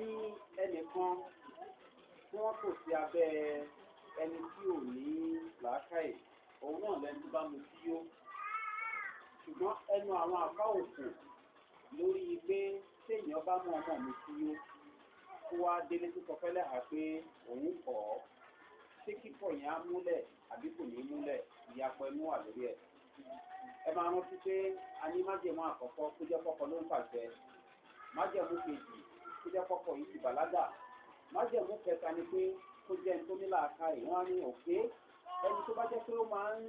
ní ẹnìkan tí wọ́n tò sí abẹ́ ẹni tí ò ní làákàyè òun náà lẹ́nu bá mu sí yó ṣùgbọ́n ẹnu àwọn àká òkun lórí pé téèyàn bá mú ọmọ mi sí yó kó wá délé tó sọ fẹ́lẹ́ hà pé òun kọ̀ ọ́ ṣé kíkọ̀ yẹn á múlẹ̀ àbí kò ní múlẹ̀ ìyapọ̀ ẹnu wà lórí ẹ̀ ẹ máa rántí pé a ní májèmú àkọ́kọ́ kó jẹ́ kọ́kọ́ ló ń pàṣẹ májèmú kejì kó jẹ́ kọ́kọ́ yìí ti bàlágà májẹ̀mú kẹta ni pé kó jẹ́ tó ní làákà yìí wọ́n á ní òkè ẹni tó bá jẹ́ pé ó máa ń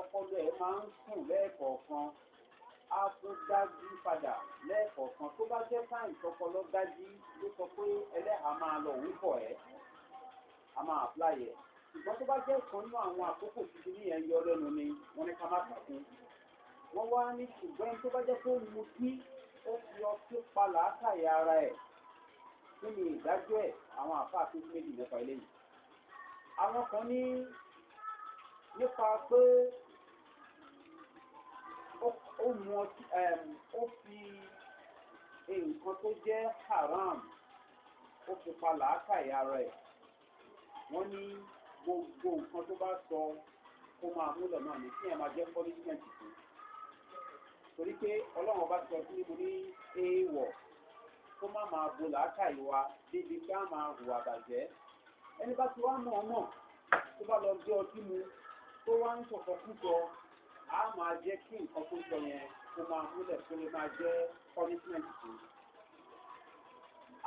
ọpọlọ ẹ̀ máa ń sùn lẹ́ẹ̀kọ̀ọ̀kan á tún dájú padà lẹ́ẹ̀kọ̀ọ̀kan tó bá jẹ́ táyì tọpọlọ dájú ló sọ pé ẹlẹ́hàá máa lọ òun ẹ́ a máa apply ṣùgbọ́n tó bá jẹ́ ìkan nínú àwọn àkókò tuntun ní ẹ̀yọ lẹ́nu ni wọ́n ní ká má kàkún wọ́n wá ní ṣùgbọ́n tó bá jẹ́ pé ó mutí ó fi ọtí pa làákàyè ara ẹ̀ nínú ìdájọ́ ẹ̀ àwọn àfa tó tún méjì mẹ́fà eléyìí. àwọn kan ní nípa pé ó mu ọtí ó fi nǹkan tó jẹ́ haram ó fi pa làákàyà ara ẹ̀ wọ́n ní gbogbo nǹkan tó bá sọ kó máa múlò náà ní kí ẹ máa jẹ́ punishment fún torí pé ọlọ́run ọba sọ sí níbo ní èèwọ̀ kó má máa bo làákà ìwà débi kí á máa hùwà bàjẹ́ ẹni bá ti wá mọ̀ ọ́mọ̀ tó bá lọ gbé ọtí mu tó wá ń sọ̀kọ̀ púpọ̀ á máa jẹ́ kí nǹkan tó sọ yẹn kó máa múlẹ̀ tó lè máa jẹ́ punishment tó.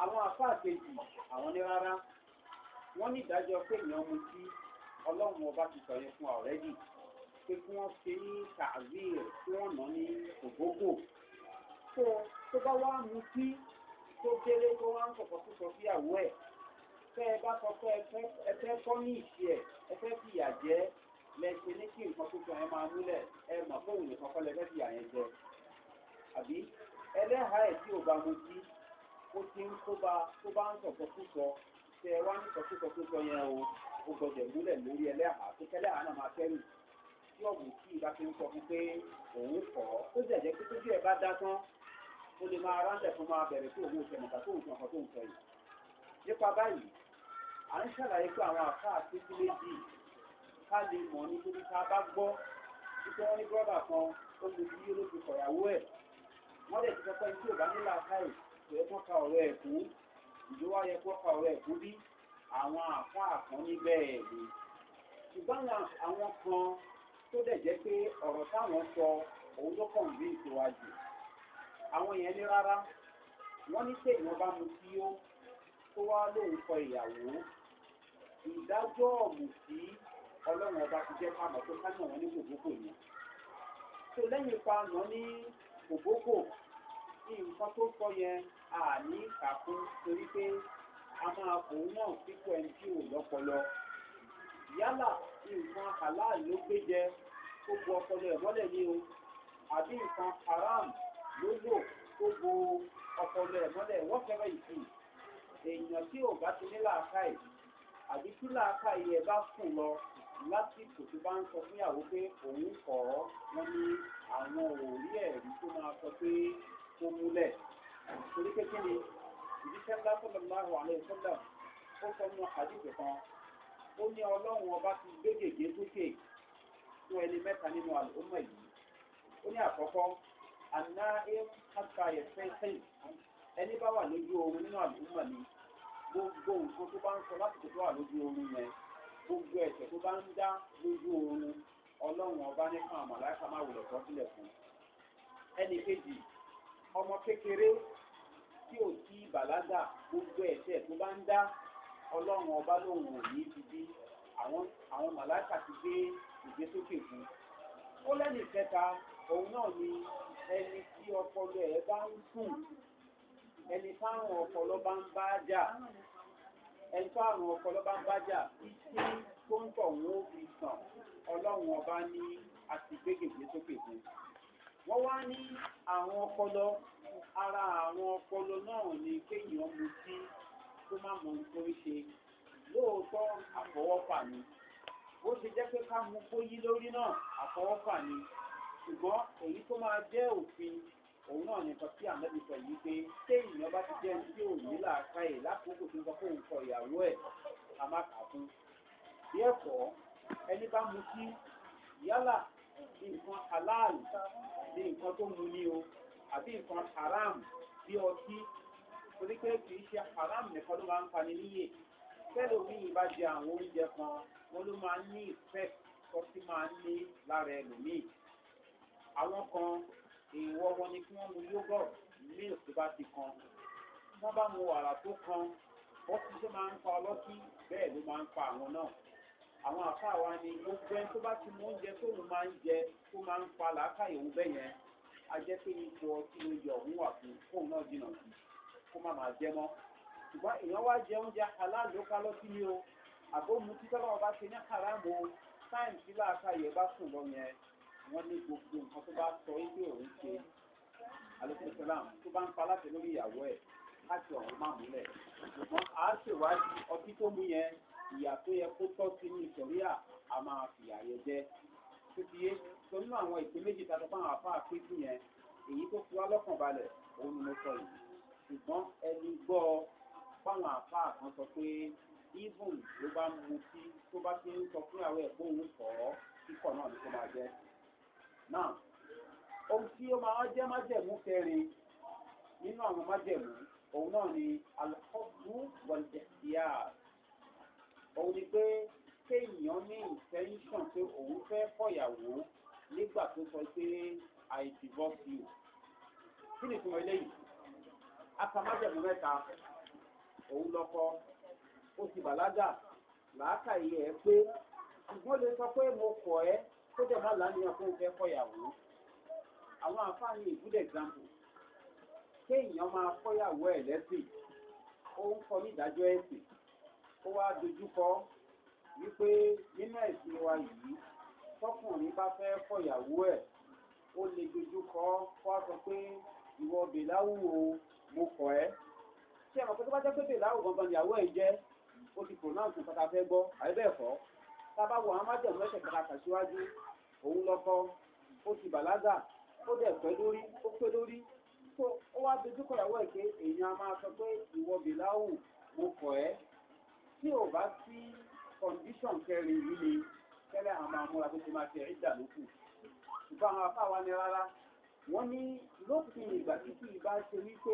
àwọn àfáà kejì àwọn ní rárá wọ́n ní ìdájọ́ pé èèyàn mu tí ọlọ́run ọba ti sọ yẹn fún wa ọ̀rẹ́dì pé kí wọ́n ṣe ní kàwé rẹ̀ kí wọ́n nà ní ògógó. tó tó bá wá mu tí tó kéré tó wá ń sọ̀pọ̀ sísọ sí àwọ̀ ẹ̀ fẹ́ ẹ bá sọ pé ẹ fẹ́ fọ́ ní ìsì ẹ̀ ẹ fẹ́ fi ìyà jẹ́ lẹ́sẹ̀ ní kí nǹkan tuntun ẹ máa múlẹ̀ ẹ mà fóun nìkan kọ́ lẹ fi ìyà yẹn àbí ẹlẹ́hà ẹ̀ tí ò bá mu jí ó ti ń kóba tó bá ń sọ̀pọ̀ sísọ tẹ ẹ wá ń sọ̀pọ̀ tó sọ yẹn o ó gbọdọ̀ múlẹ̀ lórí ẹlẹ́hà tó kẹ́lẹ́hà náà máa kẹ́rù tí ọ̀gùn tí ìbá fi ń sọ fún pé òun kọ̀ ó lè máa ránṣẹ́ fún máa bẹ̀rẹ̀ fún òun ìṣẹ̀mọ̀ta tó ń sọ̀kan tó ń sọ yìí. nípa báyìí à ń ṣàlàyé pé àwọn àká àtúntí méjì ká lè mọ̀ nítorí tá a bá gbọ́ títí wọ́n ní bọ́ọ̀bà kan ó lu bí yóò fi kọ̀yàwó ẹ̀ wọ́n lè ti sọpẹ́ tí ò bá nílà káì kò yẹ kó ka ọ̀rọ̀ ẹ̀ kú ìjọba yẹ kó ka ọ̀rọ̀ ẹ̀ kú bí àwọn àká kan ní bẹ́ẹ̀ ni ṣùgbọ́n àwọn kan tó dẹ̀ jẹ́ pé ọ̀rọ̀ táwọn sọ òun ló kàn bí ìtòwájú àwọn èèyàn ní rárá wọ́n ní pé ìwọ̀n bá mu tí ó tó wá lóun kọ ìyàwó ìdájọ́ ọ̀mù tí ọlọ́run ọba ti jẹ́ pàmò tó kánà wọn ní gbogbogbò ni. tó lẹ́yìn pàmò ní gbogbogbò ní nǹkan tó sọ yẹn àní kàkún torí pé a máa kó náà sípò ẹni tí ò lọ́pọlọ. yálà nǹkan àláàlú ló gbé jẹ gbogbo ọpọlọ ẹ̀ mọ́lẹ̀ ní o àbí nǹkan haram lójó tó bo ọpọlọ ẹ̀ mọ́lẹ̀ wọ́pẹ́rẹ́ ìfì èèyàn tí ò bá ti ní làákàyè àbí tí làákàyè ẹ̀ bá kù lọ lásìkò tó bá ń sọ fún ìyàwó pé òun kọ̀ ọ́ wọn ní àwọn òórí ẹ̀rí tó máa sọ pé kó múlẹ̀ torí pé kí ni ìdíṣẹ́ ńlá tó lọ́nà àwọn àlẹ́ ìsọ́dà ó sọ mọ́ àdìgbò kan ó ní ọlọ́run ọba ti gbégègé sókè fún ẹni mẹ́ta nínú àlùmọ́ yìí ó ní àkọ́kọ́ àná ẹ̀ka ẹ̀fẹ́ sẹ́yìn ẹni bá wà lójú oorun nínú àlùmọ̀ ni gbogbo nǹkan tó bá ń sọ lásìkò tó wà lójú oorun yẹn gbogbo ẹ̀sẹ̀ tó bá ń dá lójú oorun ọlọ́run ọba nípa àmàláìka máa wùlọ̀ tó sílẹ̀ fún ẹnì kejì ọmọ kékeré tí ò sí ìbàlágà gbogbo ẹ̀sẹ̀ tó bá ń dá ọlọ́run ọba lòun ò ní ti bí àwọn màláìka ti gbé ìgbésókè fún ó lẹ́nu ìkẹta òun náà ni ẹni tí ọpọlọ ẹ̀ bá ń sùn ẹni táwọn ọpọlọ bá ń bá jà ẹni táwọn ọpọlọ bá ń bá jà títí tó ń tọ̀ wọ́n fi sàn ọlọ́run ọba ní àti gbégègbè sókè fún wọ́n wá ní àwọn ọpọlọ ara àwọn ọpọlọ náà ni kéèyàn mu sí kó má mọ ohun tó ń ṣe lóòótọ́ àfọwọ́fà ni bó ṣe jẹ́ pé ká mú kó yí lórí náà àfọwọ́fà ni ṣùgbọ́n èyí tó máa jẹ́ òfin òun náà nìkan tí ànábì sọ yìí pé téèyàn bá ti jẹ́ tí ò ní làákàyè lákòókò tó ń sọ fóun kọ ìyàwó ẹ̀ a máa kà fún. bí ẹ̀kọ́ ẹni bá mu sí yálà ní nǹkan halal, ní nǹkan tó mu ní o àbí nǹkan haram bí ọtí torí pé kì í ṣe haram nìkan ló máa ń pani níyè tẹ́lẹ̀ omiyin bá jẹ àwọn oúnjẹ kan wọ́n ló máa ń ní ìfẹ́ tó sì máa ń ní lára ẹlòmíì àwọn kan èèwọ̀ wọn ni kí wọ́n mu yogurt milk bá ti kan wọ́n bá mu wàrà tó kan ó ti ṣe máa ń pa ọlọ́kí bẹ́ẹ̀ ló máa ń pa àwọn náà àwọn àfáà wa ni gbogbo ẹni tó bá ti mú oúnjẹ tó òun máa ń jẹ tó máa ń pa làákàyè òun bẹ́ẹ̀ yẹn a jẹ́ pé ipò ọtí oúnjẹ ọ̀hún wà fún fóun náà jìnnà sí kó má máa jẹ mọ́ ṣùgbọ́n èèyàn wá jẹ oúnjẹ aláàlóká lọ́tí ni o àbó mu títọ́lọ́wọ́ bá ṣe ní àràmù táìmù sí làákàyè bá sùn lọ yẹn wọ́n ní gbogbo nǹkan tó bá sọ wípé òun ṣe alẹ́kùnrin tó bá ń pa láti lórí ìyàwó ẹ̀ láti ọ̀hún máa múlẹ̀. ṣùgbọ́n a ṣèwádìí ọtí tó mú yẹn ìyà tó yẹ kó tọ́ sí ní ìsọ̀rí à a máa fìyà yẹn jẹ. tó ti yé tó nínú àwọn ìpè méjì tá a tó fún àwọn afáà pé sí yẹn èyí tó fi wá lọ́kàn balẹ̀ òun ni mo sọ yìí. ṣùgbọ́n ẹni gbọ́ fáwọn afáà kan sọ pé even ló bá mutí tó bá ti ń sọ fún ìyàwó ẹ̀ òun kọ̀ kíkọ̀ náà ni kó máa jẹ́ náà ohun tí ó máa jẹ́ májẹ̀mú kẹrin nínú àwọn májẹ̀mú òun náà ni alkọ́dù wọ̀lẹ̀dẹ̀síà òun ni pé kéèyàn ní intention pé òun fẹ́ fọ̀yàwó nígbà tó sọ pé i divorce you kí ni ìtumọ̀ eléyìí akamájẹ̀mú mẹ́ta òun lọ́kọ́ ó ti bàlágà làákàyè ẹ pé ṣùgbọ́n lè sọ pé mo kọ̀ ẹ́ kó dẹ̀ má lánìyàn fún fẹ́ kọ́yàwó àwọn àfáàní ìbúdè example kéèyàn máa kọ́yàwó ẹ̀ lẹ́sìn ó ń kọ́ nídàájọ́ ẹ̀sìn kó wá dojúkọ wípé nínú ẹ̀sìn wa yìí tọkùnrin bá fẹ́ kọ̀yàwó ẹ̀ ó lè dojúkọ kó a sọ pé ìwọ bèláwù o mo kọ̀ ẹ́ ṣé ẹ̀ mọ̀ pé tó bá jẹ́ pé bèláwù gangan ìyàwó ẹ̀ jẹ́ ó ti pronounce nǹkan tá a fẹ́ gbọ́ àbẹ́bẹ́ẹ̀kọ́ tábà wọ amájẹ̀mú ẹ̀sẹ̀ kàkà síwájú òun lọ́kọ́ ó ti bàlágà ó dẹ̀ pẹ́ lórí ó pẹ́ lórí tó ó wá dojú ìyàwó ẹ̀ èèyàn a máa sọ pé ìwọ bìláwù mo kọ̀ ẹ́ tí ò bá sí kọ̀ǹdíṣọ̀n kẹrin yìí ni tẹ́lẹ̀ àwọn amúra tó ti máa fi ẹ̀rí dà lókù ṣùgbọ́n àwọn afáwa ni rárá wọ́n ní lópin ìgbà títí ìbá ṣe wípé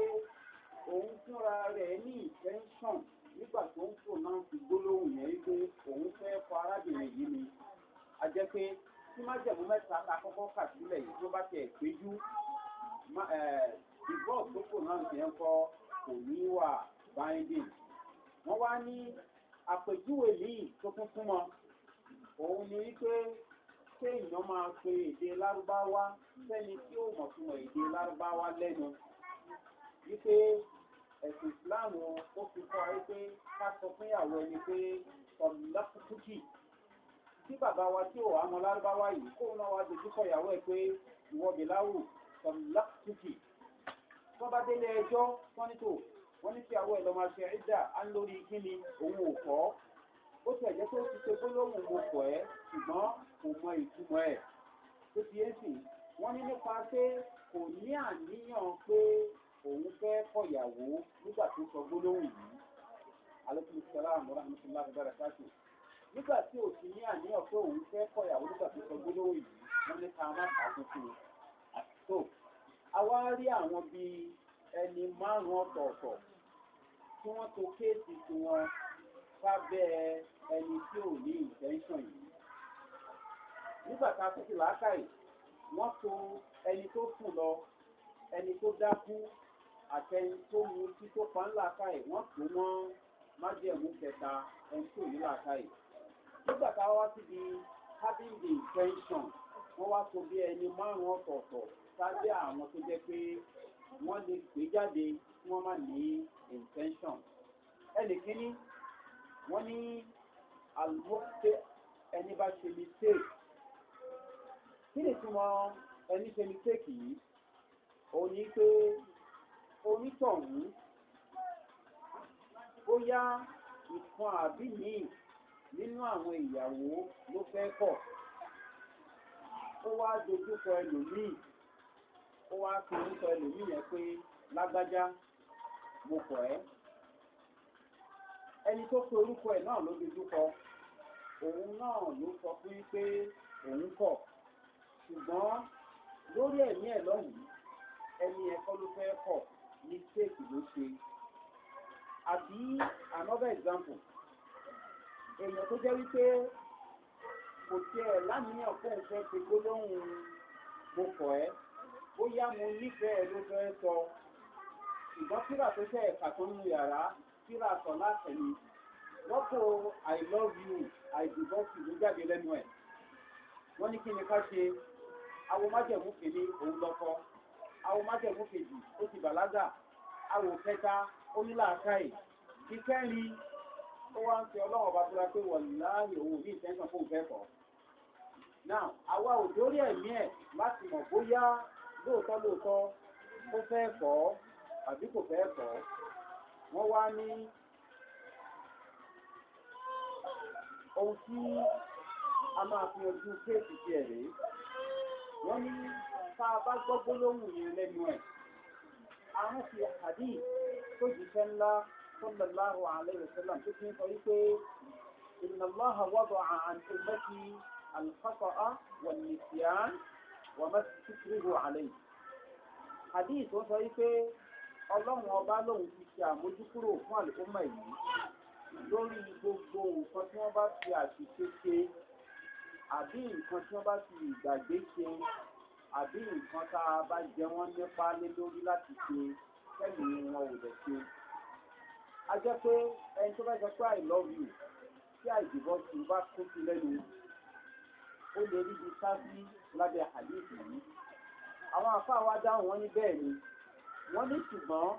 òun fúnra rẹ̀ ní ìtẹ́ńṣọ̀n nígbà tó ń fò náà fi gbólóhùn yẹn wípé òun fẹ́ fọ arábìnrin yìí ni a jẹ́ pé tí májẹ̀mú mẹ́ta ta kọ́kọ́ kà sílẹ̀ yìí tó bá tẹ̀ péjú divorce tó fò náà fi ń kọ́ kò ní wà binding wọ́n wá ní àpèjúwe yìí tó kún fún wọn òun ni wípé kéèyàn máa pe èdè lárúbáwá sẹ́ni tí ó mọ̀ fún èdè lárúbáwá lẹ́nu wípé ẹ̀sìn ìsìláàmù ó fi kọ́ ayé pé ká sọ fún ìyàwó ẹni pé ọ̀lọ́kùnkùnkì tí bàbá wa tí ò àmọ́ lárúbáwá yìí kó náà wá dojú kọ ìyàwó ẹ̀ pé ìwọ bìláwù ọ̀lọ́kùnkùnkì tó bá délé ẹjọ́ tọ́nítò wọ́n ní kí àwọ̀ ẹ̀ lọ máa ṣe ẹ̀dà á ń lórí kíni òun ò kọ́ ó ti ẹ̀jẹ̀ tó ti ṣe gbólóhùn mo kọ̀ ẹ́ ṣùgbọ́n kò mọ ìtumọ̀ ẹ̀ tó ti ẹ̀ sìn wọ́n ní nípa pé kò ní àníyàn pé òun fẹ́ kọ̀yàwó nígbà tó sọ gbólóhùn yìí alẹ́kùn sẹ́láà mọ́ra nípa láti bẹ̀rẹ̀ sáàtì nígbà tí ò ti ní àníyàn pé òun fẹ́ kọ̀yàwó nígbà tó sọ gbólóhùn yìí wọ́n ní ká má kà á tuntun àtúntò a wá rí àwọn bíi ẹni márùn-ún ọ̀tọ̀ọ̀tọ̀ tí wọ́n to kéèsì tiwọn sábẹ́ ẹni tí ò ní ìtẹ́ńṣọ̀n yìí nígbà tá a tún ti làákàyè wọ́n to ẹni tó sùn lọ ẹni tó dákú àtẹni tó mu tí tó pa ńlá káyè wọ́n tó mọ́ májẹ̀mú kẹta ẹni tó yìí làákàyè. nígbà tá a wá síbi having the intention wọ́n wá so bí ẹni márùn-ún ọ̀tọ̀ọ̀tọ̀ sábẹ́ àwọn tó jẹ́ pé wọ́n lè gbé jáde tí wọ́n má ní intention. ẹnì kíní wọ́n ní àlùmọ́tẹ́ ẹni bá ṣe mistake. kí ni tí wọ́n ẹni ṣe take yìí? òun ní pé onítọ̀hún bóyá ìkan àbí míì nínú àwọn ìyàwó ló fẹ́ kọ̀ ó wá dojúkọ ẹlòmíì ó wá fi orúkọ ẹlòmíì yẹn pé lágbájá mo kọ̀ ẹ́ ẹni tó pe orúkọ ẹ̀ náà ló dojúkọ òun náà ló sọ fún yín pé òun kọ̀ ṣùgbọ́n lórí ẹ̀mí ẹ̀ lọ́yìn ẹni ẹ̀kọ́ ló fẹ́ kọ̀ mistake ló ṣe àbí another example èèyàn tó jẹ́ wípé kò tiẹ̀ láníyàn fún ìfẹ́ ti gbólóhùn mo kọ̀ ẹ́ bóyá mo nífẹ̀ẹ́ ló fẹ́ sọ ṣùgbọ́n kíra tó fẹ́ ẹ̀ka tó nínú yàrá kíra sọ látẹ̀lé rọ́pò i love you i divorce you ló jáde lẹ́nu ẹ̀ wọ́n ní kí ni ká ṣe awo májẹ̀mú kìíní òun lọ́kọ́ àwọn májẹ̀mú kejì ó ti bàlágà àwò kẹta ó ní làákàyè ìkẹrin ó wá ń fi ọlọ́wọ́ bá fúra pé wọ̀ láàyè òun ní ìtẹ́sán fún ìfẹ́kọ̀ọ́. Now, àwa ò dórí ẹ̀mí ẹ̀ láti mọ̀ bóyá lóòótọ́ lóòótọ́ ó fẹ́ kọ́ àbí kò fẹ́ kọ́. Wọ́n wá ní ohun tí a máa fi ojú kéèkì sí ẹ̀rí. Wọ́n ní ta bá gbọ́ gbólóhùn yẹn lẹ́nu ẹ̀ àwọn fi àdí tó jíṣẹ́ ńlá sallallahu alaihi wasallam tó fi ń sọ wípé inna allaha wada'a an ummati al-khata'a wan nisyan wa ma tukrihu alayhi àdí tó sọ wípé ọlọ́run ti ṣe àmójúkúrò fún àlùkùnmọ̀ yìí lórí àbí nǹkan tí wọ́n bá fi ìgbàgbé ṣe àbí nǹkan tá a bá jẹ wọ́n nípa lé lórí láti ṣe kẹ́mi wọn ò dẹ̀ ṣe. a jẹ́ pé ẹni tó bá jẹ pé i love you tí àìdìbò tì bá kú sí lẹ́nu ó lè rí ibi sábí lábẹ́ àdéhùn yìí. àwọn àfáà wa dáhùn wọn ní bẹ́ẹ̀ ni wọ́n ní ṣùgbọ́n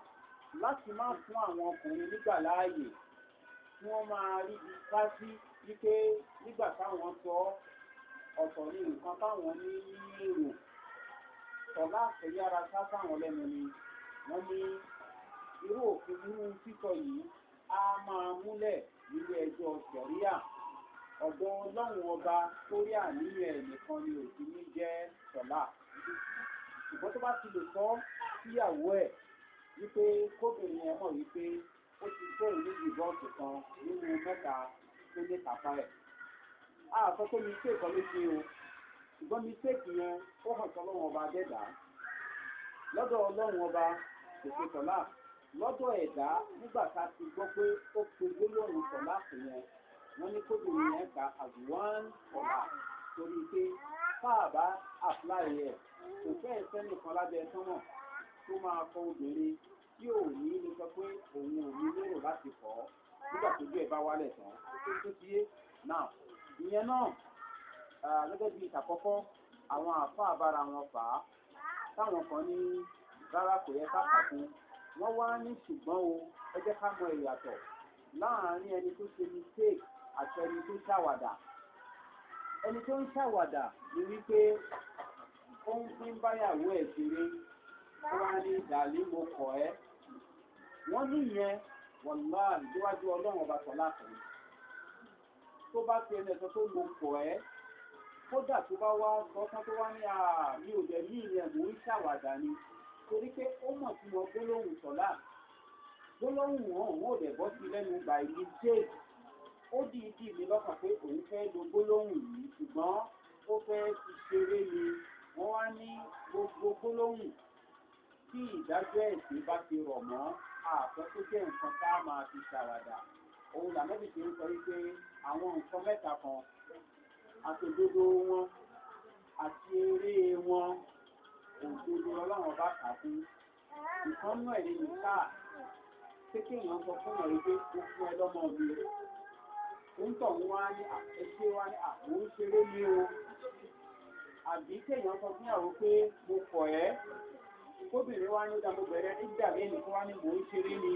láti máa fún àwọn ọkùnrin nígbà láàyè tí wọ́n máa rí ibi sábí wípé nígbà táwọn sọ ọ̀tọ̀ ní nǹkan táwọn ní ní èrò ọ̀la àtẹ̀yára sáfàwọn lẹ́nu ni wọ́n ní irú òfin nínú títọ̀ yìí á máa múlẹ̀ nílé ẹjọ́ sẹ̀ríà ọ̀dọ̀ ọlọ́run ọba torí àníyàn ẹ̀nìkan ni òsì ní jẹ́ sọ̀la ṣùgbọ́n tó bá ti lè sọ síyàwó ẹ̀ wípé kóbìnrin ẹ̀ mọ̀ wípé ó ti gbóhùn ní ìbọ́ọ̀sì kan nínú mẹ́ta tó ní kápá ẹ̀. a mi ṣe ìkọ́lé ṣe o ṣùgbọ́n mistake yẹn ó hàn sọ lọ́wọ́n ọba dẹ́dà lọ́dọ̀ ọlọ́run ọba kò ṣe sọ̀lá lọ́dọ̀ ẹ̀dá nígbà tá a ti gbọ́ pé ó pe gbólóhùn sọ̀lá fún yẹn wọ́n ní kóbìnrin yẹn ka as one sọ̀lá torí pé fáàbá apply ẹ̀ kò fẹ́ sẹ́ni kan lábẹ́ sánmà tó máa kọ obìnrin tí ò ní lè sọ pé òun ò ní lérò láti kọ́ nígbà tójú ẹ̀ e bá wálẹ̀ tán ó tó tó ti náà ìyẹn náà gẹ́gẹ́ bí ìtàkọ́kọ́ àwọn àáfàá bára wọn fà á táwọn kan ní rárá kò yẹ ká kàkún wọ́n wá ní ṣùgbọ́n o ẹ jẹ́ ká mọ ìyàtọ̀ láàárín ẹni tó ṣe mistake àti ẹni tó ṣàwàdà ẹni tó ń ṣàwàdà ni wípé ó ń pín báyàwó ẹ̀ ṣeré ó wá ní ìdàlí mo kọ̀ ẹ́ wọ́n ní ìyẹn wọ̀lá níwájú ọlọ́run ọba sọ̀lá kan tó bá ti ẹni ẹ̀sọ́ tó mo kọ̀ ẹ́ kódà tó bá wá sọ fún tó wá ní àmì òjẹ̀ ní ilẹ̀ mò ń ṣàwàdà ni torí pé ó mọ̀ sí wọn gbólóhùn sọ̀lá gbólóhùn ọ̀hún ò dẹ̀ bọ́ sí lẹ́nu gbà ìlú jẹ́ ó di ìdí mi lọ́kàn pé òun fẹ́ lo gbólóhùn yìí ṣùgbọ́n ó fẹ́ ti ṣeré ni wọ́n wá ní gbogbo gbólóhùn tí ìdájọ́ ẹ̀sìn bá ti rọ̀ mọ́ àfẹ́ tó jẹ́ nǹkan tá a máa fi ṣàwàdà òun làmẹ́bìtì ń sọ wípé àwọn nǹkan mẹ́ta kan àtòdodo wọn àti eré wọn òdodo ọlọ́run bá kà fún ìkànnú ẹ̀rí nìkà pé kí èèyàn sọ fún ọ̀rẹ́ pé ó fún ẹ lọ́mọ mi ń tọ̀ ń wá ní ẹṣẹ́ wá ní àpò ń ṣeré mi o àbí kéèyàn sọ fún ìyàwó pé mo kọ̀ ẹ́ kóbìnrin wá ní ó dá mo bẹ̀rẹ̀ nígbà mẹ́rin kó wá ní mò ń ṣeré mi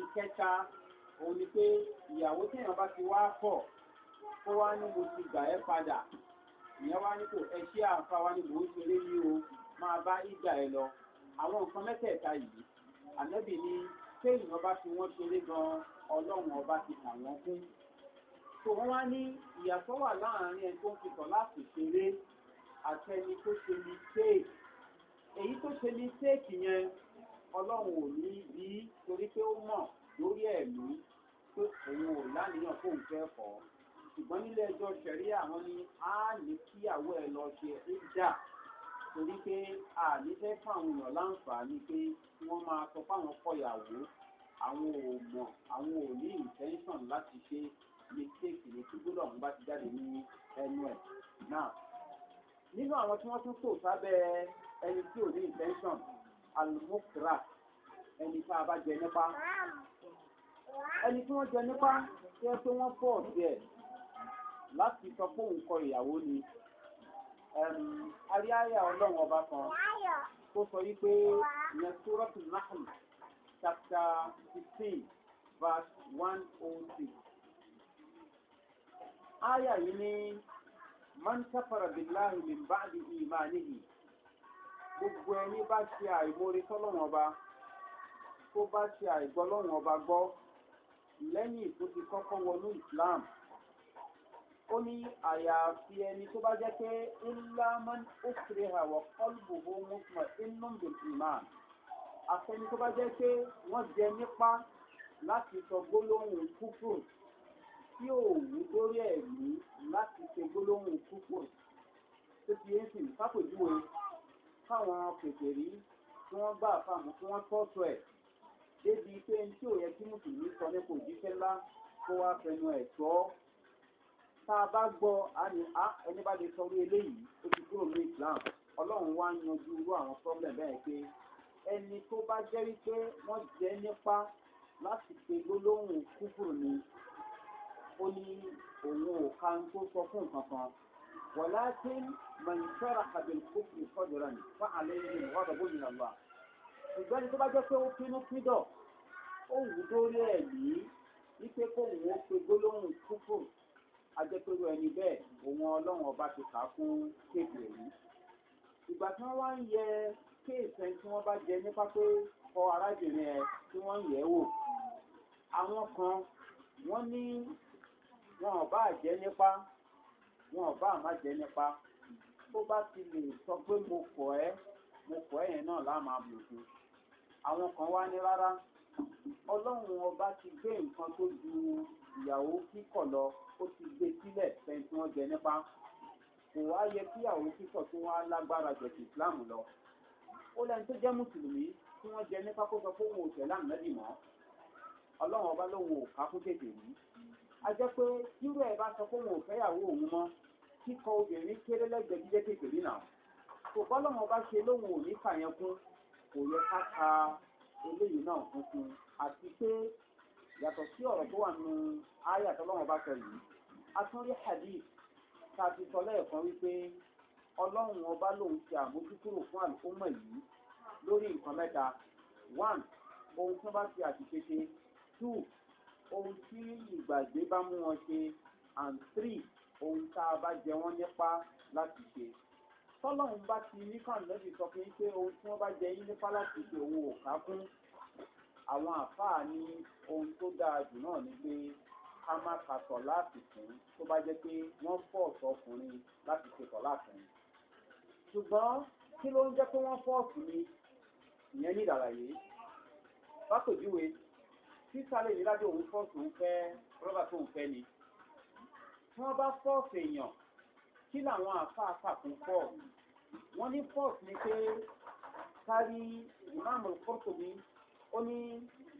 ìkẹta òun ni pé ìyàwó téèyàn bá ti wá kọ̀ kó wá ní mo ti gbà ẹ́ padà ìyẹn wá ní kò ẹ ṣé àfa wá ní mo ń ṣeré yìí o máa bá ìgbà ẹ lọ àwọn nǹkan mẹ́tẹ̀ẹ̀ta yìí ànábì ni téèyàn bá fi wọ́n ṣeré gan ọlọ́run ọba ti kà wọ́n fún tó wọ́n wá ní ìyàtọ̀ wà láàrin ẹni tó ń fi tọ̀ láti ṣeré àti tó ṣe ní téèkì èyí tó ṣe ní téèkì yẹn ọlọ́run ò ní bí torí pé ó mọ̀ lórí ẹ̀mí pé òun ò láníyàn fóun fẹ́ fọ́ ọ́ ṣùgbọ́n nílé ẹjọ́ ṣẹ̀rí àwọn ni a ní kíyàwó ẹ̀ lọ ṣe ìjà torí pé a ní fẹ́ fáwọn èèyàn láǹfààní pé wọ́n máa sọ fáwọn kọ̀yàwó àwọn ò mọ̀ àwọn ò ní intention láti ṣe mistake ní tí gbọ́dọ̀ ń bá ti jáde ní ẹnu ẹ̀ náà. nínú àwọn tí wọ́n tún kò sábẹ́ ẹni tí ò ní intention almukra ẹni tá a bá jẹ nípa ẹni tí wọ́n jẹ nípa tí wọ́n fọ́ ọ̀sẹ̀ láti sọ pé òun kọ ìyàwó ni aríáyà ọlọ́run ọba kan tó sọ yí pé ìyẹn sórọ́tù náhùn chapter fifteen verse one oh six. Aya yìí ni man kafara billahi min ba'di imanihi gbogbo ẹni bá ṣe àìmórí tọ́lọ́wọ́n ọba tó bá ṣe àìgbọ́lọ́wọ́n ọba gbọ́ lẹ́yìn tó ti kọ́kọ́ wọnú islam ó ní àyàfi ẹni tó bá jẹ́ pé ńláman ó kiri àwọ̀ kọlùbùbù mùsùlùmọ̀ inú bìtìmá àfẹni tó bá jẹ́ pé wọ́n jẹ nípa láti sọ gbólóhùn kúkú tí òòwú lórí ẹ̀mí láti ṣe gbólóhùn kúkú tó fi ń káwọn kèkèrí tí wọ́n gbà fáàmù tí wọ́n tọ́tọ̀ ẹ̀ débi pé tí ò yẹ kí mùsùlùmí sọ nípa òjíṣẹ́ ńlá kó wá fẹnu ẹ̀ tọ́ tá a bá gbọ́ ẹni bá lè sọ orí eléyìí ó ti kúrò ní islam ọlọ́run wá ń yanjú irú àwọn problem bẹ́ẹ̀ pé ẹni tó bá jẹ́ wípé wọ́n jẹ́ nípa láti pe gbólóhùn kúkúrò ni ó ní òun ò ka ń tó sọ fún nǹkan kan wọ̀lá tí mọ̀nyíṣẹ́ra àbẹ̀lẹ̀ kúkúrò sọ́jọ́ra ní fún àlẹ́ ìlú ìwádọ̀ bóyá lọ́wọ́ ṣùgbọ́n ẹni tó bá jẹ́ pé ó pinnu pídọ̀ ó wù dórí ẹ̀ yìí wípé kóhùn ó pe gbólóhùn kúkúrò ajẹ́pẹ́rú ẹni bẹ́ẹ̀ òun ọlọ́run ọba ti kà á fún kéèkì èyí. ìgbà tí wọ́n wá ń yẹ kéèsì ẹni tí wọ́n bá jẹ nípa pé kọ arábìnrin ẹ tí wọ́n ń yẹ̀ wò àwọn kan wọ́n ní wọn ò bá jẹ́ nípa wọn ò bá má jẹ́ nípa tó bá ti lè sọ pé mo kọ̀ ẹ́ mo kọ̀ ẹ́ yẹn náà láàmú àbùkù àwọn kan wá ní rárá ọlọ́run ọba ti gbé nǹkan tó ju ìyàwó kíkọ̀ lọ ó ti gbé sílẹ̀ fẹ́ni tí wọ́n jẹ nípa kò wá yẹ kí ìyàwó kíkọ̀ tí wọ́n á lágbára jẹ̀sìn islam lọ ó lẹ́ni tó jẹ́ mùsùlùmí tí wọ́n jẹ nípa kó sọ fóun òṣèlú àmì mọ́ ọlọ́run ọba lòun ò ká fún tètè rí a jẹ́ pé irú ẹ̀ bá sọ fóun ò fẹ́yàwó òun mọ́ kíkọ obìnrin kéré lẹ́gbẹ̀ẹ́ jíjẹ́ tètè rí náà kò eléyìí náà fún fún un àti pé yàtọ̀ sí ọ̀rọ̀ tó wà nínú àyà tọ́lọ́wọ́n bá sọ yìí a tún rí hadith tá a ti sọ lẹ́ẹ̀kan wípé ọlọ́run ọba lòun ti àmójúkúrò fún àlùkòmọ̀ yìí lórí nǹkan mẹ́ta one ohun tí wọ́n bá ti àṣìṣe ṣe two ohun tí ìgbàgbé bá mú wọn ṣe and three ohun tá a bá jẹ wọ́n nípa láti ṣe tọ́lọ́run bá ti ní kànlẹ́bì sọ pé pé ohun tí wọ́n bá jẹ yín ní fáláṣí pé owó òkà fún àwọn àfáà ní ohun tó dáa jù náà ni pé ká má ka sọ̀ láti fún tó bá jẹ́ pé wọ́n fọ́ ọ̀sọ́kùnrin láti ṣe sọ̀ láàfin. ṣùgbọ́n kí ló ń jẹ́ pé wọ́n fọ́ọ̀sì ni ìyẹn ní ìdàlàyé bákòjúwe tí sálẹ̀ yìí lájọ òun fọ́ọ̀sì òun fẹ́ rọ́bà tó òun fẹ́ ni tí wọ́n bá fọ́ọ̀sì èèyàn kí làwọn àfáàfà kún fọ́ wọ́n ní fọ́ọ̀sì ni pé kárí ìmáàmù fọ́tò mi ó ní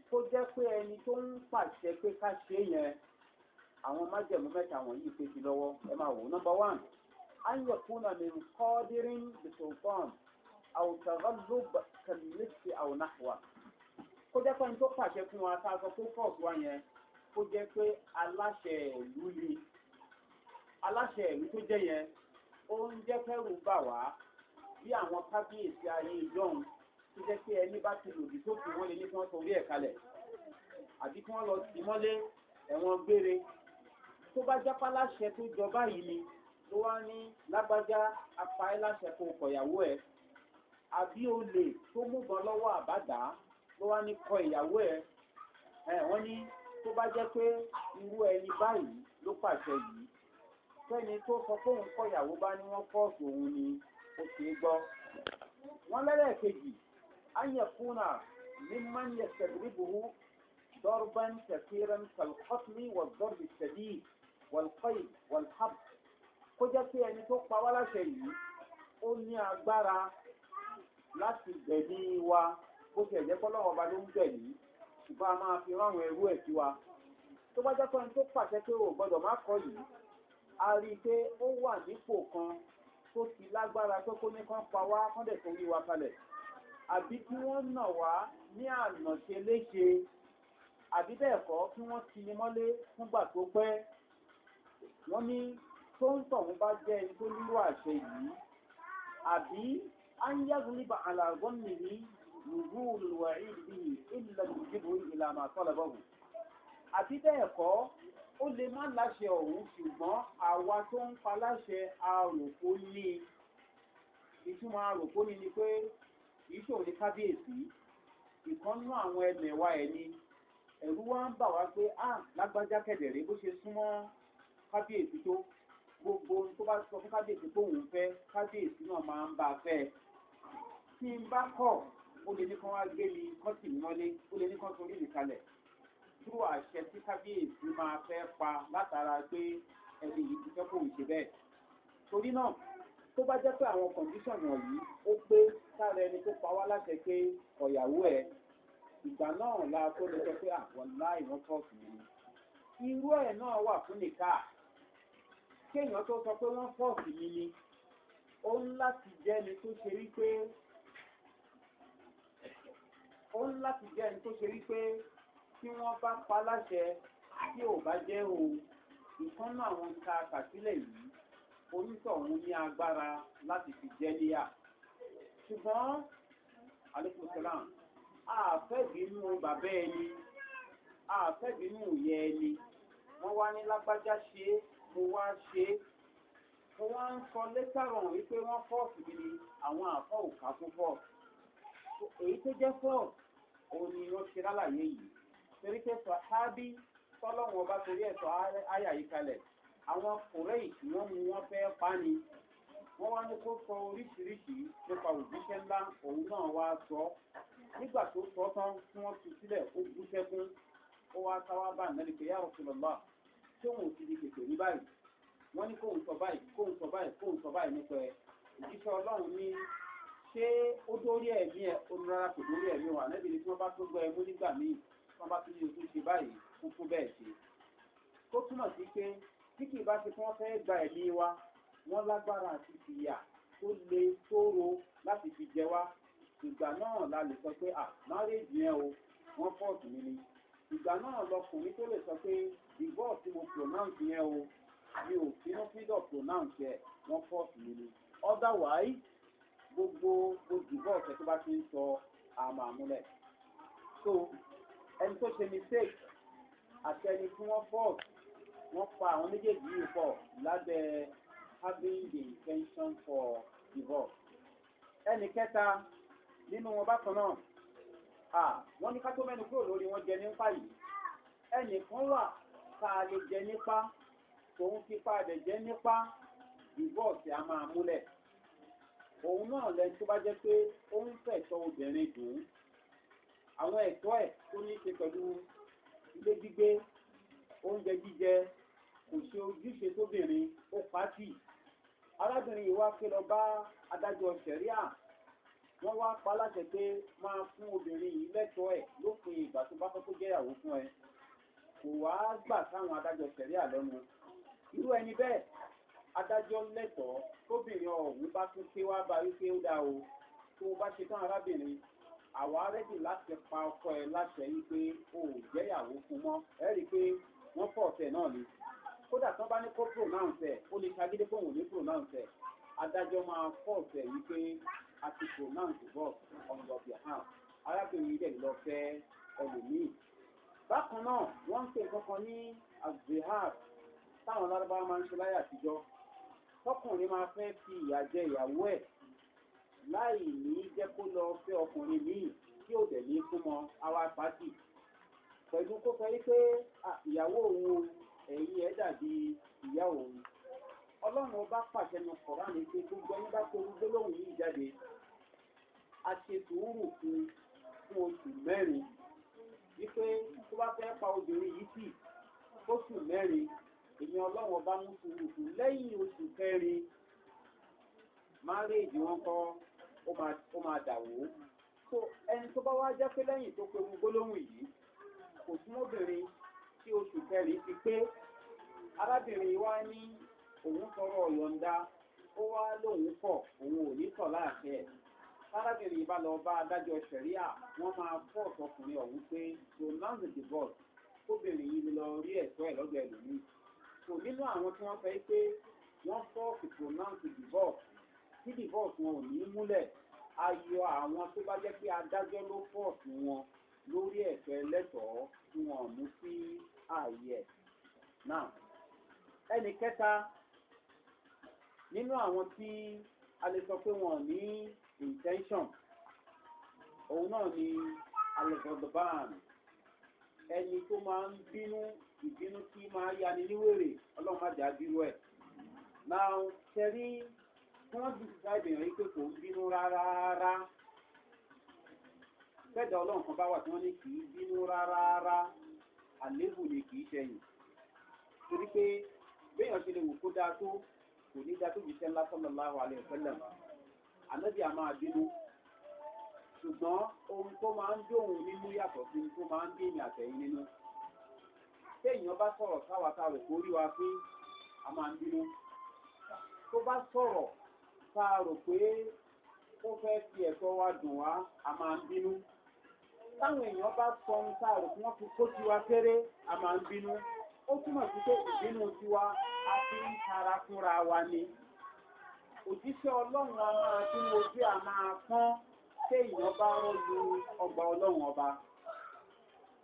kó jẹ́ pé ẹni tó ń pàṣẹ pé ká ṣe é yẹn àwọn májẹ̀mú mẹ́ta wọ̀nyí pé ti lọ́wọ́ ẹ máa wò nọ́mbà wán anyakuna min kọ́dírín bisultan àwùtàgọ́lùb kàlífì àwùnáhùwà kó jẹ́ pé ẹni tó pàṣẹ fún wa tá sọ pé fọ́ọ̀sì wa yẹn kó jẹ́ pé aláṣẹ ìlú ni aláṣẹ ẹ̀mí tó jẹ́ yẹn ó ń jẹ́ fẹ́rù bà wá bí àwọn kábíyèsí ayé ìjọun tó jẹ́ pé ẹni bá ti lòdì tó kù wọ́n lè ní kí wọ́n torí ẹ̀ kalẹ̀ àbí kí wọ́n lọ sí mọ́lé ẹ̀wọ̀n gbére tó bá jápá láṣẹ tó jọba yìí ni ló wá ní lágbájá apá láṣẹ kó kọ̀yàwó ẹ̀ àbí olè tó múbọn lọ́wọ́ àbádá ló wá ní kọ ìyàwó ẹ̀ wọ́n ní tó bá jẹ́ pé irú ẹni báyìí ló pàṣẹ yìí tẹ́ni tó sọ pé òun kọ́ ìyàwó bá ní wọ́n fọ́ọ̀sì òun ni ó ṣe é gbọ́. wọ́n lẹ́lẹ́kejì ayẹ̀kúnà ní mánìyẹ sẹ̀dúrúbùhù dọ́rbán kẹfìrán kàlùkọ́tìmí wà dọ́rbì sẹ̀dí wàlùkọ́ì wàlùhàb. kó jẹ́ pé ẹni tó pa wá láṣẹ yìí ó ní agbára láti gbẹ̀mí wa bó ti ẹ̀jẹ̀ kọ́lọ́wọ́ ọba ló ń bẹ̀ yìí ṣùgbọ́n a máa fi rán àwọn ẹrú ẹ̀ sí wa. tó bá jẹ́ pé tó pàṣẹ pé ò gbọ́dọ̀ má kọ yìí a rí pé ó wà nípò kan tó ti lágbára pé kó ní kan pa wá kán dẹ̀ tó rí wa kalẹ̀ àbí kí wọ́n nà wá ní ànà ṣe léṣe àbí bẹ́ẹ̀ kọ́ kí wọ́n ti ní mọ́lé fúngbà tó pẹ́ wọ́n ní tó ń tọ̀hún bá jẹ́ ẹni tó nílò àṣẹ yìí àbí ányágun nípa àlàgọ́ nìyí lùgbù olùwàrí ìdí ìlànà ìdìbò ìlànà àtọ́lẹ̀bọ̀gùn àbí bẹ́ẹ̀ kọ́ ó lè má láṣẹ ọ̀hún ṣùgbọ́n àwa tó ń pa láṣẹ àròkó ní ìtumọ̀ àròkó ní ni pé ìṣò ní kábíyèsí ìkọ́nú àwọn ẹmẹ̀wà ẹ̀ ni ẹ̀rú wá ń bà wá pé à lágbájá kẹ̀dẹ̀rẹ́ bó ṣe súnmọ́ kábíyèsí tó gbogbo tó bá sọ fún kábíyèsí tó òun fẹ́ kábíyèsí náà máa ń bá a fẹ́ tí n bá kọ̀ ó lè ní kán wá gbé mi kán sì mọ́lé ó lè ní kán torí ìrìkalẹ̀ tú àṣẹ tí kábíyèsí máa fẹ́ pa látara pé ẹni yìí ti fẹ́ kó ìṣe bẹ́ẹ̀. torí náà tó bá jẹ́ pé àwọn kọ̀ǹdíṣọ̀nù wọ̀nyí ó pé sára ẹni tó pa wá láṣẹ pé ọ̀yàwó ẹ̀ ìgbà náà la tó lè sọ pé àwọn láì wọ́n tọ́ọ̀sì ni. irú ẹ̀ náà wà fún nìka kéèyàn tó sọ pé wọ́n fọ́ọ̀sì mi ni ó ń láti jẹ́ ẹni tó ṣe rí pé ó ń láti jẹ́ ẹni tó ṣe rí pé tí wọ́n bá pa láṣẹ tí ò bá jẹ́ o ìkánná àwọn ta kàsílẹ̀ yìí onítọ̀hún ní agbára láti fi jẹ́ níyà. ṣùgbọ́n alekun salam àfẹ́bínú bàbá ẹni àfẹ́bínú ìyẹ ẹni wọ́n wá ní lágbájá ṣe é mo wá ṣe é mo wá ń sọ létàrọ̀ wípé wọ́n fọ́ọ̀sì mi ni àwọn àfọ́ òkà fún fọ́ọ̀sì èyí tó jẹ́ fọ́ọ̀sì òun ni wọ́n ṣe lálàyé yìí torí pé sọ̀hábí tọ́lọ́wọ̀n bá torí ẹ̀tọ́ àyà yìí kalẹ̀ àwọn kùrẹ́ì tí wọ́n mú wọn fẹ́ pani wọ́n wá ní kó sọ oríṣiríṣi nípa òjíṣẹ́ ńlá òun náà wá sọ nígbà tó sọ tán tí wọ́n fi sílẹ̀ ó bú sẹ́kún ó wá sáwá bá nàlẹ́ pé yàrá òfin lọ́lá tí òun ti di kèké ní báyìí wọ́n ní kóun sọ báyìí kóun sọ báyìí kóun sọ báyìí nípa ẹ̀ òjíṣẹ́ ọlọ́run ní ṣé ó dórí ẹ̀mí ẹ̀ onírara kò dórí ẹ̀mí wọn ànábìrì tí wọ́n bá tó gbọ́ ẹmú nígbà míì wọn bá tún ní ojú ṣe báyìí fún bẹ́ẹ̀ ṣe. tó túmọ̀ sí pé tí kì í bá ṣe kí wọ́n fẹ́ gba ẹ̀mí wa wọ́n lágbára àti ìyà tó le tóro láti fi jẹ wá ìgbà náà la lè sọ pé à márèèjì yẹn o wọ́n fọ́ọ̀tù mi ni ìgbà náà lọkùnrin tó lè sọ pé divorce mo pronounce yẹn o mi ò sínú freedom pronounce yẹn wọ́n fọ́ọ̀tù mi ni otherwise gbogbo gbogbo divorce tó bá ti ń sọ àmàmúlẹ̀ so ẹni tó ṣe mistake àti ẹni tí wọ́n fọ́ wọ́n pa àwọn méjèèjì yìí pọ̀ lábẹ́ having the intention for divorce. ẹnì kẹta nínú wọn bákan náà à wọ́n ní ká tó mẹ́nu kúrò lórí wọn jẹ nípa yìí ẹnì kan wà tá a lè jẹ nípa tòun fi pa jẹ nípa divorce a máa múlẹ̀ òun náà lẹ́ni tó bá jẹ́ pé ó ń fẹ̀tọ́ obìnrin dùn ún àwọn ẹ̀tọ́ ẹ̀ tó ní ṣe pẹ̀lú ilé gbígbé oúnjẹ jíjẹ kò ṣe ojúṣe tóbìnrin ó pàtì arábìnrin yìí wá ké lọ bá adájọ́ sẹ̀ríà wọ́n wá pa láṣẹ pé máa fún obìnrin yìí lẹ́tọ̀ọ́ ẹ̀ lópin ìgbà tó bá fẹ́ kó jẹ́yàwó fún ẹ kò wá gbà sáwọn adájọ́ sẹ̀ríà lẹ́nu irú ẹni bẹ́ẹ̀ adájọ́ lẹ́tọ̀ọ́ tóbìnrin ọ̀hún bá tún ké wá ba wípé ó dáa o tó bá ṣe tán arábìnrin àwa rẹ́dì láti pa ọkọ ẹ láṣẹ yín pé o ò jẹ́yàwó fún mọ́ ẹ rí i pé wọ́n pọ̀ ọ̀tẹ̀ náà ni kódà tán bá ní kó pronounce ẹ̀ ó lè ṣagídé pé òun ní pronounce ẹ̀ adájọ́ máa pọ̀ ọ̀tẹ̀ yìí pé a ti pronounce box on your behalf arábìnrin ilẹ̀ lọ fẹ́ ẹlòmíì bákan náà wọ́n ń pè kankan ní azehar táwọn lárúbáwá máa ń ṣe láyé àtijọ́ tọkùnrin máa fẹ́ fi ìyà jẹ ìyàwó ẹ̀ láì ní jẹ́ kó lọ fẹ́ ọkùnrin míì tí ò dẹ̀ ní kó mọ àwa pàtì pẹ̀lú kó sọ wípé ìyàwó òun ẹ̀yìn ẹ̀ dàbí ìyá òun ọlọ́run ọba pàṣẹ nu kọ̀ọ̀rán ni pé gbogbo ẹni bá tó gbólóhùn yìí jáde a ṣe sùúrù fún fún oṣù mẹ́rin wípé tó bá fẹ́ pa obìnrin yìí sì fóṣù mẹ́rin èmi ọlọ́run ọba mú sùúrù fún lẹ́yìn oṣù kẹrin máa wọn kọ́ ó máa dàwó so ẹni tó bá wá jẹ́ pé lẹ́yìn tó pe gbólóhùn yìí kò súnmọ́ obìnrin tí oṣù kẹrin ti pé arábìnrin wa ní òun tọrọ ọ̀yọ̀ǹda ó wá lóun pọ̀ òun ò ní tọ̀ láàfẹ́ ẹ̀ arábìnrin bá lọ bá adájọ́ sẹ̀ríà wọ́n máa fọ́ ọ̀tọkùnrin ọ̀hún pé to land the kóbìnrin yìí lọ rí ẹ̀tọ́ ẹ̀ lọ́dọ̀ ẹlòmíì so nínú àwọn tí wọ́n fẹ́ pé wọ́n fọ́ to land tí divorce wọn ò ní múlẹ̀ a yọ àwọn tó bá jẹ́ pé adájọ́ ló fọ́ọ̀tù wọn lórí ẹ̀tọ́ ẹlẹ́tọ̀ọ́ tí wọn mú sí ààyè ẹ̀. náà ẹnì kẹta nínú àwọn tí a lè sọ pé wọn ní intention òun náà ni alẹ́gbọ̀dọ̀báàmù ẹni tó máa ń bínú ìbínú tí máa yani níwèrè ọlọ́run má dàá bírú ẹ̀. náà tẹ̀rí wọ́n ti ṣáìdì rẹ̀ pé kò bínú rárá rárá bẹ́ẹ̀dà ọlọ́run kan bá wà tí wọ́n ní kì í bínú rárá rárá àléébù ni kì í ṣẹyìn torí pé béèyàn ṣe lè wò kó dáa tó kò ní dáa tó jíṣẹ́ ńlá sọ́nà láwà alẹ́ ìfẹ́lẹ̀ ànábì àmọ́ àbínú ṣùgbọ́n ohun tó máa ń dóhun nínú yàtọ̀ sí tó máa ń dènì àtẹ̀yìn nínú téèyàn bá sọ̀rọ̀ sáwàtà rẹ̀ kó rí wa pé a máa ń bínú tó bá sọ̀rọ̀ tá a rò pé ó fẹ́ fi ẹ̀tọ́ wa a máa ń bínú táwọn èèyàn bá sọ ohun tá rò pé wọ́n fi kó tiwa kéré a máa ń bínú ó túmọ̀ sí pé a fi ń tara fúnra wa ni òjíṣẹ́ ọlọ́run a máa tún ojú a máa ọba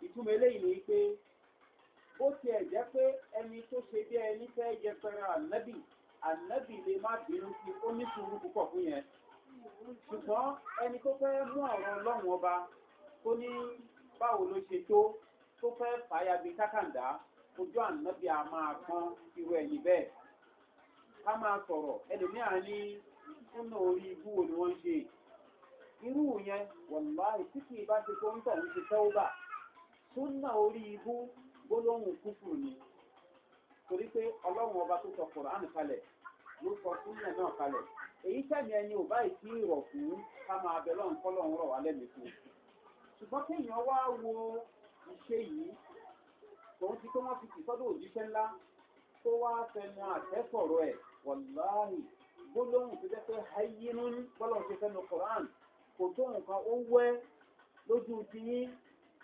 ìtumọ̀ eléyìí ni pé jẹ́ pé ẹni tó ṣe bí ẹni fẹ́ ànábì lè má bínú sí ó ní sùúrù púpọ̀ fún yẹn ṣùgbọ́n ẹni tó fẹ́ mú ọ̀rọ̀ ọlọ́run ọba tó ní báwo ló ṣe tó tó fẹ́ fàyàbí kákàndá ojú ànábì a máa pọ́n irú ẹ̀yìn bẹ́ẹ̀ ká máa sọ̀rọ̀ ẹlòmíà ní nínú orí ibú wo ni wọ́n ń ṣe irú yẹn wọ̀lá ìsìkì bá ṣe tó ń tọ̀ ń ṣe tẹ́wọ́bà tó ń ná orí ibú gbólóhùn kúkú ni torí pé ọlọ́run ọba tó sọ kùránù kalẹ̀ ló sọ súnmọ̀ náà kalẹ̀ èyí tẹ̀mí ẹni ò báyìí sí ìrọ̀ fún ká máa bẹ lọ́run kọ́ lọ́run rọ̀ wá lẹ́mìí fún un ṣùgbọ́n kéèyàn wá wo ìṣe yìí tòun ti pé wọ́n ti kì sọ́dọ̀ òjíṣẹ́ ńlá tó wá fẹnu àtẹ́sọ̀rọ̀ ẹ̀ wọ̀láhì gbólóhùn tó jẹ́ pé ayínú bọ́lọ̀ ṣe fẹnu koran kò tó nǹkan ó wẹ́ lójú ti yín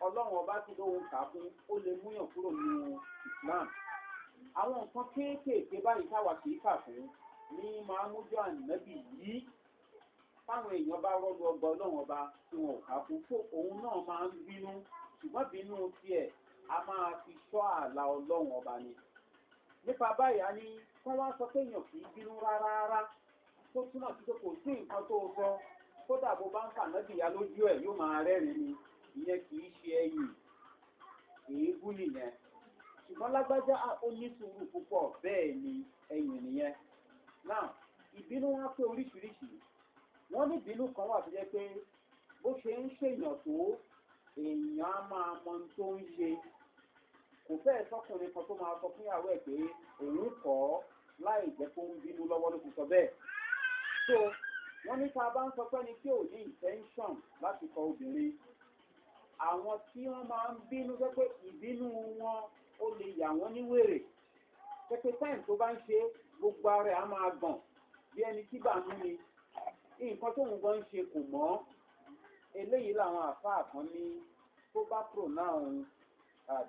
ọlọ́run ọba ti lóhun kà fún ó lè múyàn kúrò nínú islam àwọn nǹkan kéékèèké báyìí táwa kì í kà fún ní máa mújọ ànìmẹ́bì yìí táwọn èèyàn bá rọ́lu ọgbà ọlọ́run ọba tí wọn ò ká fún fún òun náà máa ń bínú ṣùgbọ́n bínú tiẹ̀ a máa fi ṣọ́ ààlà ọlọ́run ọba ni. nípa báyìí a ní kọ́ wá sọ pé èèyàn kì í bínú rárá rárá tó túmọ̀ sí pé kò sí nǹkan tó sọ kódà bó bá ń fà nábìyà lójú ẹ̀ yóò máa rẹ́rìn-ín ni ìyẹn kì í ṣe ẹyìn èébú nìyẹn ṣùgbọ́n lágbájá ó ní sùúrù púpọ̀ bẹ́ẹ̀ ni ẹyìn nìyẹn náà ìbínú wọn pé oríṣiríṣi wọn ní ìbínú kan wà tó jẹ pé bó ṣe ń ṣèyàn tó èèyàn á máa mọ ohun tó ń ṣe kò fẹ́ẹ̀ sọkùnrin kan tó máa sọ fún ìyàwó ẹ̀ pé òun kọ́ láì jẹ́ kó ń bínú lọ́wọ́ ló ti sọ bẹ́ẹ̀ so wọ́n ní tá a bá ń sọ pé ni kí ò ní intention láti kọ obìnrin àwọn tí wọ́n máa ń bínú pé ìbínú wọn ó lè yà wọ́n níwèrè pé pé tó bá ń ṣe gbogbo ara a máa gbọ̀n bí ẹni tí bà mú ni nǹkan tóun gan ń ṣe kò mọ́ eléyìí làwọn àfáà kan ní tó bá pronoun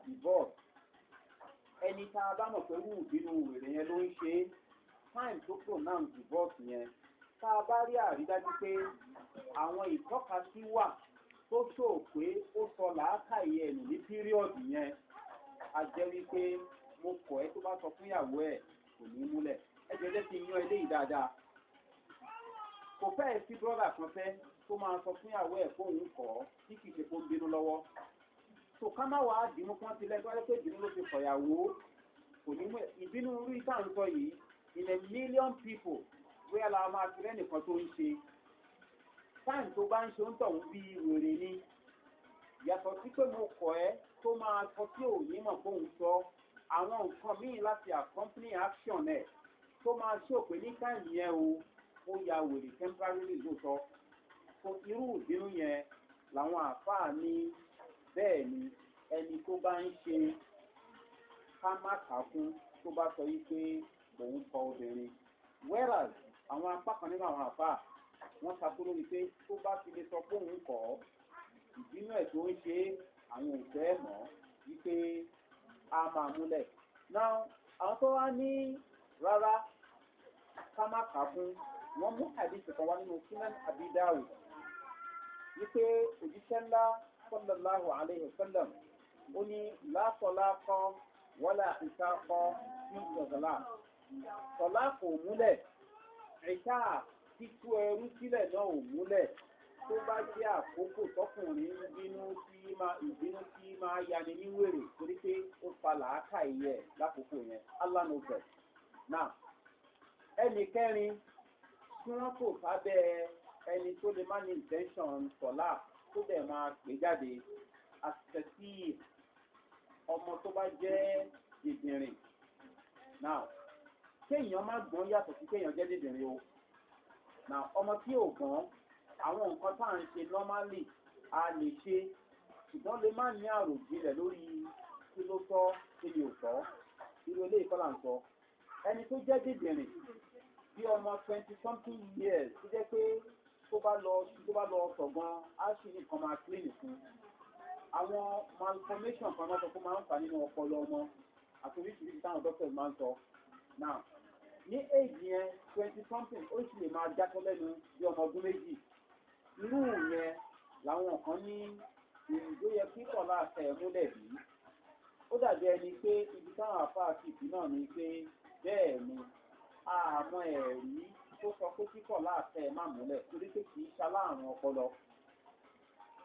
divorce ẹni tá a bá mọ̀ pé wù bínú wèrè yẹn ló ń ṣe time tó pronoun divorce yẹn tá a bá rí àrídájú pé àwọn ìtọ́kasí wà tó ṣò pé ó sọ làákàyè ẹ̀nù ní píríọ̀dù yẹn a jẹ́ wípé mo kọ̀ ẹ́ tó bá sọ fún ìyàwó ẹ̀ kò ní múlẹ̀ ẹ̀jẹ̀ jẹ́ kí n yan eléyìí dáadáa kò fẹ́ẹ̀ sí brọ́dà kan fẹ́ tó máa sọ fún ìyàwó ẹ̀ fóun kọ́ tí kì í ṣe kó ń bínú lọ́wọ́ tó ká má wàá dìímú kí wọ́n ti lẹ́gbẹ́ wáyé pé ìbínú ló ti kọ̀yàwó kò ní mú ìbínú rí tá yìí in a million people bóyá la máa fi lẹ́nìkan tó ń ṣe táìm tó bá ń ṣe ń tọ̀hún bí wèrè ni yàtọ̀ sí pé mo kọ̀ ẹ́ tó máa sọ sí òní mọ̀ fóun sọ àwọn nǹkan míì láti accompany action ẹ̀ tó máa ṣòpè ní táìmì yẹn o ó ya wèrè temporarily lóòótọ́ so irú ìbínú yẹn làwọn àfáà ní bẹ́ẹ̀ ni ẹni tó bá ń ṣe ká má kàkún tó bá sọ yí pé òun kọ obìnrin whereas àwọn apá kan nínú àwọn àfáà wọ́n takú lórí pé tó bá ti lè sọ pé òun kọ́ ìbínú ẹ̀ tó ń ṣe àwọn òfẹ́ mọ́ wípé a máa múlẹ̀ náà àwọn tó wá ní rárá ká má kà fún wọn mú àdìsí kan wá nínú sunan abidawo wípé òjíṣẹ́ ńlá sallallahu alayhi wa sallam ó ní látọ̀lákọ́ wọ́lá ìsákọ́ ní ìjọ̀dọ̀lá tọ̀lá kò múlẹ̀ ìṣá títú ẹrú sílẹ̀ náà ò múlẹ̀ tó bá jẹ́ àkókò tọkùnrin bínú tí máa ìbínú tí máa yani ní wèrè torí pé ó fa làákà iye ẹ̀ lákòókò yẹn allah no vex now ẹnì kẹrin tí wọ́n kò fábẹ́ ẹni tó lè má ní intention sọ̀lá tó dẹ̀ máa pè jáde àtẹ̀sí ọmọ tó bá jẹ́ dìdìrìn now kéèyàn má gbọ́n yàtọ̀ sí kéèyàn jẹ́ dìdìrìn o now ọmọ tí ò gbọ́n àwọn nǹkan tá à ń ṣe normally a lè ṣe ṣùgbọ́n lè má ní àròjinlẹ̀ lórí kí ló tọ́ kí ni ò tọ́ irú ilé ìkọ́là ń sọ ẹni tó jẹ́ dìbìrìn bí ọmọ twenty something years tó jẹ́ pé tó bá lọ tó bá lọ sọ̀ gan á sì ní nǹkan máa clean fún àwọn malformation kan máa sọ pé máa ń fà nínú ọpọlọ ọmọ àti oríṣiríṣi táwọn doctors máa ń sọ now ní èyí yẹn twenty something ó sì lè máa jákọ́ lẹ́nu bí ọmọ ọdún méjì irú yẹn làwọn kan ní ìrìndó yẹ kí kọ̀lá àtẹ̀ múlẹ̀ bí ó dàbí ẹni pé ibi táwọn àfáà ti ìbí náà ni pé bẹ́ẹ̀ ni àmọ́ ẹ̀rí tó sọ pé kíkọ̀ láàfẹ́ má múlẹ̀ torí pé kì í ṣalá àrùn ọpọlọ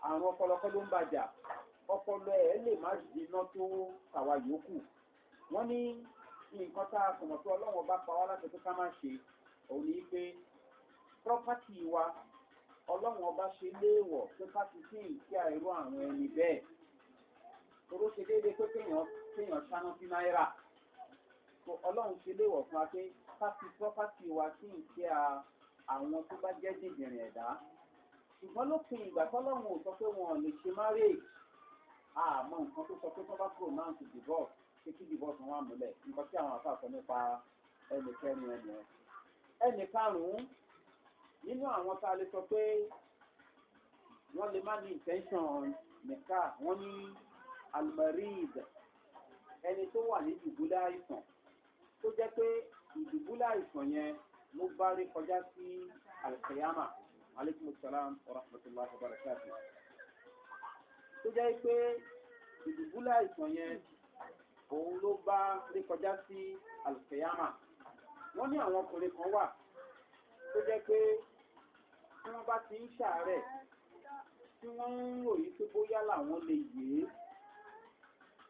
àrùn ọpọlọ kọ́ ló ń bàjà ọpọlọ ẹ̀ lè má jiná tó tàwa yòókù wọ́n ní nǹkan tá a sọ̀rọ̀ pé ọlọ́wọ́n bá pa wá láti pé ká má ṣe òun ni pé property wa ọlọ́run ọba ṣe léèwọ̀ tó bá ti sí ìkí àìró àwọn ẹni bẹ́ẹ̀ toró ṣe déédéé pé kéèyàn ṣáná sí náírà tó ọlọ́run ṣe léèwọ̀ fún wa pé pátí pọ́pátì wa sí ìkí àwọn tó bá jẹ́ dìbìrìn ẹ̀dá ṣùgbọ́n lópin ìgbà tọ́lọ́run ò sọ pé wọn ò lè ṣe marriage àmọ́ nǹkan tó sọ pé tó bá pronounce divorce pé kí divorce wọn wà múlẹ̀ nǹkan tí àwọn àfàṣọ nípa ẹnì nínú àwọn tá a lè sọ pé wọ́n lè má ní intention nìka wọ́n ní almarid ẹni tó wà ní dùbúlẹ̀ àìsàn tó jẹ́ pé ìdùbúlẹ̀ àìsàn yẹn ló bá rí kọjá sí alkiyama aleykum salaam rahmatulah barakati tó jẹ́ pé ìdùbúlẹ̀ àìsàn yẹn òun ló bá rí kọjá sí alkiyama wọ́n ní àwọn ọkùnrin kan wà tó jẹ́ pé tí wọ́n bá ti ń ṣàárẹ̀ tí wọ́n ń ròyìn pé bóyá làwọn lè yé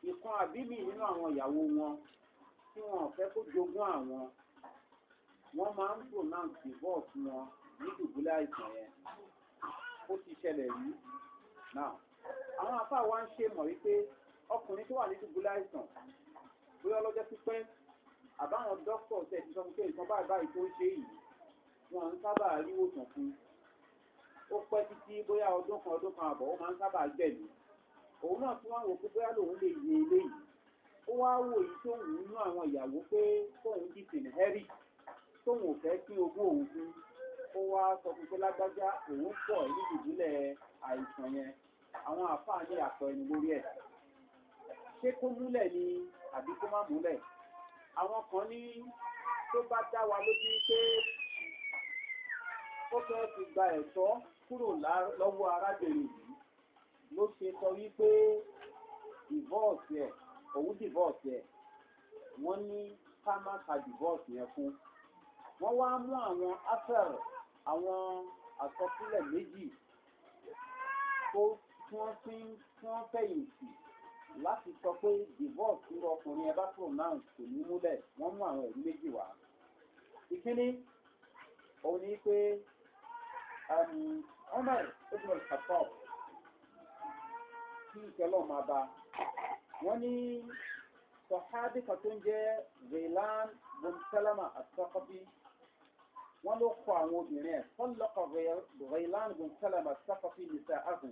ìkan àbíbì nínú àwọn ìyàwó wọn tí wọn ò fẹ́ kó jogún àwọn wọ́n máa ń pronounce divorce wọn ní dùbúlẹ̀ àìsàn yẹn ó ti ṣẹlẹ̀ rí now àwọn afá wa ń ṣe mọ̀ wípé ọkùnrin tó wà ní dùbúlẹ̀ àìsàn bóyá ọlọ́jọ́ pípẹ́ àbáwọn dókítà ọ̀sẹ̀ ti sọ pé nǹkan báyìí báyìí tó ń ṣe yìí wọn ń sábà rí ìwòsàn fún un ó pẹ́ títí bóyá ọdún kan ọdún kan àbọ̀ ó máa ń sábà gbẹ̀mí òun náà tún wá wò pé bóyá lòun lè yé eléyìí ó wá wò yìí tó wù ú nú àwọn ìyàwó pé tóun di sinhẹ́rì tóun ò fẹ́ kí ogún òun fún ó wá sọ fún pé lágbájá òun pọ̀ ní ìdílé àìsàn yẹn àwọn àáfàá ní àtọ ẹni lórí ẹ̀ ṣé kó múlẹ̀ ni àbí kó má múlẹ̀ àwọn kan ní tó bá dá wa lójú pé ó fẹ́ fi gba ẹ̀tọ́ kúrò lọ́wọ́ arábìnrin yìí ló ṣe sọ wípé divorce ẹ̀ òun divorce ẹ̀ wọ́n ní ká má ka divorce yẹn fún wọ́n wá mú àwọn afẹ́r àwọn àsọsílẹ̀ méjì tó tí wọ́n fi tí wọ́n fẹ̀yìntì láti sọ pé divorce irú ọkùnrin ẹ bá pronounce kò ní múlẹ̀ wọ́n mú àwọn ẹ̀rí méjì wá. ìkíní òun ni pé um, Umar ibn al-Khattab kí ìkẹlọ́ máa bá wọ́n ní sọ̀hábì kan tó ń jẹ́ Ghailan bin Salama as-Saqafi wọ́n ló kọ àwọn obìnrin ẹ̀ tọ́lọ́kọ̀ Ghailan bin Salama as-Saqafi nisa'ahu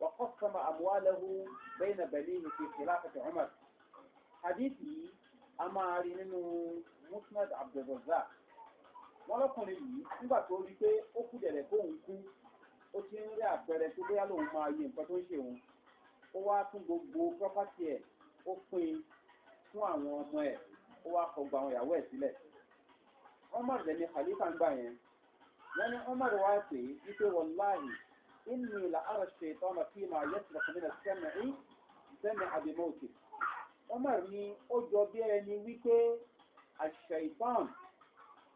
wa qassama amwalahu bayna banihi fi khilafati Umar hadithi a máa rí nínú Musnad Abdurrazzaq wọ́n lọ́kùnrin yìí nígbà tó rí pé ó kú dẹ̀rẹ̀ kóhun kú ó ti ń rí àpẹẹrẹ tó bóyá lòun máa yí nǹkan tó ń ṣe òun ó wá fún gbogbo property ẹ̀ ó pín fún àwọn ọmọ ẹ̀ ó wá kọgbà àwọn ìyàwó ẹ̀ sílẹ̀ ọmọ rẹ̀ ni khalifa ń gbà yẹn wọ́n ní ọmọ rẹ̀ wá pè é wípé wọ́n láàyè inú ìlà ara ṣe ìtọ́nà tí màá yẹ tìlẹ̀ fún mi náà sẹ́mi rí òkè ọmọ rẹ̀ ni ó jọ bí ẹni wípé àṣẹ ìtọ́n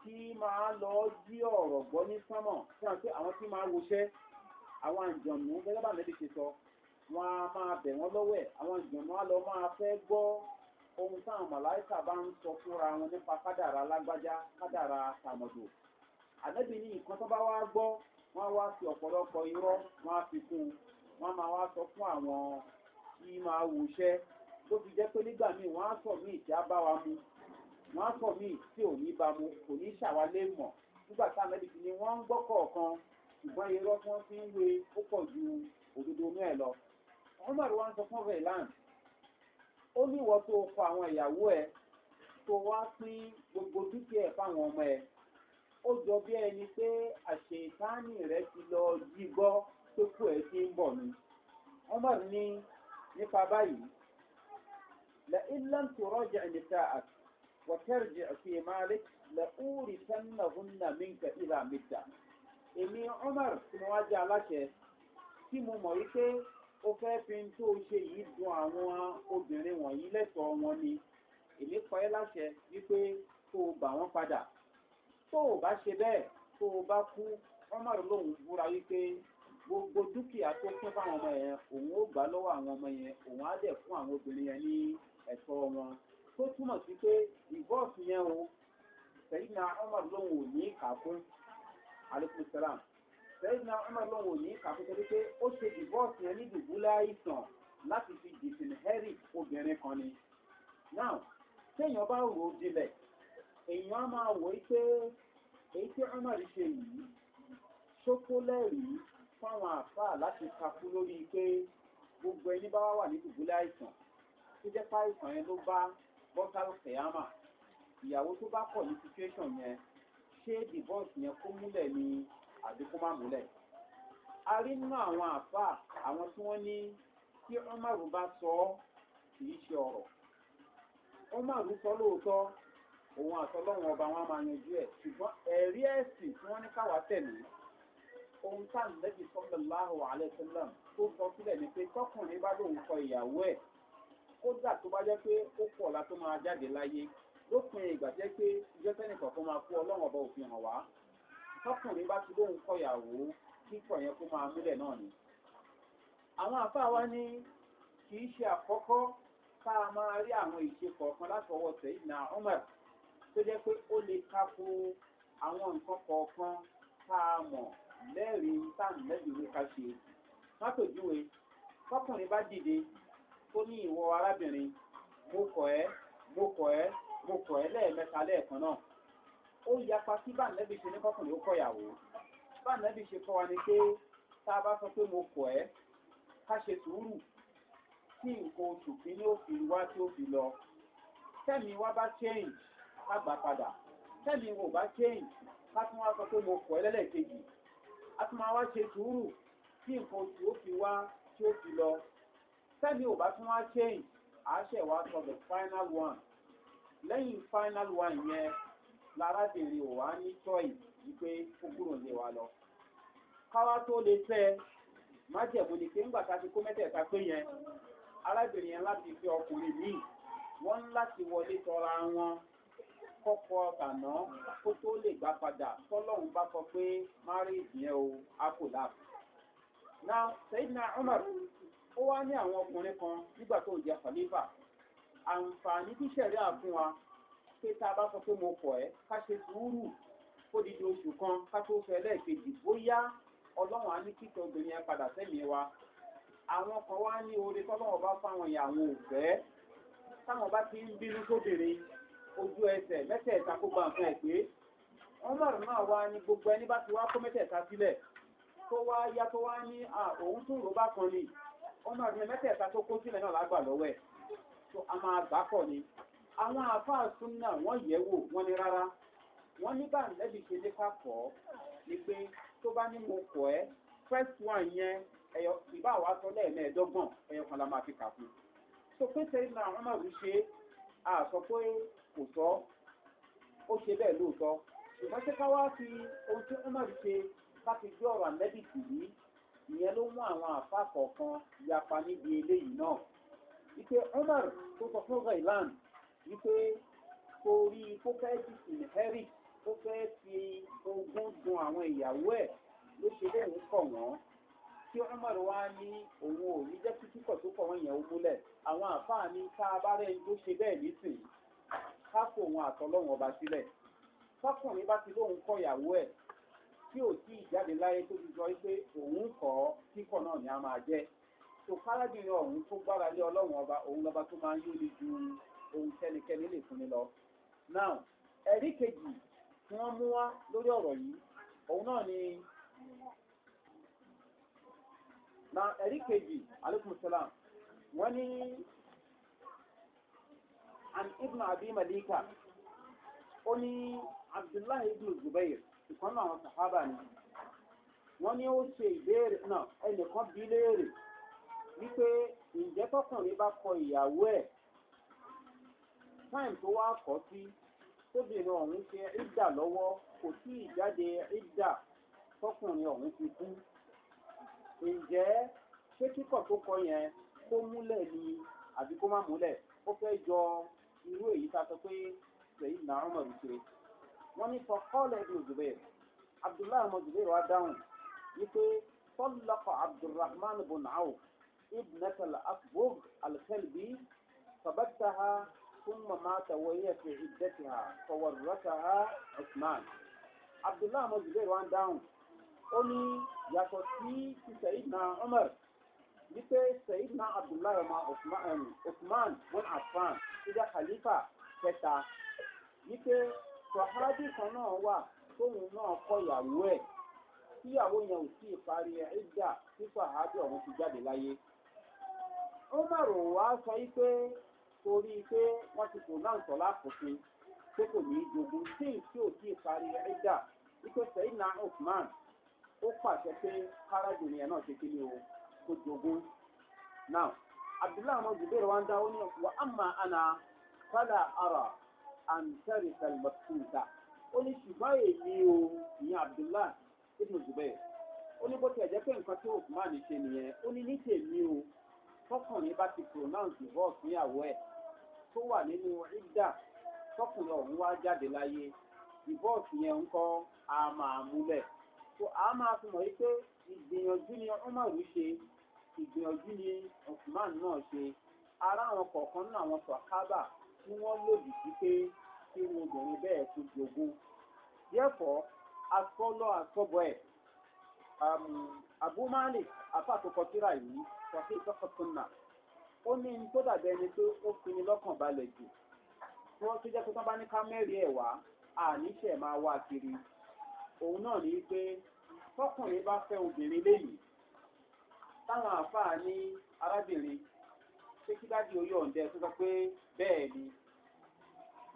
tí máa lọ jí ọ̀rọ̀ gbọ́ ní sánmọ̀ fún àwọn tí máa woṣẹ́ àwọn àjọ̀nù gẹ́gẹ́ bá nẹ́bí ti sọ wọn a máa bẹ̀ wọ́n lọ́wọ́ ẹ̀ àwọn àjọ̀nù á lọ máa fẹ́ gbọ́ ohun táwọn màláìkà bá ń sọ fúnra wọn nípa kádàrà lágbájá kádàrà tàmọ̀dò ànẹ́bí ní nǹkan tó bá wá gbọ́ wọ́n wá fi ọ̀pọ̀lọpọ̀ irọ́ wọ́n á fi kún wọ́n máa wá sọ fún àwọn tí máa wùṣẹ́ tó fi jẹ́ pé nígbà míì wọ́n á sọ míì tí á bá wa mu wọ́n á sọ míì tí ò ní bá mu kò ní ṣàwálé mọ̀ nígbà táwọn ẹbí ti ní wọ́n ń gbọ́ kọ̀ọ̀kan ṣùgbọ́n irọ́ tí wọ́n fi ń wé ó pọ̀ ju òdodo inú ẹ̀ lọ. Umar wá ń sọ fún Raylan, ó ní ìwọ tó kọ àwọn ìyàwó ẹ tó wá pín gbogbo dúkìá ẹ fáwọn ọmọ ẹ. Ó jọ bí ẹni pé àṣetáàní rẹ ti lọ jí gbọ́ tó kú ẹ ti ń bọ̀ ni. Umar ní nípa báyìí, la ilẹ̀ tó rọ́jà ìnìta àti wọ́tẹ́rì jẹ̀ fi máa lé la èmi umar tí mo wá jẹ́ aláṣẹ tí mo mọ̀ wípé ó fẹ́ fi ń tó ṣe yìí dun àwọn obìnrin wọ̀nyí lẹ́tọ̀ọ́ wọn ni èmi kọ́ ẹ́ láṣẹ wípé tó o bà wọ́n padà tó o bá ṣe bẹ́ẹ̀ tó o bá kú umar lòun búra wípé gbogbo dúkìá tó pín fáwọn ọmọ yẹn òun ó gbà lọ́wọ́ àwọn ọmọ yẹn òun á dẹ̀ fún àwọn obìnrin yẹn ní ẹ̀tọ́ wọn tó túmọ̀ sí pé ìbọ́ọ̀sì yẹn o sẹ́yìn náà umar lòun ò ní kà fún aleykum salam sẹ́yìnà ọmọ ọlọ́run òní kàkútẹ́ pé ó ṣe divorce yẹn ní dùbúlẹ̀ àìsàn láti fi disinherit obìnrin kan ni now téèyàn bá rò ó dilẹ̀ èèyàn á máa wò ó pé èyí tí ọmọ rí ṣe yìí ṣókó lẹ́rìí fáwọn àfáà láti takú lórí pé gbogbo ẹni bá wà ní dùbúlẹ̀ àìsàn tó jẹ́ pàìsàn yẹn ló bá bọ́tàlù kẹ̀yàmà ìyàwó tó bá kọ̀ ní situation yẹn ṣé divorce yẹn kó múlẹ̀ ni àbí kó má múlẹ̀. a rí nínú àwọn àfa àwọn tí wọ́n ní tí ọmọrù bá sọ ọ́ kì í ṣe ọ̀rọ̀ ọmọrù sọ lóòótọ́ òun àtọlọ́wọ̀n ọba wọn máa yanjú ẹ̀ ṣùgbọ́n ẹ̀rí ẹ̀sìn tí wọ́n ní káwá tẹ̀lé ohun tá à ń lẹ́bi sọ́mọláhùn alẹ́sọ́lọ́m tó sọ sílẹ̀ ni pé tọkùnrin bá lóun kọ ìyàwó ẹ̀ kódà tó bá jẹ́ pé ó pọ̀ la máa jáde láyé lópin ìgbà jẹ́ pé jọ́sẹ́nì kọ̀ọ̀kan máa kú ọlọ́run ọba òfin hàn wá tọkùnrin bá ti lóhun kọyàwó kíkọ yẹn kó máa múlẹ̀ náà ni. àwọn àfa wa ní kì í ṣe àkọ́kọ́ ká máa rí àwọn ìṣe kọ̀ọ̀kan látọwọ́ sẹ́yìn náà umar tó jẹ́ pé ó lè kápó àwọn nǹkan kọ̀ọ̀kan tá a mọ̀ lẹ́rìí táàmù lẹ́bìí ká ṣe. mátòjúwe tọkùnrin bá dìde ó ní ìwọ arábìnrin mo kọ̀ ẹ́ mo kọ̀ ẹ́ mo kọ̀ ẹ́ lẹ́ẹ̀mẹ́ta lẹ́ẹ̀kan náà ó yapa sí bàǹdẹ́bí ṣe ní kọkùnrin ó kọ̀yàwó bàǹdẹ́bí ṣe kọ́ wa ni pé tá a bá sọ pé mo kọ̀ ẹ́ ká ṣe sùúrù tí nǹkan oṣù kìíní ó fi wá tí ó fi lọ tẹ́mi wá bá change ká gbà padà tẹ́mi wò bá change ká tún wá sọ pé mo kọ̀ ẹ́ lẹ́lẹ́kejì a tún máa wá ṣe sùúrù tí nǹkan oṣù ó fi wá tí ó fi lọ tẹ́mi ò bá tún wá change àá ṣẹ̀ wá sọ the final one. lẹ́yìn final one yẹn lárábìnrin ò wá ní ibe wípé ó kúrò wa lọ káwá tó lè fẹ́ májẹ̀mú ni pé ńgbà tá a ti kó mẹ́tẹ̀ẹ̀ta pé yẹn arábìnrin yẹn láti fi ọkùnrin míì wọn kọ́kọ́ tàná kó tó lè gbá padà bá kọ pé yẹn o a kò na sẹ́yìn náà umar ó wá ní kan nígbà tó jẹ́ àǹfààní tí sẹ̀rí àfún wa pé tá a bá sọ pé mo kọ̀ ẹ́ ká ṣe sùúrù kó didi oṣù kan ká tó fẹ́ lẹ́ẹ̀kejì bóyá ọlọ́run á ní kíkẹ́ obìnrin yẹn padà sẹ́mi wa àwọn kan wá ní oore tọ́lọ́wọ́ bá fáwọn ìyàwó òfẹ́ táwọn bá ti ń bínú sóbìnrin ojú ẹsẹ̀ mẹ́tẹ̀ẹ̀ta kó gba nǹkan ẹ̀ pé ọlọ́run náà wá ní gbogbo ẹni bá ti wá kó mẹ́tẹ̀ẹ̀ta sílẹ̀ tó wá yá tó wá ní òun tún rò bá kan ni ọlọ́run mẹ́tẹ̀ẹ̀ta tó kó sílẹ̀ náà lágbà lọ́wọ́ ẹ̀ tó a máa gbà pọ̀ ni àwọn àáfàá súnà wọ́n yẹ̀ wò wọ́n ní rárá wọ́n ní bá nẹ́bí ṣe ní papọ̀ ni pé tó bá ní mo kọ̀ ẹ́ first one yẹn ẹ̀yọ ìbá wa sọ lẹ́ẹ̀mẹ́ẹ̀ẹ́dọ́gbọ̀n ẹ̀yọ kan la máa fi kà fún so pé sẹ́yìn náà àwọn máa rú ṣe a sọ pé kò sọ ó ṣe bẹ́ẹ̀ lóòótọ́ ṣùgbọ́n ṣé ká wá fi ohun tí wọ́n máa rú ṣe ká fi gbé ọ̀rọ̀ àmẹ́bìtì yìí ìyẹn ló mú àwọn àfa kọ̀ọ̀kan yapa níbi eléyìí náà wípé Umar tó sọ fún Ghailan wípé kò rí kó fẹ́ ti sìn hẹ́rì kó fẹ́ fi ogún dun àwọn ìyàwó ẹ̀ ló ṣe bẹ́ẹ̀ ń kọ̀ wọ́n tí Umar wá ní òun ò ní jẹ́ kí kíkọ̀ tó kọ̀ wọ́n yẹn ó múlẹ̀ àwọn àfáà ní ká bá rẹ̀ ń ṣe bẹ́ẹ̀ nísìnyí ká kó òun àtọ́lọ́wọ̀n ọba sílẹ̀ tọkùnrin bá ti lóun kọ ìyàwó ẹ̀ tí ò tí ìjáde láyé tó ti sọ pé òun kọ́ kíkọ̀ náà ni a máa jẹ́ tó fárábìnrin ọ̀hún tó gbára lé ọlọ́run ọba òun lọ́ba tó máa ń yóni ju ohun tẹ́nikẹ́ni lè fúnni lọ. now ẹ̀rí kejì tí wọ́n mú wá lórí ọ̀rọ̀ yìí òun náà ni na ẹ̀rí kejì alaikum salam wọ́n ní an ibn abi malika ó ní abdullahi ibn zubair ìkan àwọn ni wọ́n ní ó ṣe ìbéèrè náà ẹnìkan bí léèrè wípé ǹjẹ́ tọkùnrin bá kọ ìyàwó ẹ̀ táìm tó wá kọ́ sí tóbìnrin ọ̀hún ṣe ìdà lọ́wọ́ kò sí ìjáde ìdà tọkùnrin ọ̀hún ti kú ǹjẹ́ ṣé kíkọ̀ tó kọ yẹn kó múlẹ̀ ni àbí kó má múlẹ̀ ó fẹ́ jọ irú èyí ta sọ pé sẹ́yìn náà ọmọ rẹ̀ ṣe wọ́n ní sọ kọ́ọ̀lẹ̀ ibùdó zubair abdullahi ọmọ zubair wa dáhùn wípé tọ́lọ́kọ̀ abdulrahman bùnáwó. ابنة الأكبر الكلبي فبتها ثم مات وهي في عدتها فورثها عثمان عبد الله مزبير وان داون ó ní yàtọ̀ sí ti sayidna umar wípé sayidna abdullahi ọmọ usman bin afan ti jẹ́ khalifa kẹta wípé sọ̀hábì kan náà wà tóun náà kọ ìyàwó ẹ̀ tíyàwó yẹn ò sí ìparí ẹ̀ ìjà tí sọ̀hábì ọ̀hún ti jáde láyé. Umaru wá sọ wípé torí pé wọ́n ti kò náà sọ lákòókè pé kò ní í jogún tí ìṣí òkè ìparí ẹ̀dà wípé sẹ́yìn náà Uthman ó pàṣẹ pé káràjù ẹ̀ náà o kò jogún. Abdullahi Ahmed Zubair wa ń dá ní amma ana fada ara àǹtẹ̀rì sàlmọ̀tìǹtà ó ní ṣùgbọ́n èmi o ìyẹn Abdullahi Ibn Zubair ó ní bó ti ẹ̀jẹ̀ pé nǹkan tí ṣe nìyẹn ó o. tọkùnrin bá ti pronounce divorce níyàwó ẹ̀ tó wà nínú ìdá tọkùnrin ọ̀hún wá jáde láyé divorce yẹn ń kọ́ a máa múlẹ̀ tó a máa fi mọ̀ wípé ìgbìyànjú ni ọmọrú ṣe ìgbìyànjú ni Osman náà ṣe ara àwọn kọ̀ọ̀kan náà àwọn sọ̀kábà tí wọ́n lòdì sí pé kí wọn obìnrin bẹ́ẹ̀ tó jogún therefore asọ́lọ́ asọ́bọ̀ ẹ̀ um, Abu Malik afáàtòkọtíra yìí ṣàfi ìtọ́kọ̀túnmà ó ní ní tó dàbí ẹni tó ó fi ní lọ́kàn balẹ̀ jù tí wọ́n tó jẹ́ pé tán bá ní ká mẹ́rin ẹ̀ wá àníṣẹ̀ máa wá kiri òun náà ní pé tọkùnrin bá fẹ́ obìnrin léyìí táwọn àáfàá ní arábìnrin ṣé kí dájú oyè ọ̀ǹdẹ tó sọ pé bẹ́ẹ̀ ni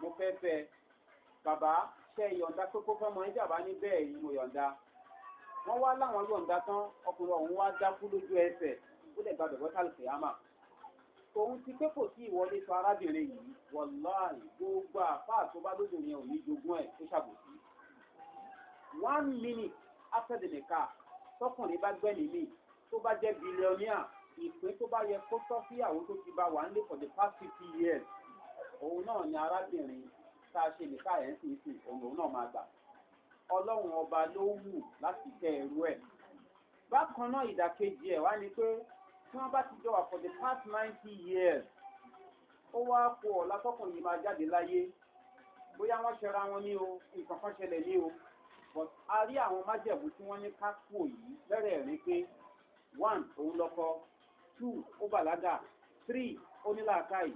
mo fẹ́ fẹ́ bàbá ṣe ìyọ̀ǹda pé kó fẹ́ mọ ẹjẹ́ ní bẹ́ẹ̀ ni mo yọ̀ǹda wọ́n wá láwọn yọ̀ǹda tán ọkùnrin ọ̀hún wá dákú lójú ẹsẹ̀ ó lè bọ́tàlù fìyàmà òun ti pé kò sí ìwọlé sọ arábìnrin yìí wọláì gbogbo àfáà tó bá lóde yẹn ò ní jogún ẹ tó ṣàbòsí one minute after the nìka tọkùnrin bá gbẹ́ni mi tó bá jẹ́ bílíọ̀nìà ìpín tó bá yẹ kó tọ́ síyàwó tó ti bá wà ń lé for the past fifty years òun náà ni arábìnrin tá a ṣe nìka ẹ̀ ń sìn sìn òun náà máa gbà ọlọ́run ọba ló wù láti tẹ ẹrú ẹ̀ bákan náà ìdàkejì ẹ̀ wá ni pé tí wọ́n bá ti jọ wà for the past ninety years ó wá kó ọ̀ látọ́kùn yìí máa jáde láyé bóyá wọ́n ṣẹra wọn ní o nǹkan kan ṣẹlẹ̀ ní o but a rí àwọn májẹ̀bú tí wọ́n ní ká kú yìí lẹ́rẹ̀ rí pé one òun lọ́kọ two ó bàlágà three ó ní làákàyè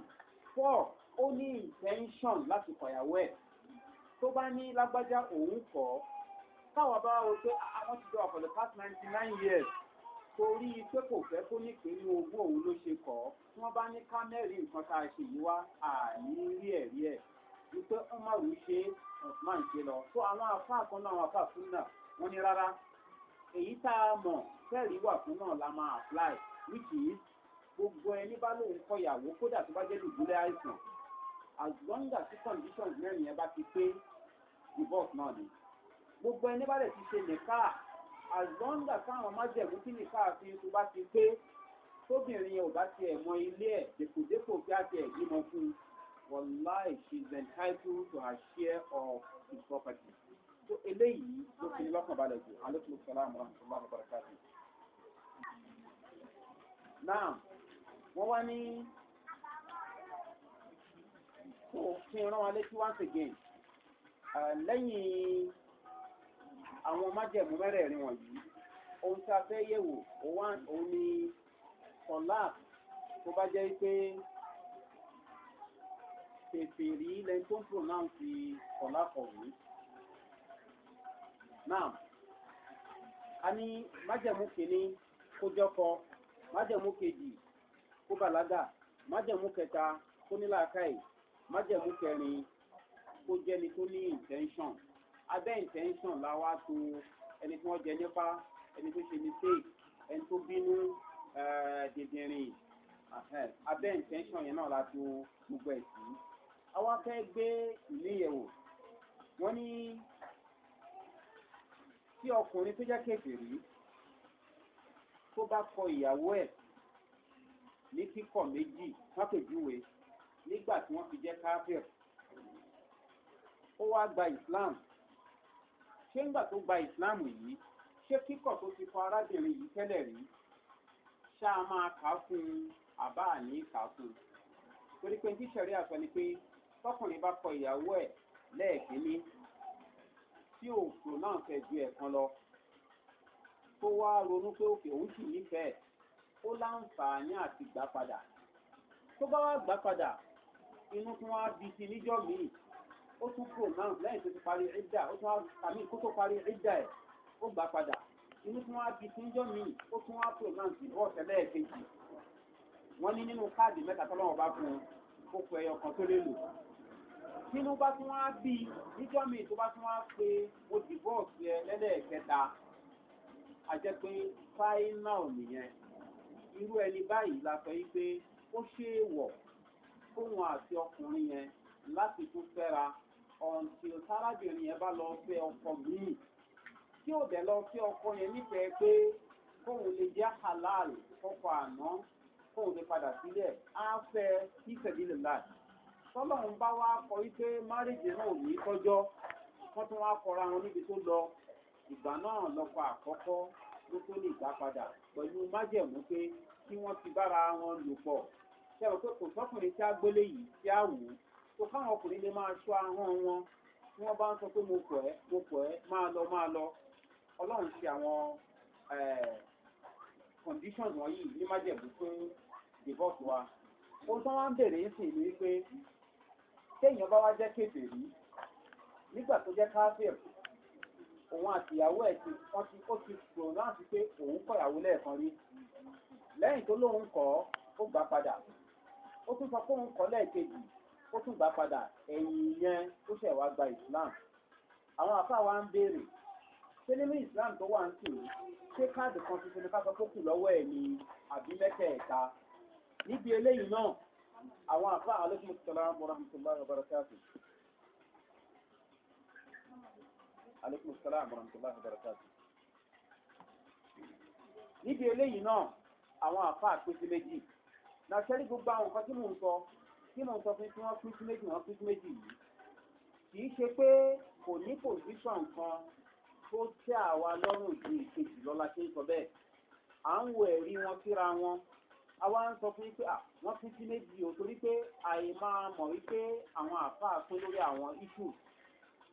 four ó ní intention láti kọ̀yàwó ẹ̀ tó bá ní lágbájá òun kọ́ káwọn bá wá wo pé àwọn ah, ah, ti jọ wà for the past ninety nine years torí pé kò fẹ́ kó nípínú ogún òun ló ṣe kọ́ tí wọ́n bá ní kámẹ́rì nǹkan tá a ṣe yìí wá àní rí ẹ̀rí ẹ̀ wípé umaru ṣe osman ṣe lọ tó àwọn àfáà kan náà àwọn àfáà fún náà wọ́n ní rárá èyí tá a mọ̀ fẹ́ẹ̀rí wà fún náà la máa apply which is gbogbo ẹni bá lóun kọyàwó kódà tó bá jẹ́ lùdúlẹ̀ àìsàn as long as the conditions mẹ́rin yẹn bá ti pé divorce náà ni gbogbo ẹni bá lè ti ṣe nìkáà àzọ́ńdà táwọn májẹ̀mú kí ní káàfin tó bá ti pé tóbìnrin yẹn ò bá ti ẹ̀mọ ilé ẹ̀ dèpòdépò bí a ti ẹ̀gbímọ fún wọláì she is entitled to her share of his property tó eléyìí ló fi ní lọ́kàn balẹ̀ jù alókùn sọláàmù rahmatulahi barakati. náà wọ́n wá ní kí n rán wa létí once again uh, lẹ́yìn àwọn májẹ̀mú mẹ́rẹ̀ẹ̀rin wọ̀nyí ohun tí a fẹ́ yẹ̀wò òun ni sọ̀lá tó bá jẹ́ pé tètèrè lẹ́yìn tó ń pronounce sọ̀lá kọ̀wé. Now, a ní májẹ̀mú kìíní kó jọkọ, májẹ̀mú kejì kó bàlágà, májẹ̀mú kẹta kó nílàákàyè, májẹ̀mú kẹrin kó jẹ́ni tó ní intention abẹ́ intention la wá tu ẹni tí wọ́n jẹ nípa ẹni tó ṣe mistake ẹni tó bínú eh, dìndìnrìn abẹ́ intention yẹn náà la tu gbogbo ẹ̀ sí. àwa fẹ́ gbé ìléyẹ̀wò wọ́n ní tí ọkùnrin tó jẹ́ kékeré tó bá kọ ìyàwó ẹ̀ ní kíkọ̀ méjì pápẹ̀júwe nígbà tí wọ́n fi jẹ́ káfíọ̀ ó wá gba islam ṣé ńgbà tó gba ìsìláàmù yìí ṣé kíkọ̀ tó ti kọ arábìnrin yìí tẹ́lẹ̀ rí ṣá a máa kà á fún un àbá àní kà á fún un torí pé tí sẹ̀rí àsọ ni pé tọkùnrin bá kọ ìyàwó ẹ̀ lẹ́ẹ̀kínní tí òòfò náà fẹ́ ju ẹ̀kan lọ tó wá ronú pé òkè òun sì nífẹ̀ẹ́ ó láǹfààní àti gbà padà tó bá wá gbà padà inú tún wá bí ti níjọ́ míì ó tún kúrò náà lẹ́yìn tó ti parí ìdá ó tún wá tàbí kó tó parí ìdá ẹ̀ ó gbà padà inú tí wọ́n á fi fún jọ́ míì ó tún wá kúrò náà sí bọ́ ọ̀sẹ̀ lẹ́ẹ̀kejì wọ́n ní nínú káàdì mẹ́ta tọ́lọ́wọ́ bá fún un ó pẹ́ ẹyọ kan tó lè lò nínú bá tún wá bí níjọ́ míì tó bá tún wá pé mo ti bọ́ ọ̀sẹ̀ ẹ lẹ́lẹ́ẹ̀kẹta a jẹ́ pé fáínàl nìyẹn irú ẹni báyìí la sọ yí pé ó ṣeé wọ̀ fóun àti ọkùnrin yẹn láti tún fẹ́ra ọ̀ǹtì tárábìnrin yẹn bá lọ fẹ́ ọkọ míì tí ò dẹ̀ lọ fẹ́ ọkọ yẹn nífẹ̀ẹ́ pé kóun lè jẹ́ halal fọkọ àná kóun lè padà sílẹ̀ á fẹ́ ìfẹ̀dílẹ̀ láti tọ́lọ́run bá wá kọ wípé márìjì náà ò ní tọ́jọ́ wọ́n tún wá kọra wọn níbi tó lọ ìgbà náà lọ́kọ̀ àkọ́kọ́ ló tó lè gbá padà pẹ̀lú májẹ̀mú pé kí wọ́n ti bára wọn lò pọ̀ ṣe pé kò sọ́kùnrin tí a gbélé yìí tí a wù ú tó fáwọn ọkùnrin lè máa ṣọ́ ahọ́n wọn tí wọ́n bá ń sọ pé mo pọ̀ ẹ́ mo pọ̀ ẹ́ máa lọ máa lọ ọlọ́run ṣe àwọn conditions wọ̀nyí ní májẹ̀bú fún divorce wa ó tán wá ń bèrè sí ìlú wípé téèyàn bá wá jẹ́ kéde rí nígbà tó jẹ́ káfíẹ̀ òun àti ìyàwó ẹ̀ ti wọ́n ti ó ti rò láti pé òun kọ̀ ìyàwó lẹ́ẹ̀kan rí lẹ́yìn tó lóun kọ́ ó gbà padà ó tún sọ pé òun kọ́ lẹ́ẹ̀kejì ó tún gbà padà ẹ̀yìn yẹn ó ṣẹ̀ wá gba islam àwọn àfáà wa ń béèrè ṣé nínú islam tó wà ń sìn ṣé káàdì kan tuntun ni ká sọ pé kù lọ́wọ́ ẹ̀ ni àbí mẹ́tẹ̀ẹ̀ta níbi eléyìí náà àwọn àfáà alẹ́kùn sọlá mọ́ràmùsọ̀lá ọ̀bàràkàtì aleykum salaam wa rahmatulahi wa barakatu. níbi eléyìí náà àwọn àfa àpèsè méjì náà sẹ́rí gbogbo àwọn nǹkan tí mò ń sọ kí lọ sọ fún tí wọ́n pín sí méjì wọ́n pín sí méjì yìí kìí ṣe pé kò ní pòsíṣàn kan tó tẹ́ àwa lọ́rùn ju ìkejì lọ́la ṣe ń sọ bẹ́ẹ̀ à ń wo ẹ̀rí wọn síra wọn àwa ń sọ fún yín pé wọ́n pín sí méjì o torí pé àì máa mọ̀ wípé àwọn àfáà pín lórí àwọn iṣu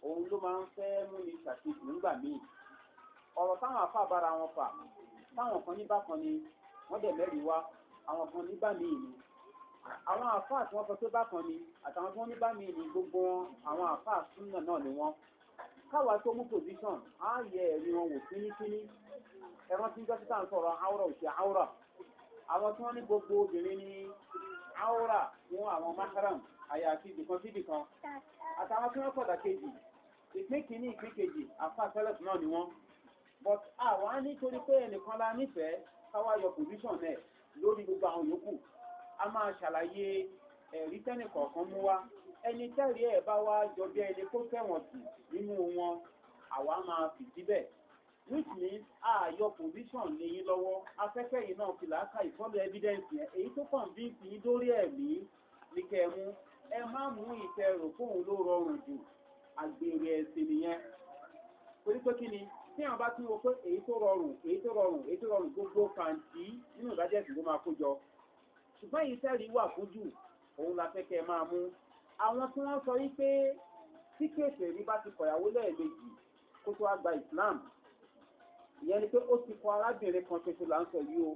òun ló máa ń fẹ́ mú ṣàkíyèsí nígbà míì ọ̀rọ̀ táwọn àfáà bára wọn fà táwọn kan ní bákan ni wọ́n dẹ̀ mẹ́rin wá àwọn kan nígbà míì ni àwọn àfáà tí wọ́n fọ́ tó bákan ni àtàwọn tí wọ́n ní bá mi ní gbogbo wọn àwọn àfáà súnmọ̀ náà ni wọ́n káwa tó mú position á yẹ ẹ̀rí wọn wò kíníkíní ẹran tí dókítà ń sọ̀rọ̀ áwòrà òṣè áwòrà àwọn tí wọ́n ní gbogbo obìnrin ní áwòrà fún àwọn makaram àyàfi ibìkan sí ibìkan àtàwọn tí wọ́n pọ̀dà kejì ìpín kìíní ìpín kejì àfáà tẹ́lẹ̀tì náà ni wọ́n but àwa nítorí pé ẹnìkan la nífẹ̀ẹ́ káwa yọ position náà lórí gbogbo àwọn yòókù a máa ṣàlàyé ẹ̀rí tẹ́nì kọ̀ọ̀kan mú wá ẹni tẹ́rí ẹ̀ bá wá jọ bí ẹni kó fẹ̀wọ̀n sí nínú wọn àwa máa fi síbẹ̀ which means ààyọ position ní yín lọ́wọ́ afẹ́fẹ́ yìí náà fi làákà ìfọ́lù evidence yẹn èyí tó kàn bí fi yín dórí ẹ̀mí ní kẹmú ẹ má mú ìfẹ́rò fóun ló rọrùn jù àgbèrè ẹ̀sìn nìyẹn torí pé kí ni tí àwọn bá tún wo pé èyí tó rọrùn èyí tó rọrùn èyí tó rọrùn gbogbo kàǹtì nínú ìdájẹ́sìn ló máa kó jọ ṣùgbọ́n èyí tẹ́rì wà fojú òun la fẹ́ kẹ́ máa mú àwọn tí wọ́n sọ wípé tí kéèfé rí bá ti kọ̀yàwó lẹ́ẹ̀mejì kó tó wá gba islam ìyẹn ni pé ó ti kọ arábìnrin kan ṣoṣo là ń sọ yìí o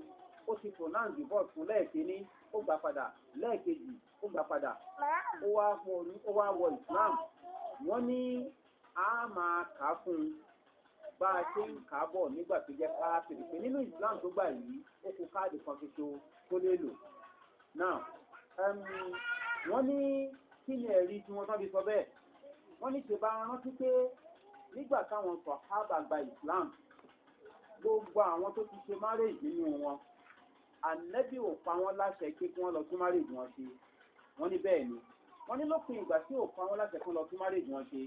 ó ti pronounce divorce fún lẹ́ẹ̀kíní ó gbà padà lẹ́ẹ̀kejì ó gbà padà ó wá wọ islam wọ́n ní a máa kà á fún un bá a ṣe ń kà á bọ̀ nígbà tó jẹ́ káàkiri pé nínú islam tó gbà yìí ó kó káàdì kan ṣoṣo tó lè lò náà um, wọ́n ní kí ni ẹ̀rí tí wọ́n tán fi sọ bẹ́ẹ̀ wọ́n ní ṣe bá rántí pé nígbà sọ hábà gba islam gbogbo àwọn tó ti ṣe márèèjì nínú wọn ànẹ́bí ò pa wọ́n láṣẹ pé kí wọ́n lọ tún márèèjì wọn ṣe wọ́n ní bẹ́ẹ̀ ni wọ́n ní lópin ìgbà tí ò pa wọ́n láṣẹ kí wọ́n lọ tún márèèjì wọn ṣe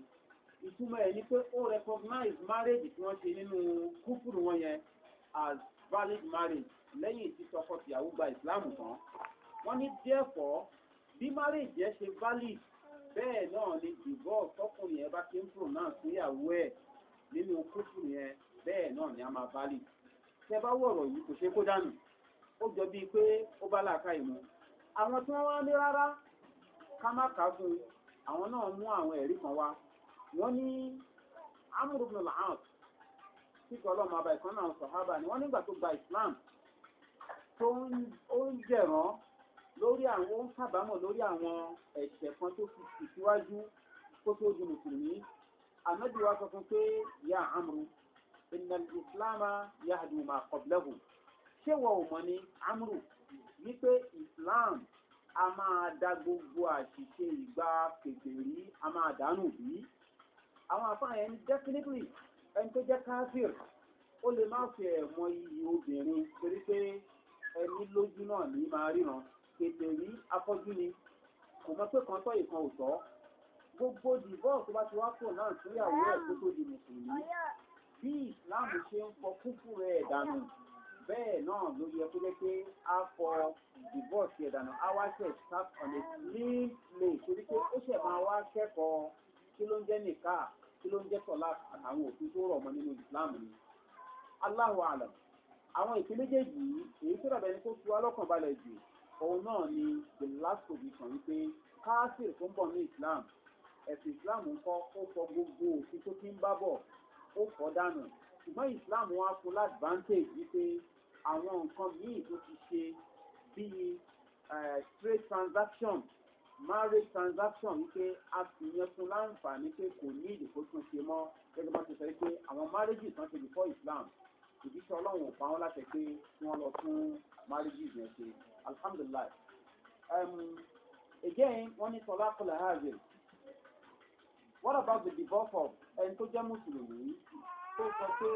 ìtumọ̀ ẹ̀ ni pé ó recognize marriage tí wọ́n ṣe nínú kúfùrù wọn yẹn as valid marriage lẹ́yìn tí tọkọ tìyàwó gba ìsìláàmù kan wọ́n ní therefore bí marriage yẹn ṣe valid bẹ́ẹ̀ náà ni divorce tọkùnrin yẹn bá ti ń pronounce níyàwó ẹ̀ nínú kúrúkú yẹn bẹ́ẹ̀ náà ni a máa valid tẹ bá wọ̀rọ̀ yìí kò ṣe kó dànù ó jọ bíi pé ó bá làákà ìmú àwọn tí wọ́n wá ní rárá ká má kà á fún un àwọn náà mú àwọn ẹ̀rí kan wá wọ́n ní amúrúbùnú làhàn kíkọ́ ọlọ́mọ ọba náà sọ̀hábà ni wọ́n nígbà tó gba islam tó ń jẹ̀rán lórí àwọn ó sábàámọ̀ lórí àwọn ẹ̀ṣẹ̀ kan tó fi síwájú kó tó di mùsùlùmí ànábì wa sọ fún pé ya amru inna islámà ya àdùnmà kọ̀bílẹ́hù ṣé wọ́n ò mọ̀ ní amru wípé islam a máa da gbogbo àṣìṣe ìgbà kékeré a máa dànù bí àwọn àfáà yẹn definitely ẹni tó jẹ́ káfíìr ó lè má fi ẹ̀mọ iyì obìnrin torí pé ẹni lójú náà ní máa ríran ètò rí afọ́jú ni kò mọ̀ pé kan tọ́ ìkan ò tọ́ gbogbo dìbọ́ tó bá ti wá pò náà tún yàwó ẹ̀ tó tó di mùsùlùmí bí islam ṣe ń fọ kúkú rẹ̀ dànù bẹ́ẹ̀ náà ló yẹ kó jẹ́ pé a fọ divorce yẹn dànù a wá ṣe staff on a clean plate torí pé ó ṣẹ̀ máa wá kẹ́kọ̀ọ́ kí ló ń jẹ́ nìka kí ló ń jẹ́ tọ́lá àtàwọn òfin tó rọ̀ mọ́ nínú islam ni aláwọ̀ àlọ́ àwọn ìpínlẹ̀ méjèèjì yìí èyí tó dàbẹ̀ ni kó fi wá lọ́kàn balẹ̀ jù òun náà ni the last provision wípé káásìr tó ń bọ̀ ní islam ẹ̀sìn islam ń kọ́ ó fọ gbogbo òfin tó ti ń bá bọ̀ ó fọ́ dànù ṣùgbọ́n islam wá fún advantage wípé àwọn nǹkan míì tó ti ṣe bíi trade transaction marriage transaction wípé a sì yẹn fún láǹfààní pé kò ní ìdìbò tún ṣe mọ́ gẹ́gẹ́ bá ti sọ pé àwọn marriage kan ṣe before islam ìdíṣẹ́ ọlọ́run ò pa wọ́n láti pé kí wọ́n lọ fún marriage yẹn ṣe alhamdulillah um, again wọ́n ní sọlá kọlẹ̀ hajj what about the divorce of ẹni tó jẹ́ mùsùlùmí tó sọ pé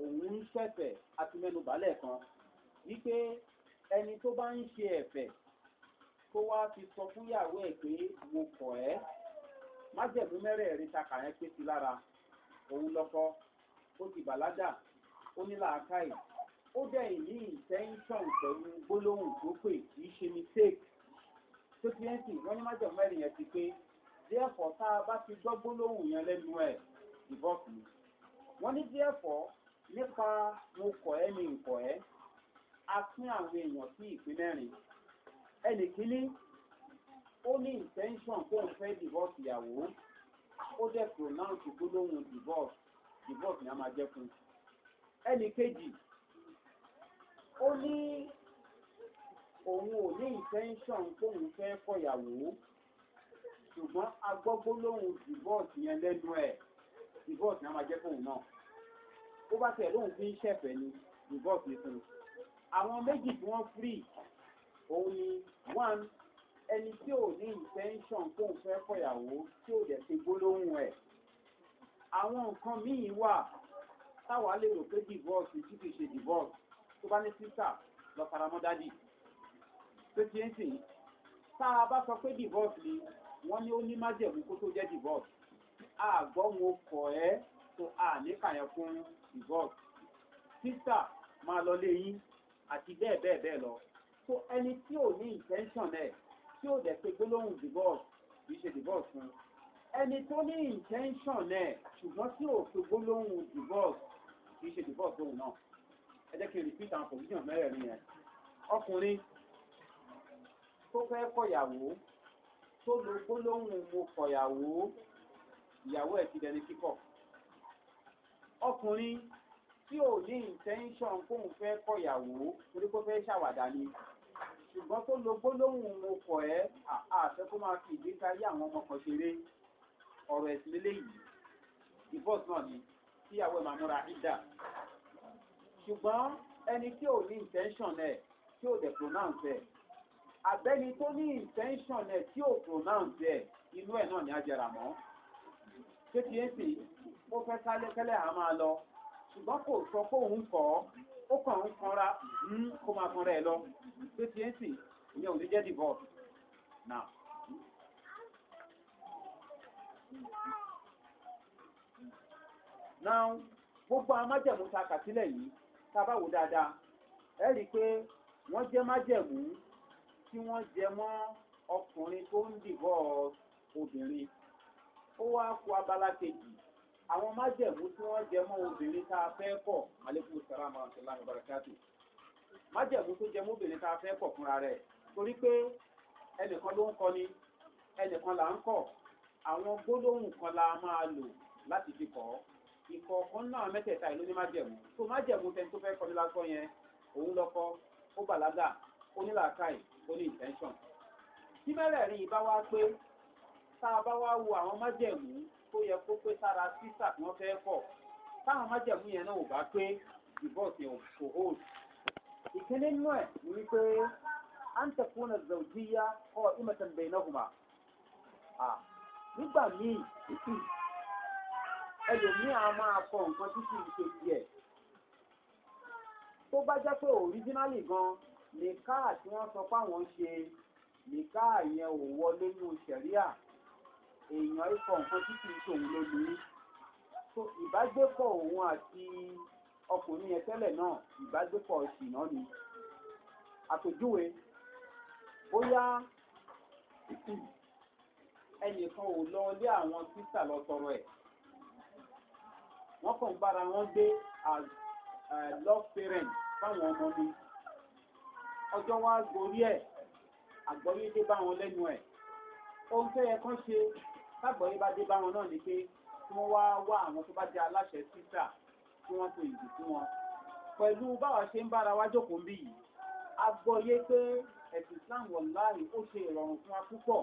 òun ń ṣẹ̀fẹ̀ àti mẹ́nubà lẹ́ẹ̀kan wípé ẹni tó bá ń ṣe ẹ̀fẹ̀ tó wá ti sọ fún ìyàwó ẹ̀ pé mo kọ̀ ẹ́ májẹ̀mú mẹ́rẹ̀ẹ̀rin ta kàyẹn pé sí lára òun lọ́kọ́ ó ti bàlágà ó ní làákàyè ó dẹ̀ ní intention pẹ̀lú gbólóhùn tó pè kì í ṣe mistake tó ti ń sìn wọ́n ní májọ̀ mẹ́rin yẹn ti pé díẹ̀fọ́ tá a bá ti gbọ́ gbólóhùn yẹn lẹ́nu ẹ̀ ìbọ̀kù wọ́n ní díẹ̀fọ́ nípa mo kọ̀ ẹ́ mi nkọ̀ ẹ́ a pín àwọn èèyàn sí ìpín mẹ́rin ẹnì kíní ó ní intention pé òun fẹ́ divorce ìyàwó ó dẹ̀ pronounce gbólóhùn divorce divorce ni a máa jẹ́ fún ẹnì kejì ó ní òun ò ní intention tóun fẹ́ fọ̀yàwó ṣùgbọ́n agbọ́gbó lóhun divorce yẹn lẹ́nu ẹ̀ divorce náà máa jẹ́ fóun náà ó bá tẹ̀ lóhun fi ń ṣẹ̀fẹ̀ ni divorce ni fún un àwọn méjì tí wọ́n free òun ni one ẹni tí ò ní intention tóun fẹ́ fọ̀yàwó tí ò dẹ̀ ṣe gbólóhùn ẹ̀ àwọn nǹkan míì wà táwa lè rò pé divorce tí kì í ṣe divorce tó bá ní sísà lọ faramọ́ dádì tó ti ń sìn tá a bá sọ pé divorce ni wọ́n ní ó ní májẹ̀mú kó tó jẹ́ divorce àgbọ́ wọn kọ̀ ẹ́ tó a níkàyẹ̀ fún divorce sísà máa lọ lé yín àti bẹ́ẹ̀ bẹ́ẹ̀ bẹ́ẹ̀ lọ so ẹni tí ò ní intention ẹ̀ tí ò dẹ̀ pé gbólóhùn divorce kì í ṣe divorce fún ẹni tó ní intention ẹ̀ ṣùgbọ́n tí ò fi gbólóhùn divorce kì í ṣe divorce lóhùn náà ẹ jẹ́ kí n repeat àwọn position mẹ́rẹ̀ẹ̀rin yẹn ọkùnrin tó fẹ́ kọ̀yàwó tó lo gbólóhùn mo kọ̀yàwó ìyàwó ẹ̀ ti dẹni kíkọ̀ ọkùnrin tí ò ní intention kóhun fẹ́ kọ̀yàwó torí kó fẹ́ ṣàwàdà ni ṣùgbọ́n tó lo gbólóhùn mo kọ̀ ẹ́ àṣẹ kó máa fi ìdí kárí àwọn ọmọ kan ṣeré ọ̀rọ̀ ẹ̀sìn lélẹ́yìí divorce náà ni tíyàwó ẹ̀ máa múra ìdá ṣùgbọ́n ẹni tí ò ní intention ẹ̀ tí ò dẹ̀ pronounce ẹ̀ àbẹ́ni tó ní intention ẹ̀ tí ò pronounce ẹ̀ inú ẹ̀ náà ni a jẹrà mọ́ ṣé kí n sì ó fẹ́ kálẹ́kẹ́lẹ́ à máa lọ ṣùgbọ́n kò sọ pé òun kọ́ ó kàn ń kanra hmm, kó máa kanra ẹ̀ lọ ṣé kí n sì ìyẹn ò ní jẹ́ divorce now. now gbogbo amájẹ̀mú ta kà sílẹ̀ yìí tá a bá wò dáadáa ẹ rí i pé wọ́n jẹ́ májẹ̀mú tí wọ́n jẹ mọ́ ọkùnrin tó ń dìbọ̀ obìnrin ó wá kó abala kejì àwọn májẹ̀mú tí wọ́n jẹ mọ́ obìnrin tá a fẹ́ kọ̀ alẹ́kùn sara màtàlá ìbàràkàtì májẹ̀mú tó jẹ mọ́ obìnrin tá a fẹ́ kọ̀ fúnra rẹ̀ torí pé ẹnìkan ló ń kọ ni ẹnìkan là ń kọ̀ àwọn gbólóhùn kan la máa lò láti fi kọ̀ ọ́ ìkọ̀ọ̀kan náà mẹ́tẹ̀ẹ̀ta ìlú ní májẹ̀mú tó májẹ̀mú tẹni tó fẹ́ kọ́ni lásán yẹn òun lọ́kọ́ ó bàlágà ó ní làákàì ó ní intention. tí mẹ́rẹ̀ẹ̀rin ìbá wá pé tá a bá wá wo àwọn májẹ̀mú tó yẹ kó pé sára sísà tí wọ́n fẹ́ kọ̀ táwọn májẹ̀mú yẹn náà ò bá pé divorce yẹn kò hold. ìkíní nínú ẹ̀ ni wípé antakuna zaujiya kọ́ imatan bẹ̀ẹ́nàgùmá. nígbà míì ẹlòmíì a máa kọ nǹkan tí kìí ṣe tiẹ̀ tó bá jẹ́ pé òríjínálì gan nìkáà tí wọ́n sọ fáwọn ṣe nìkáà yẹn ò wọlé nínú sẹ̀ríà èèyàn ikọ̀ nǹkan tí kìí ṣe òun lónìí so ìbágbépọ̀ òun àti ọkùnrin yẹn tẹ́lẹ̀ náà ìbágbépọ̀ ìṣìná ni àpèjúwe bóyá ẹnìkan ò lọ lé àwọn sísà lọ tọrọ ẹ̀ wọ́n kàn bára wọn gbé as eh, love parent fáwọn ọmọ mi ọjọ́ wa gorí ẹ̀ àgbọ́yé dé bá wọn lẹ́nu ẹ̀ ohun tó yẹ kán ṣe lágbọ́yé bá dé bá wọn náà ni pé kí wọ́n wá wá àwọn tó bá jẹ́ aláṣẹ sísà kí wọ́n tó ìdí fún wọn pẹ̀lú báwa ṣe ń bára wá jókòó bí yìí a gbọ́yé pé ẹ̀sìn islam wọ̀láì ó ṣe ìrọ̀rùn fún wa púpọ̀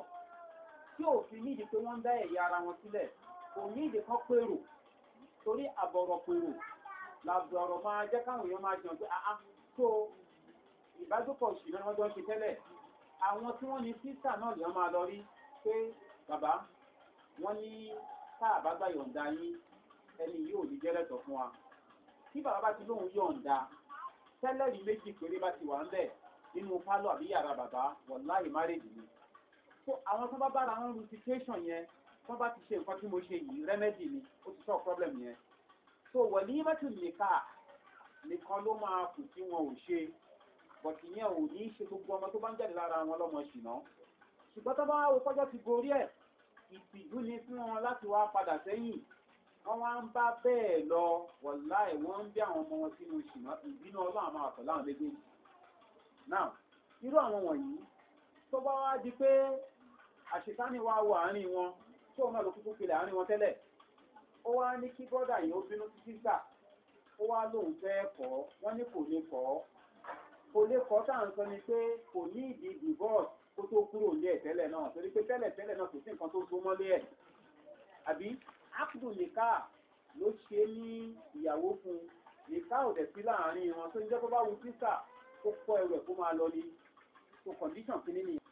tí òfin nídìí pé wọ́n ń dá ẹ̀yà ara wọn sílẹ̀ kò ní ìdí kan pérò torí àbọ̀rọ̀ pèrò làbọ̀rọ̀ máa jẹ́ káwọn èèyàn máa jẹun pé àá tó ìbájúpọ̀ ìṣìlẹ̀ wọ́n jọ ń ṣe tẹ́lẹ̀ àwọn tí wọ́n ní sísà náà lè máa lọ rí pé bàbá wọ́n ní táà bá gbà yọ̀ǹda yín ẹni yóò ní jẹ́rẹ̀tọ̀ fún wa tí bàbá bá ti lóun yọ̀ǹda tẹ́lẹ̀ rí méjì péré bá ti wà ń bẹ̀ nínú pálọ̀ àbí yàrá bàbá wọ̀láì márèjì ni so àwọn tó bá bára wọn rú situation yẹn tí wọ́n bá ti ṣe nǹkan tí mo ṣe yìí rẹ́mẹ́dì ni ó ti sọ problem yẹn so wọ̀lí mẹ́tò nìka nìkan ló máa kù tí wọn ò ṣe bọ̀tì yẹn ò ní í ṣe gbogbo ọmọ tó bá ń jáde lára wọn lọ́mọ ṣìnà ṣùgbọ́n tó bá wọ kọjọ́ ti gorí ẹ̀ ìtìjú ni fún wọn láti wá padà sẹ́yìn wọ́n wá ń bá bẹ́ẹ̀ lọ wọ̀lá ẹ̀ wọ́n ń bí àwọn ọmọ wọn sínú ṣìnà ìbínú ọlọ́run àwọn méjèèjì now irú àwọn wọ̀nyí tó bá wá di pé tí òun náà ló kúkú fi láàrin wọn tẹ́lẹ̀ ó wá ní kí bọ́dà yìí ó bínú sí sísà ó wá lóun fẹ́ kọ́ wọ́n ní kò lè kọ́ kò lè kọ́ tá à ń sọ ni pé kò ní ìdí divorce kó tó kúrò ní ẹ̀ tẹ́lẹ̀ náà torí pé tẹ́lẹ̀ tẹ́lẹ̀ náà kò sí nǹkan tó so mọ́lé ẹ̀ àbí ápùdù nìka ló ṣe ní ìyàwó fún nìka ò dẹ̀ sí láàrin wọn tó ń jẹ́ kó bá wu sísà kó kọ́ ẹrù ẹ̀ kó máa lọ ni so condition kìíní nìyẹn.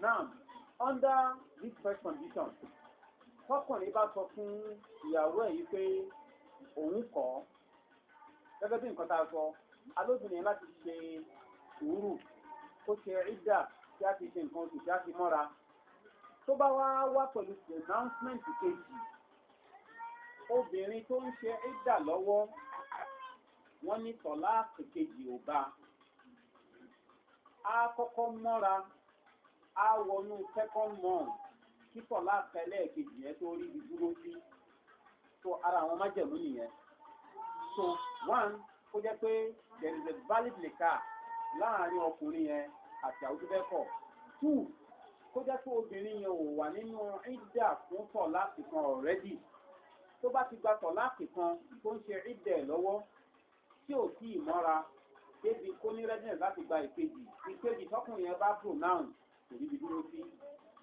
Now, under this first condition, tọkùnrin bá sọ fún ìyàwó ẹ̀ yìí pé òun kọ́ gẹ́gẹ́ bí nǹkan tá a sọ alóbìnrin láti ṣe sùúrù kó ṣe ìdá tí a ti ṣe nǹkan oṣù tí a ti mọ́ra tó bá wá wá pẹ̀lú pronouncement kejì obìnrin tó ń ṣe ìdá lọ́wọ́ wọ́n ní tọ̀lá kejì ò bá a kọ́kọ́ mọ́ra á wọnú second month kíkọ̀ láàpẹ̀lẹ́ kejì yẹn tó rí ibi dúró sí so ara àwọn májẹ̀mú nìyẹn so one kó jẹ́ pé there is a valid leka láàrin ọkùnrin yẹn àti àwùjọ bẹ́ẹ̀ kọ̀ two kó jẹ́ pé obìnrin yẹn ò wà nínú ìdá fún tọ̀ láti kan ọ̀rẹ́dì tó bá ti gba tọ̀ láti kan tó ń ṣe ìdá ẹ̀ lọ́wọ́ tí ò tí ì mọ́ra débi kó ní rẹ́díẹ̀ láti gba ìkejì ìkejì tọkùnrin yẹn bá pronounce kò níbi dúró sí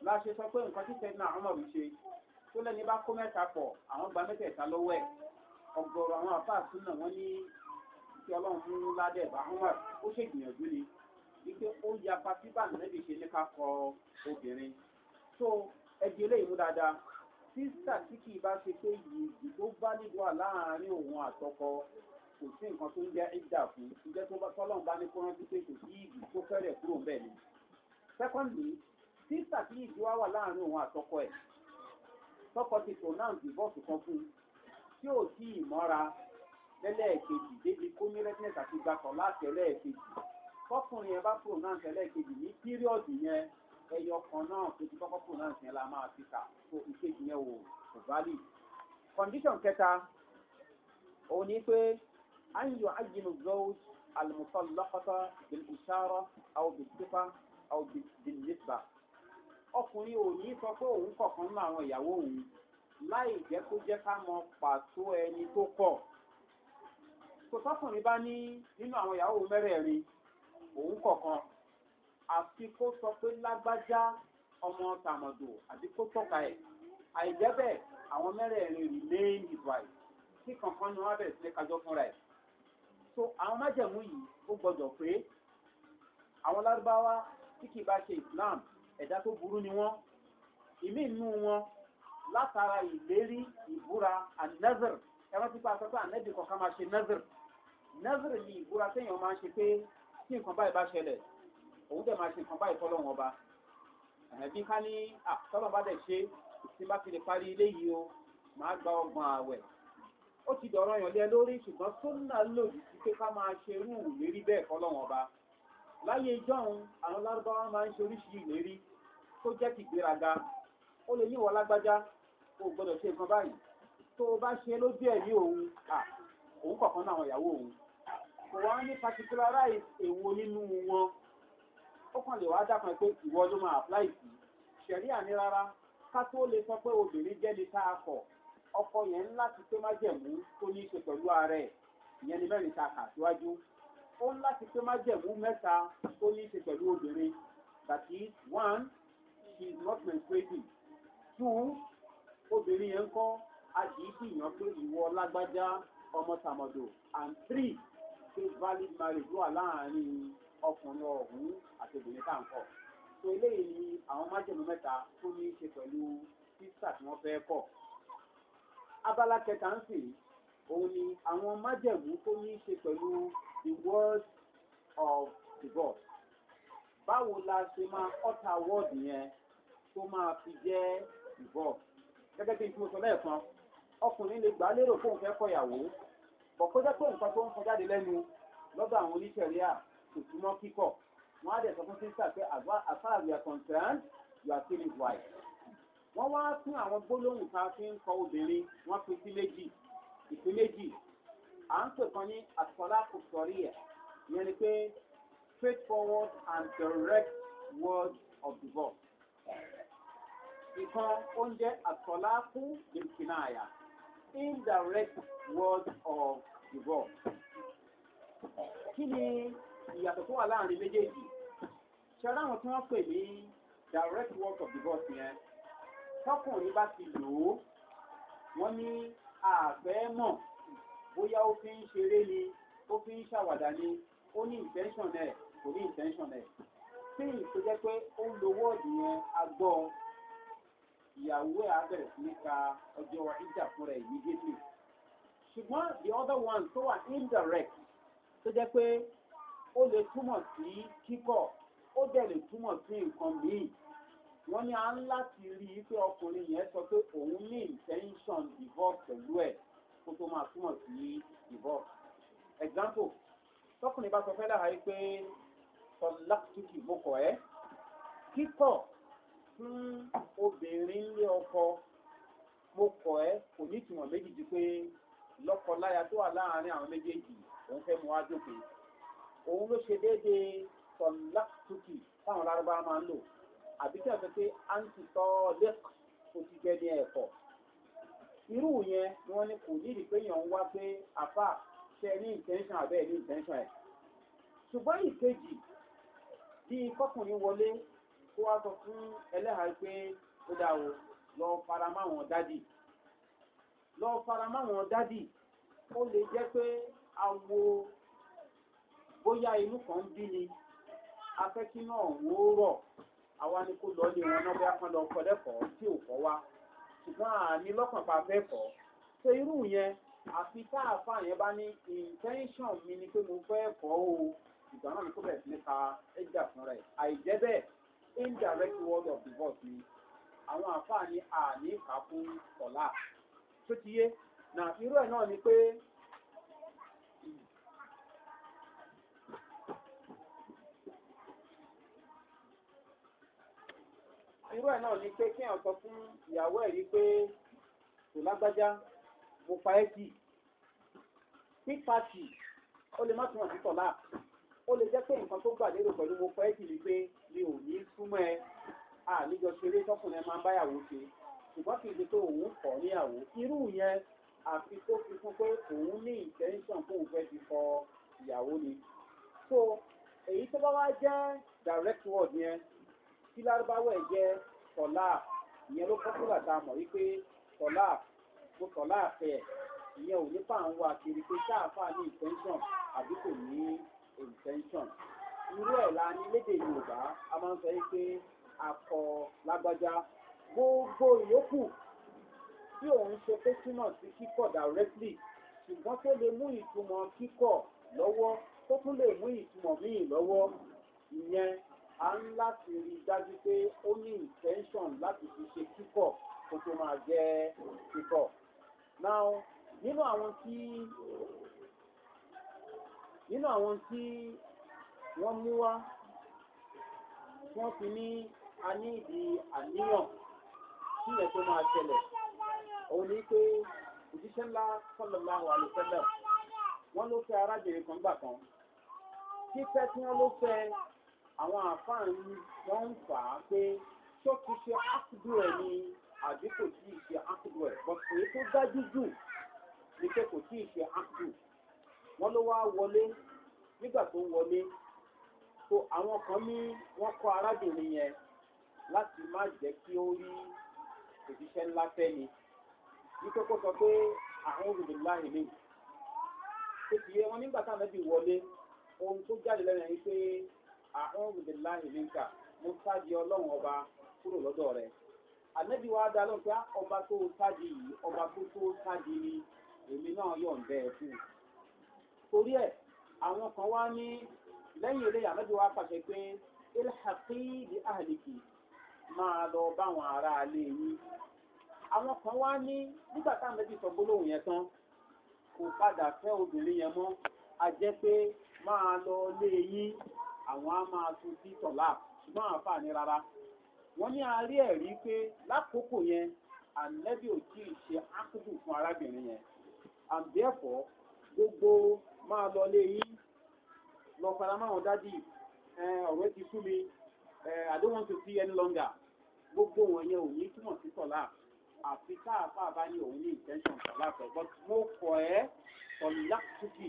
láṣẹ sọ pé nǹkan títẹ náà àwọn ọmọ ṣe tó lẹni bá kó mẹta pọ àwọn gba mẹtẹẹta lọwọ ẹ ọgọrọ àwọn àfáàsùn náà wọn ní kí ọlọrun fún ládẹ bá wọn wà ó ṣe gbìyànjú ni wípé ó ya pàtíbà nẹbi ṣe ní ká kọ obìnrin tó ẹdí eléyìí mú dáadáa sísà tí kì í bá ṣe pé yìí tó bá nílò à láàrin òun àtọkọ kò sí nǹkan tó ń jẹ ìdà fún ìjẹ tó bá tọlọrun bá ní kó rántí pé kò sí ìdì tó fẹrẹ kúrò bẹẹ ni secondly tí sàkíyèsí wá wà láàrin òun àtọkọ ẹ̀ tọkọ ti pronounce divorce kan fún un tí ò tí ì mọ́ra lẹ́lẹ́ẹ̀kejì débi kó ní redness àti gbàtọ̀ láti ẹlẹ́ẹ̀kejì tọkùnrin yẹn bá pronounce ẹlẹ́ẹ̀kejì ní píríọ̀dù yẹn ẹyọ kan náà tó ti kọ́kọ́ pronounce yẹn la máa fi kà so ìkejì yẹn ò kò valid. condition kẹta òun ni pé ayọ̀ ayinu zowj lọ́kọ́tọ̀ ìṣàrọ̀ àwọn bẹ̀rẹ̀ ọ̀gbìnìtìbà ọkùnrin ò ní sọ pé òun kọ̀ọ̀kan nínú àwọn ìyàwó òun láì jẹ́ kó jẹ́ ká mọ pàtó ẹni tó kọ̀ kò sọ́kùnrin bá ní nínú àwọn ìyàwó mẹ́rẹ̀ẹ̀rin òun kọ̀ọ̀kan àfi kó sọ pé lágbájá ọmọ tàmọ̀dò àti kó tọ́ka ẹ̀ àìjẹ́ bẹ́ẹ̀ àwọn mẹ́rẹ̀ẹ̀rin remain his wife tí kankan ni wọ́n bẹ̀rẹ̀ sí kájọ́ fúnra ẹ̀ so àwọn májẹ̀mú yìí ó gbọ́dọ̀ pé àwọn lárúbáwá tí kì bá ṣe islam ẹ̀dá tó burú ni wọ́n ìmí inú wọn látara ìlérí ìbúra anazir ẹ̀rọ pípa àtọ́tọ́ anẹ́bì kọ̀ọ̀kan máa ṣe nazir nazir ni ìbúra téèyàn máa ń ṣe pé tí nǹkan báyìí bá ṣẹlẹ̀ òun dẹ̀ máa ṣe nǹkan báyìí fọlọ́wọn ọba ẹ̀bí ká ní àtọ́lọ́ bá dẹ̀ ṣe tí bá ti lè parí ilé yìí o máa gba ọgbọ̀n àwẹ̀ ó ti dọ̀rọ̀ yàn lé lórí ṣùgbọ́n tó ń nà lòdì sí pé ká máa ṣe irú ìlérí bẹ́ẹ̀ fọlọ́wọn ọba láyé ìjọ́un àwọn lárúbáwá máa ń ṣe oríṣìí ìlérí tó jẹ́ kì gbéraga ó lè níwọ̀ lágbájá o gbọ́dọ̀ ṣe nǹkan báyìí tó o bá ṣe lójú ẹ̀rí òun à òun kọ̀ọ̀kan náà àwọn ìyàwó òun kò wá ní particularize èwo nínú wọn ó kàn lè wá dákan pé ìwọ ló máa apply sí ṣẹ̀rí àní rárá ká tó lè sọ pé obìnrin jẹ́ ní tá a kọ̀ ọkọ yẹn ń láti pé májẹ̀mú tó ní í ṣe pẹ̀lú ara ẹ̀ ìyẹn ni mẹ́rin ta kà síwájú ó ń láti pé májẹ̀mú mẹ́ta ó ní ṣe pẹ̀lú obìnrin that is one she is not menstruating two obìnrin yẹn ń kọ́ àdìsí yàn pé ìwọ lágbájá ọmọ tàmọ̀dò and three ṣe valid marriage wà láàrin ọkùnrin ọ̀hún àti obìnrin tá à ń kọ̀ so eléyìí ni àwọn májẹ̀mú mẹ́ta tó ní ṣe pẹ̀lú sísà tí wọ́n fẹ́ kọ̀ abala kẹta ń sìn òun ni àwọn májẹ̀mú tó ní ṣe pẹ̀lú the word of divorce. Báwo la ṣe máa utter word yẹn tó máa fi jẹ́ divorce? Gẹ́gẹ́ bí mo sọ lẹ́ẹ̀kan, ọkùnrin lè gbà lérò fóun fẹ́ kọ̀yàwó. Bọ̀ kó jẹ́ pé nǹkan tó ń sọ jáde lẹ́nu lọ́dọ̀ àwọn oníṣẹ̀ríà kò túmọ̀ kíkọ̀. Wọ́n á dẹ̀ sọ fún sísà pé as far as we are concerned, you are still his wife. Wọ́n wá fún àwọn gbólóhùn tá a fi ń kọ obìnrin, wọ́n pin sí méjì. Ìpín méjì à ń pè kan ní àtọ́lá kò sọ̀rí ẹ̀ yẹn ni pé straightforward and direct word of divorce. Ìkan oúnjẹ àtọ́lá kú ìpínlẹ̀ àyà indirect word of divorce. Kí ni ìyàtọ̀ tó wà láàrin méjèèjì? Ṣé aláwọ̀ tí wọ́n pè ní direct word of divorce yẹn? Tọkùnrin bá ti lò ó, wọ́n ní àfẹ́ mọ̀ bóyá ó fi ń ṣeré ni ó fi ń ṣàwàdà ni ó ní intention ẹ̀ kò ní intention ẹ̀ tí ìtò jẹ́ pé ó ń lo wọ́ọ̀dù yẹn agbọ́ ìyàwó ẹ̀ abẹ̀rẹ̀ sí nípa ọjọ́ ìjà fún rẹ̀ immediately ṣùgbọ́n the other one tó wà indirect tó jẹ́ pé ó lè túmọ̀ sí kíkọ̀ ó dẹ̀ lè túmọ̀ sí nǹkan míì wọ́n ní à ń láti rí i pé ọkùnrin yẹn sọ pé òun ní intention divorce pẹ̀lú ẹ̀ kó tó máa túmọ̀ sí ìbọ̀ example tọkùnrin bá sọ fẹ́ láhàáyé pé ọlákìtì mọ́kọ̀ ẹ́ kíkọ̀ fún obìnrin lé ọkọ mọ́kọ̀ ẹ́ kò ní ìtumọ̀ méjì ju pé lọ́kọláya tó wà láàárín àwọn méjèèjì òun fẹ́ mú wá jókòó òun ló ṣe déédéé tọ̀lákìtì táwọn lárúbáwá máa ń lò àbí tí a sọ pé àǹtí tọ́ lẹ́kọ̀ọ́ ti jẹ́ ní ẹ̀kọ́. irú yẹn ni wọ́n ní kò nídi pé yàn ń wá pé àfà ṣe ní intention àbẹ́ ní intention ẹ̀ ṣùgbọ́n ìkejì bí kọkùnrin wọlé kó wá sọ fún ẹlẹ́hàá pé ó dà o lọ fara máwọn dádì lọ fara máwọn dádì ó lè jẹ́ pé awo bóyá inú kan ni náà wó rọ̀ àwa ni kó lọ wọn náà bí a kan lọ ṣùgbọ́n àní lọ́kàn pa fẹ́fọ́ ṣe irú yẹn àfi táàfà yẹn bá ní intention mi ni pé mo fẹ́ fọ́ o ìgbà náà ni kó bẹ̀rẹ̀ sí ní ka ẹ̀jà fún rẹ̀ àìjẹ́ bẹ́ẹ̀ indirect word of divorce ni àwọn àfáà ní àní kà fún ọ̀la tó ti yé nà irú ẹ̀ náà ni pé. irú ẹ̀ náà ni pé kí èèyàn sọ fún ìyàwó ẹ̀ rí pé kò lágbájá mo fa ẹ́ kì í pípa tì ó lè má túmọ̀ sí tọ̀lá ó lè jẹ́ pé nǹkan tó gbà lérò pẹ̀lú mo fa ẹ́ ni pé mi ò ní súnmọ́ ẹ àlejò ṣeré tọkùnrin máa ń báyàwó ṣe ṣùgbọ́n kì í ṣe pé òun kọ̀ níyàwó irú yẹn àfi tó fi fún pé òun ní intention fún òun fẹ́ fi kọ ìyàwó ni so èyí tó bá wá jẹ́ direct word yẹn tí lárúbáwọ̀ ẹ̀ jẹ́ tọ̀lá ìyẹn ló kọ́kúrà tá a mọ̀ wípé tọ̀lá mo tọ̀lá àfẹ́ ẹ̀ ìyẹn ò ní fà ń wá kiri pé sáàfà ní intention àbí kò ní intention irú ẹ̀ la ní lédè yorùbá a máa ń sọ wípé akọ lágbájá gbogbo ìyókù tí òun ṣe pé túmọ̀ sí kíkọ̀ directly ṣùgbọ́n tó lè mú ìtumọ̀ kíkọ̀ lọ́wọ́ tó tún lè mú ìtumọ̀ míì lọ́wọ́ ìyẹn a ń láti rí dájú pé ó ní intention láti fi ṣe kíkọ̀ kó tó máa jẹ́ kíkọ̀. now nínú àwọn tí nínú àwọn tí wọ́n mú wá wọ́n fi ní a ní ìdí àníyàn tí ilẹ̀ tó máa ṣẹlẹ̀ òun ni pé òjíṣẹ́ ńlá sọ́lọ́láhùn àlùfẹ́lẹ̀ wọ́n ló fẹ́ arábìnrin kan gbà kan kíkẹ́ tí wọ́n ló fẹ́ àwọn àfáà wọ́n ń fà á pé tó ti ṣe ákùdù ẹ̀ ni àbí kò tí ì ṣe ákùdù ẹ̀ bọ́ èyí tó dájú jù ni pé kò tí ì ṣe ákùdù wọ́n ló wá wọlé nígbà tó wọlé so àwọn kan ní wọ́n kọ́ arábìnrin yẹn láti má jẹ́ kí ó rí òṣìṣẹ́ ńlá fẹ́ni wípé kó sọ pé àwọn olùdó láàyè lè tó fi yé wọn nígbà táwọn ẹbí wọlé ohun tó jáde lẹ́nu ẹ̀ ń pé àhọ́rùndínláhìn níkà mo sáàdì ọlọ́run ọba kúrò lọ́dọ̀ rẹ̀ ànẹ́bí wa dá lọ́n pé ah, ọba tó sáàdì yìí ọba tó tó sáàdì ni èmi náà yọ̀ǹdẹ́ ẹ̀ fún un torí ẹ̀ àwọn kan wá ní lẹ́yìn eré ànẹ́bí wa pàṣẹ pé ilhaqi di ahliki máa lọ báwọn ará alé yín àwọn kan wá ní nígbà táwọn ẹbí sọ gbólóhùn yẹn tán kò padà fẹ́ obìnrin yẹn mọ́ a jẹ́ pé máa lọ lé yín àwọn á máa tún sí tọ̀lá ṣùgbọ́n àwọn àfààní rárá wọ́n ní arí ẹ̀rí pé lákòókò yẹn ànẹ́bí ò tí ì ṣe ákùkù fún arábìnrin yẹn àbí ẹ̀fọ́ gbogbo máa lọ lé yín lọ fara máwọn dádì ọ̀rẹ́ ti sú mi i don't want to see any longer gbogbo wọn yẹn ò ní túmọ̀ sí tọ̀lá àfi káàpá bá ní òun ní intention láàpẹ̀ but mo kọ̀ ẹ́ ọ̀làkùkì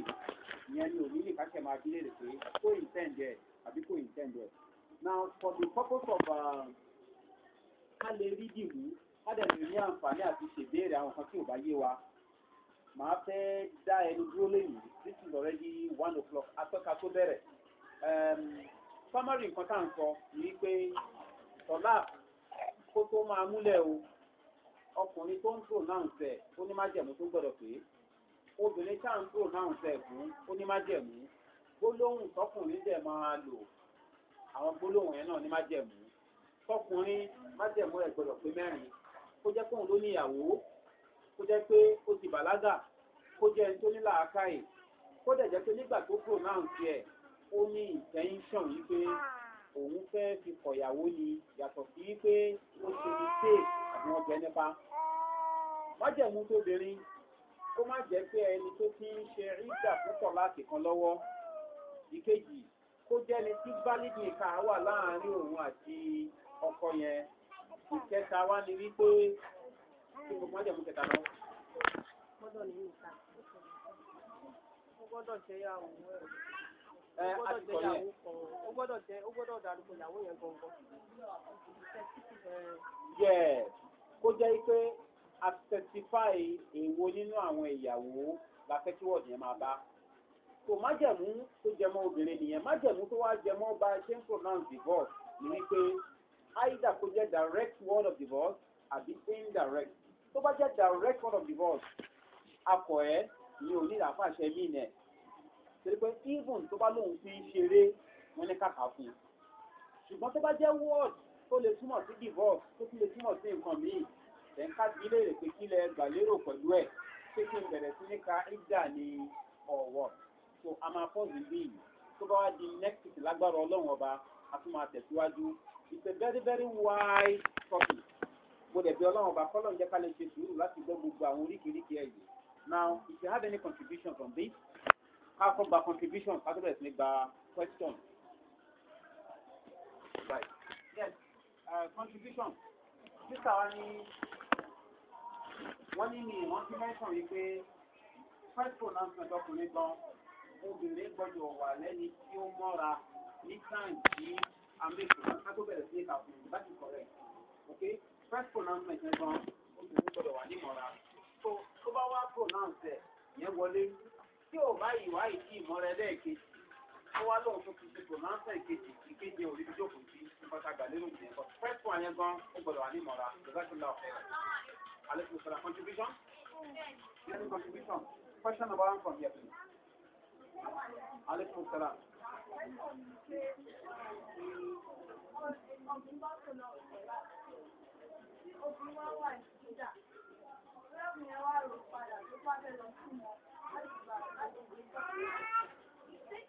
ìyẹn ni òní nìkan kẹ́ máa bílẹ̀ pé kó intend ẹ̀ àbí kó intend ẹ̀. now for the purpose of uh, ká lè rí dìbò ká dẹ̀ lè ní àǹfààní àti ṣèbéèrè àwọn kan tí ò bá yé wa màá fẹ́ dá ẹni dúró lẹ́yìn this is already one o'clock atọ́ka tó bẹ̀rẹ̀ um, summary nǹkan tá à ń sọ ni pé tọ́lá kó tó máa múlẹ̀ o ọkùnrin tó ń trò náà ń fẹ́ ó ní májẹ̀mú tó gbọ́dọ̀ pé obìnrin tá à ń trò náà ń fẹ́ fún ó ní májẹ̀mú gbólóhùn tọkùnrin dẹ̀ máa lò àwọn gbólóhùn yẹn náà ní májẹ̀mú tọkùnrin májẹ̀mú rẹ̀ gbọ́dọ̀ pé mẹ́rin kó jẹ́ kóun ló níyàwó kó jẹ́ pé ó ti bàlágà kó jẹ́ ẹni tó ní làákàyè kó dẹ̀ jẹ́ pé nígbà tó trò náà ń fi ó ní ìtẹ́ńṣàn yìí pé òun fẹ́ fi kọ̀yàwó ni yàtọ̀ sí pé ó ṣe ní tèè àbí wọ́n jẹ́ nípa. májẹ̀mú tó bìnrin kó má jẹ́ pé ẹni tó ti ń ṣe rígbà púpọ̀ láti kan lọ́wọ́ ìkejì kó jẹ́ni tí gbálídì ìka wà láàrin òun àti ọkọ yẹn ìkẹta wá ni wípé kí gbogbo májẹ̀mú kẹta àtẹ̀tífáì èwo nínú àwọn ìyàwó la fẹ́ kí wọ́ọ̀dù yẹn máa bá. kò májẹ̀mú tó jẹmọ́ obìnrin nìyẹn májẹ̀mú tó wá jẹmọ́ bá ṣe ń pronounce divorce ni wípé either kó jẹ́ direct word of divorce àbí indirect tó bá jẹ́ direct word of divorce akọ̀ ẹ́ ni ò ní ìlàfàṣẹ mí nẹ̀ torí pé even tó bá lóun fi ń ṣeré wọn ní kàkà fún un ṣùgbọ́n tó bá jẹ́ word tó lè túmọ̀ sí divorce tó tún lè túmọ̀ sí nǹkan míì ẹ̀ka bí léèrè pé kí lẹ gbà pẹ̀lú ẹ̀ pé kí n bẹ̀rẹ̀ sí ní ka ìgbà ní ọ̀wọ̀ so a máa pọ́ọ̀sì bí tó bá wá di next lágbára ọlọ́run ọba a tún máa tẹ̀síwájú it's a very very wide topic mo dẹ̀ bí ọlọ́run ọba kọ́lọ̀ ń jẹ́ lè ṣe sùúrù láti gbọ́ gbogbo àwọn oríkèéríkè ẹ̀ yìí now if you have any contribution from this ká kọ́ gba contribution ká tó bẹ̀rẹ̀ sí ní gba question. Right. Yes, uh, contribution. Sísà wa ní wọ́n ní ní ìrántí mẹ́sàn wípé first pronouncement ọkùnrin gan obìnrin gbọ́dọ̀ wà lẹ́ni tí ó mọ́ra ní time tí amẹ́kùnrin láti tó bẹ̀rẹ̀ sí ìkàkùn láti correct ok first pronouncement yẹn gan obìnrin gbọ́dọ̀ wà ní mọ́ra so tó bá wá pronounce ẹ̀ yẹn wọlé tí ò bá ìwà ìtì ìmọ̀ra ẹlẹ́ẹ̀kejì ó wá lóun tó fi ṣe pronounce ìkejì ìkejì òrí bí jókòó sí nípa tá gbà lérò ìyẹn kan first one yẹn gan ó gbọ́dọ̀ wà ní mọ́ra ìjọba tó lọ ọ̀fẹ́ rẹ̀. Alaikum salam. Contribution? Any contribution? Question number one from here, please. Alaikum salam.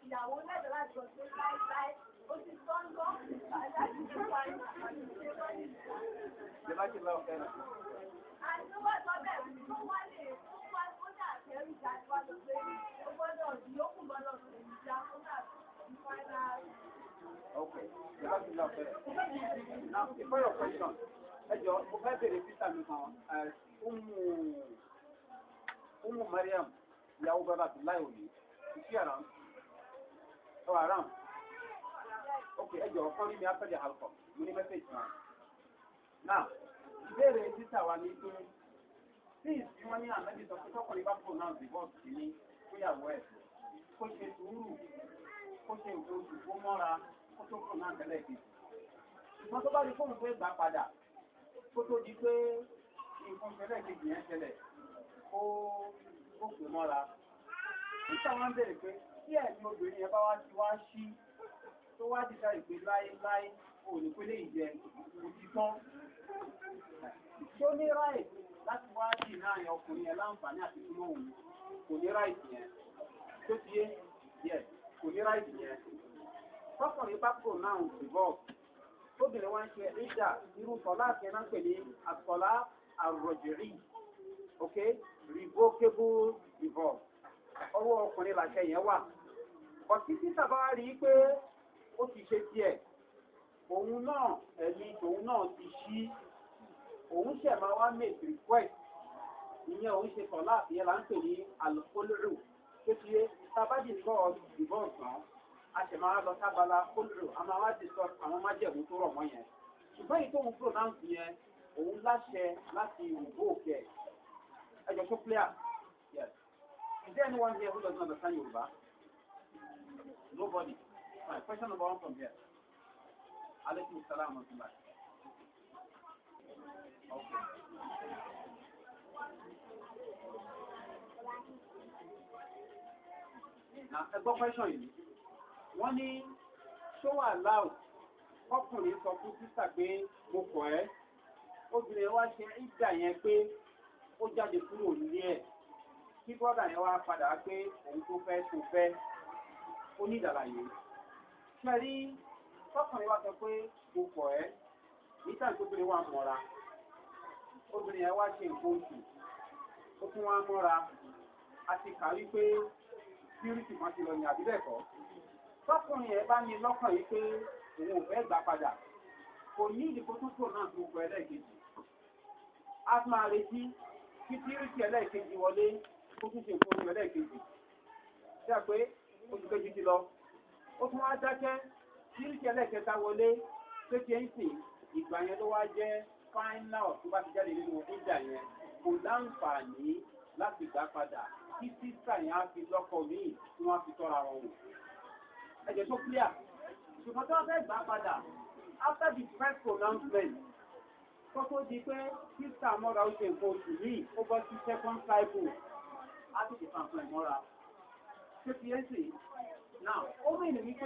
Ìyàwó lẹ́dọ̀ láti lọ sí láíláí, ó ti tọ́ ń lọ, àdájú tó wà ní àwọn ìṣẹ́lẹ̀. Ìjọba ti lọ ọ̀fẹ́ rẹ̀. Okay. Now, before your question, ẹ jọ mo fẹ́ bèrè peter mi kan umu umu mariam ìyàwó bàbá abdullahi òní ìṣí àràm ọ àràm ok ẹ jọ fún mi mi afẹ́ di àlùkò mo ní mẹ́sẹ̀jì náà ìbéèrè títà wa ní pé tí ìsí wọn ní àmẹ́bí sọ pé tọkùnrin bá fò náà dìbọ́ọ̀sì kìíní fúyàwó ẹ̀ kó ṣe sùúrù kó ṣe nǹkan oṣù tó mọ́ra kó tó fò náà tẹ́lẹ̀ kejì ṣùgbọ́n tó bá rí fóònù pé gbà padà kó tó di pé nǹkan tẹ́lẹ̀ kejì yẹn tẹ́lẹ̀ kó kó pè mọ́ra títà wọn béèrè pé tí ẹ̀sìn obìnrin yẹn bá wá ti wá sí tó wá ti sá ìpè láéláé òní pé lè jẹ òtítọ́ tó ní ráì láti wá sí láàrin ọkùnrin ẹ láǹfààní àti súnmọ́ òun kò ní ráì yẹn tó ti yé yẹ kò ní ráì yẹn tọkùnrin bá kò náà rìvọ́ọ̀ tóbìnrin wá ń ṣe rídà irú sọlá àti pè ní àsọlá àròjìrì ok revocable divorce ọwọ́ ọkùnrin làṣẹ yẹn wà kọ̀sí títà bá rí i pé ó ti ṣe tiẹ̀ òun náà ẹ̀mí tòun náà ti ṣí òun ṣẹ̀ máa wá make request ìyẹn òun ṣe kọ̀ láti yẹn là ń pè ní alukólórò tó ti yé tábàdì ń bọ̀ ìbọn ọ̀sán a ṣẹ̀ máa lọ sábala kólórò a máa wá discuss àwọn májẹ̀mú tó rọ̀ mọ́ yẹn ṣùgbọ́n èyí tóun pronounce yẹn òun láṣẹ láti ìwò òkè ẹjọ́ tó clear yes is there anyone here who doesn't understand yorùbá nobody my question number one from here aleykum salaam wa rahmatulah. ẹgbọ́n question yìí wọ́n ní ṣó wà láò ọkùnrin sọ fún sísà pé mo kọ̀ ẹ́ obìnrin wa ṣe ìgbà yẹn pé ó jáde kúrò nílé ẹ̀ kí bọ́dà yẹn wá padà pé òun tó fẹ́ tó fẹ́ ó ní tọkùnrin wa sọ pé mo pọ̀ ẹ́ nígbà tó obìnrin wa mọ̀ra obìnrin ẹ̀ wá ṣe nǹkan oṣù ó tún wá mọ́ra a ti kà wípé purity kan ti lọ ní àbí bẹ́ẹ̀ kọ́ tọkùnrin ẹ̀ bá ní lọ́kàn yìí pé òun ò fẹ́ gbà padà kò ní ìdìbò tó tò náà tó gbọ́ ẹlẹ́ẹ̀kejì a máa retí kí purity ẹlẹ́ẹ̀kejì wọlé kó tún ṣe nǹkan oṣù ẹlẹ́ẹ̀kejì sí àpé oṣù kejì ti lọ ó tún wá dákẹ́ ṣíríkì ẹlẹ́kẹta wọlé tó ti ń sìn ìgbà yẹn ló wá jẹ́ fáínà tó bá ti jáde nínú ìjà yẹn kò láǹfààní láti gbà padà kí sísà yẹn á fi lọ́kọ̀ míì tí wọ́n á fi tọ́ra wọn wò. ẹ̀jẹ̀ tó clear ṣùgbọ́n tí wọ́n fẹ́ gbà padà after the first pronouncement kókó di pé sísà mọ́ra ó ṣe nǹkan oṣù míì ó bọ́ sí second cycle á sì ti fàǹfà ìmọ́ra. ṣé fi é now ó mìíràn wípé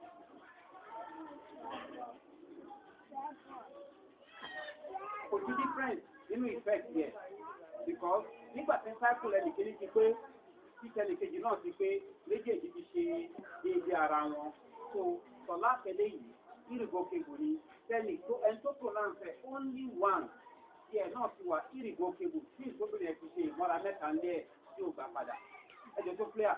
kò sí difference nínú effect yẹn because nígbà tí cycle ẹnìkejì ti pé títẹ ẹnìkejì náà ti pé méjèèjì ti ṣe déédéé ara wọn so sọlá tẹlẹ yìí irrevocable ni tẹlẹ tó ẹni tó tó náà fẹ only one tí ẹ náà ti wà irrevocable tí ìtòbìnrin ẹ ti ṣe ìmọ̀ra mẹ́ta ń lé ẹ̀ tí ò gbà padà ẹ̀jẹ̀ tó clear.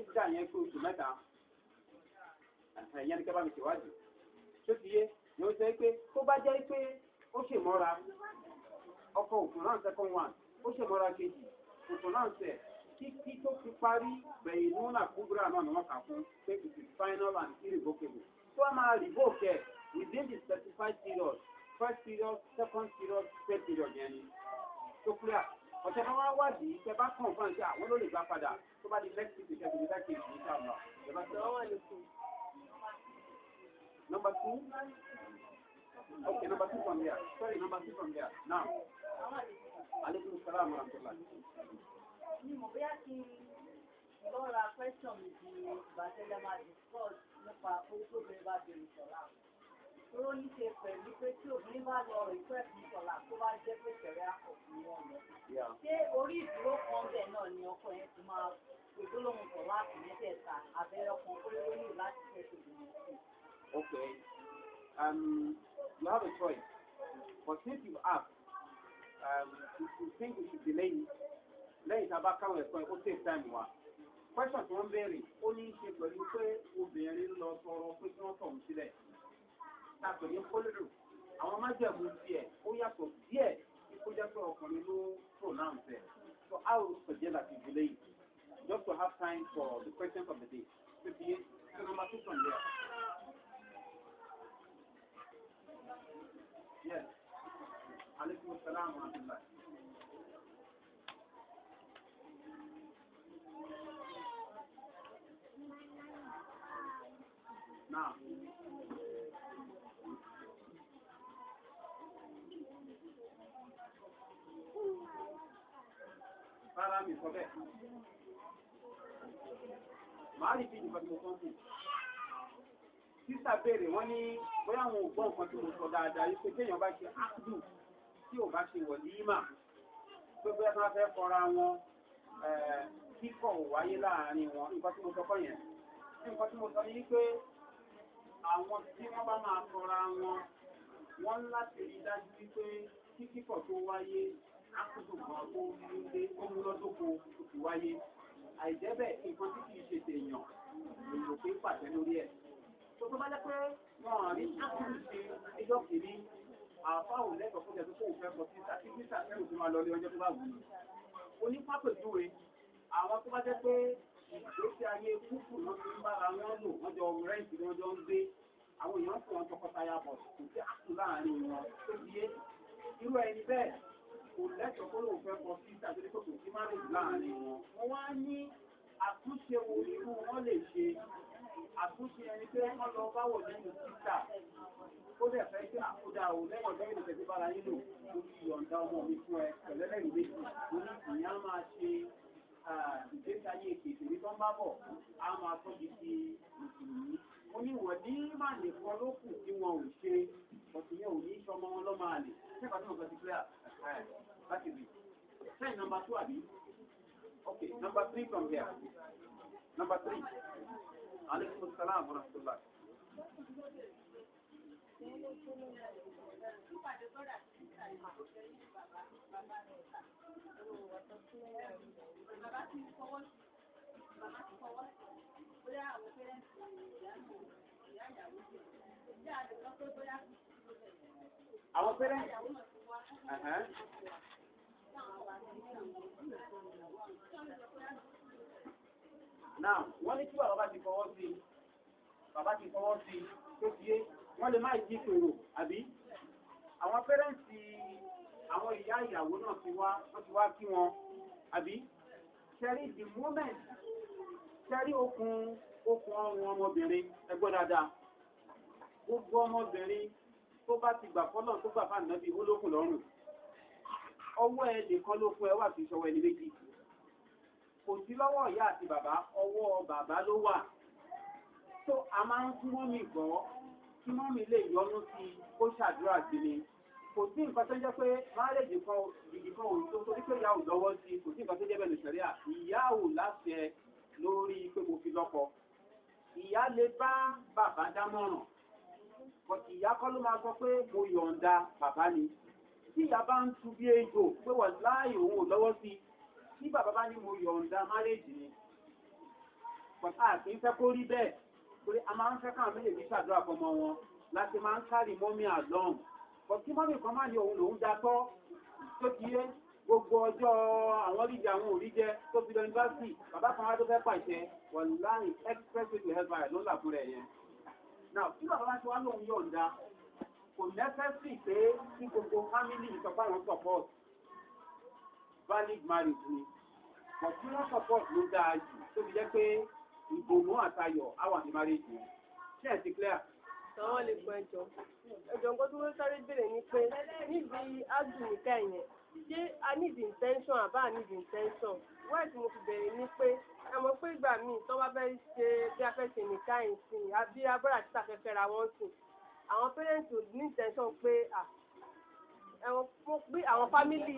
ìjà yẹn pé oṣù mẹ́ta ìyẹn ni kẹ́ bá mi ṣèwádìí tó ti yé ni ó sọ pé tó bá jẹ́ pé ó ṣe mọ́ra ọkọ̀ òkun náà second one ó ṣe mọ́ra kejì òkun náà sẹ̀ títí tó fi parí bẹ̀yìn lúnà kúbúrà náà ni wọ́n kà fún pé it is final and irrevocable tó a máa revoke ẹ̀ within the specified period first period second period third period yẹn ni tó clear ọ̀sẹ̀ máa wá wádìí tẹ bá kàn fún àti àwọn ló lè gbá padà tó bá di next week ìṣẹ́ ìṣẹ́ kejì ní sàmà ẹ bá tẹ̀lé. Number two. Okay, number two from there. Sorry, number two from there. Now. Aleykum salaam wa rahmatulah. Mi mọ̀ bóyá kí n lọ́ra question mi di ìgbà tẹ́lẹ̀ máa discuss nípa owó tó bẹ̀rẹ̀ bá bẹ̀rẹ̀ sọ̀rọ̀ àwọn. Ó ní ṣe pẹ̀lú pé tí obìnrin bá lọ request ní ọ̀la tó bá jẹ́ pé tẹ̀rẹ́ àkọ́kùn wọn lọ. Ṣé orí ìdúró kan bẹ̀ náà ni ọkọ yẹn ti máa gbogbo lóhun pọ̀ láti mẹ́tẹ̀ẹ̀ta abẹ́rẹ́ kan ó lówó ní láti tẹ̀sẹ̀ ìdúró. Okay. Um, you have a choice. But since you ask, um, you, you think you should delay it, lẹ́yìn tá a bá káwọn ẹ̀kọ́ ẹ̀ kó save time wa question tí wọ́n béèrè ó ní í ṣe pẹ̀lú pé obìnrin lọ sọ̀rọ̀ pé kí wọ́n sọ̀rọ̀ sílẹ̀ tàbí ní kólérò àwọn májẹ̀mú tiẹ̀ ó yàtọ̀ díẹ̀ kí kó jẹ́ pé ọkùnrin ló pronounce ẹ̀. So how to deal that the delay just to have time for the questions of the day. So the so number two from there. Yes. Alaykum Now, rárá mi sọ bẹ́ẹ̀. Màá rí fíjì kan tí mo kàn sí. Sísà béèrè wọ́n ní bóyá àwọn ò gbọ́ nǹkan tí mo sọ dáadáa yìí pé téèyàn bá ṣe áàdù tí ò bá ṣe wọ̀ ní ìmà pé bóyá tí wọ́n fẹ́ kọra wọn eh, kíkọ̀ ò wáyé láàárín wọn nǹkan tí mo sọ kọ́ yẹn. Nǹkan tí mo sọ yìí pé àwọn tí wọ́n bá máa kọra wọn wọ́n láti rí dájú wípé kíkọ̀ tó wáyé ákùtù kan tó fi ṣe ọmọlọ́sọ́kọ òkú wáyé àìjẹ́bẹ̀ nǹkan tí kìí ṣe tèèyàn èèyàn pé pàṣẹ lórí ẹ̀ tó tó bá jẹ́ pé wọn à rí ákùtù ṣe ẹjọ́ kìíní àfa ò lẹ́tọ̀ọ́ fún ẹ̀tọ́ kó fẹ́ kọ sí sákí ní sàkẹ́rù tó máa lọ ní ọjọ́ tó bá wù ú onípàpẹ̀júwe àwọn tó bá jẹ́ pé ìgbésí ayé kúkú ló fi ń bára wọn lò wọ́n jọ rẹ́ǹtì ni wọ́n jọ ń gbé àwọn èèyàn fún wọn tọkọtaya bọ̀ kò sí àkùn láàárín wọn tó kò lẹ́tọ̀ọ́ kó lóun fẹ́ kọ sí ìtàgé kò sí má lè láàrin wọn. Wọ́n wá ní àtúnṣe wo irú wọn lè ṣe àtúnṣe ẹni pé wọ́n lọ bá wọ̀ lẹ́nu títà ó dẹ̀ fẹ́ kí àkódà ò lẹ́yìn ọjọ́ ìlú tẹ̀sí bára yín lò ó fi yọ̀ǹda ọmọ mi fún ẹ pẹ̀lẹ́lẹ́rìí méjì ó ní ìyá máa ṣe ìgbésí ayé ní tán bá bọ̀ á máa tọ́jú sí mùsùlùmí ó ní wọ̀n ní màlè kan ló kù tí wọn ò ṣe ọ̀sìn yẹn ò ní sọmọ wọn lọ́mọ àlè That is it. Sign number two, Abi. Okay, number three from here. Number three. Alaykum salam wa rahmatullah. Àwọn pẹ́rẹ́ Uh-huh. náà wọ́n ní tí bàbá bá ti fọwọ́ sí bàbá ti fọwọ́ sí tó fi yé wọ́n lè máa jí pèrò àbí àwọn pẹ́rẹ́ǹtì àwọn ìyá ìyàwó náà ti wá wọ́n ti wá kí wọn àbí ṣẹ́rí the moment ṣẹ́rí okun okun ọrùn ọmọbìnrin ẹgbọ́n dáadáa gbogbo ọmọbìnrin tó bá ti gbà fọ́lọ̀ tó gbà fà náà bí ó lọ́rùn ọwọ́ ẹ nìkan ló fún ẹ wà kìí ṣọwọ́ ẹni méjì kò sí lọ́wọ́ ìyá àti bàbá ọwọ́ bàbá ló wà tó a máa ń fún mọ́mì gbọ́ kí mọ́mì lè yọnu sí kó ṣàdúrà sí ni kò sí nǹkan tó jẹ́ pé máàlèjì kan gidi kan ò tó torí pé ìyá ò lọ́wọ́ sí kò sí nǹkan tó jẹ́ bẹ̀rẹ̀ sẹ̀ríà ìyá láṣẹ lórí pé mo fi lọ́kọ ìyá lè bá bàbá dámọ̀ràn ìyá kọ́ ló máa sọ pé mo yọ̀ǹda bàbá ni tí ìyá bá ń tu bí ejò pé wà láàyè òun lọ́wọ́ sí tí bàbá bá ní mo yọ̀ǹda márèjì ni pàtà àti ń fẹ́ kó rí bẹ́ẹ̀ pé a máa ń fẹ́ káwọn méjèèjì ṣàdúrà fọmọ wọn láti máa ń kárì mọ́mí àlọ́hùn kò kí mọ́mí kan máa ní òun lòún datọ́ tó ti yé gbogbo ọjọ́ àwọn oríjẹ àwọn òríjẹ tó fi lọ yunifásitì bàbá kan wá tó fẹ́ pàṣẹ wọ̀n láàrin express way to health care ló ń là fún yẹn. now kí bàbá bá ti wá lóun yọ̀ǹda kò nẹ́sẹ̀sì pé ní gbogbo fámílì ìtọ́páwọn support valid marriage ni but tí wọ́n support ló dáa jù tó fi jẹ́ pé ìbòmú àtayọ̀ á wà ní marriage yẹn ṣé ẹ̀ ti clear. àwọn lè gbọ́ ẹjọ́ ẹjọ́ nǹkan tó ń sáré béèrè ni pé níbi ágùnìkà yẹn ṣé a need intention àbá a need intention wọ́n ti mo fi bẹ̀rẹ̀ ni pé ẹ mọ̀ pé ìgbà míì tó bá fẹ́ ṣe bí a fẹ́ ṣe nìkan ìsìn àbí abúlé àti tàfẹ́fẹ́ ra wọ́n sìn àwọn parents ò ní intention pé mo pé àwọn family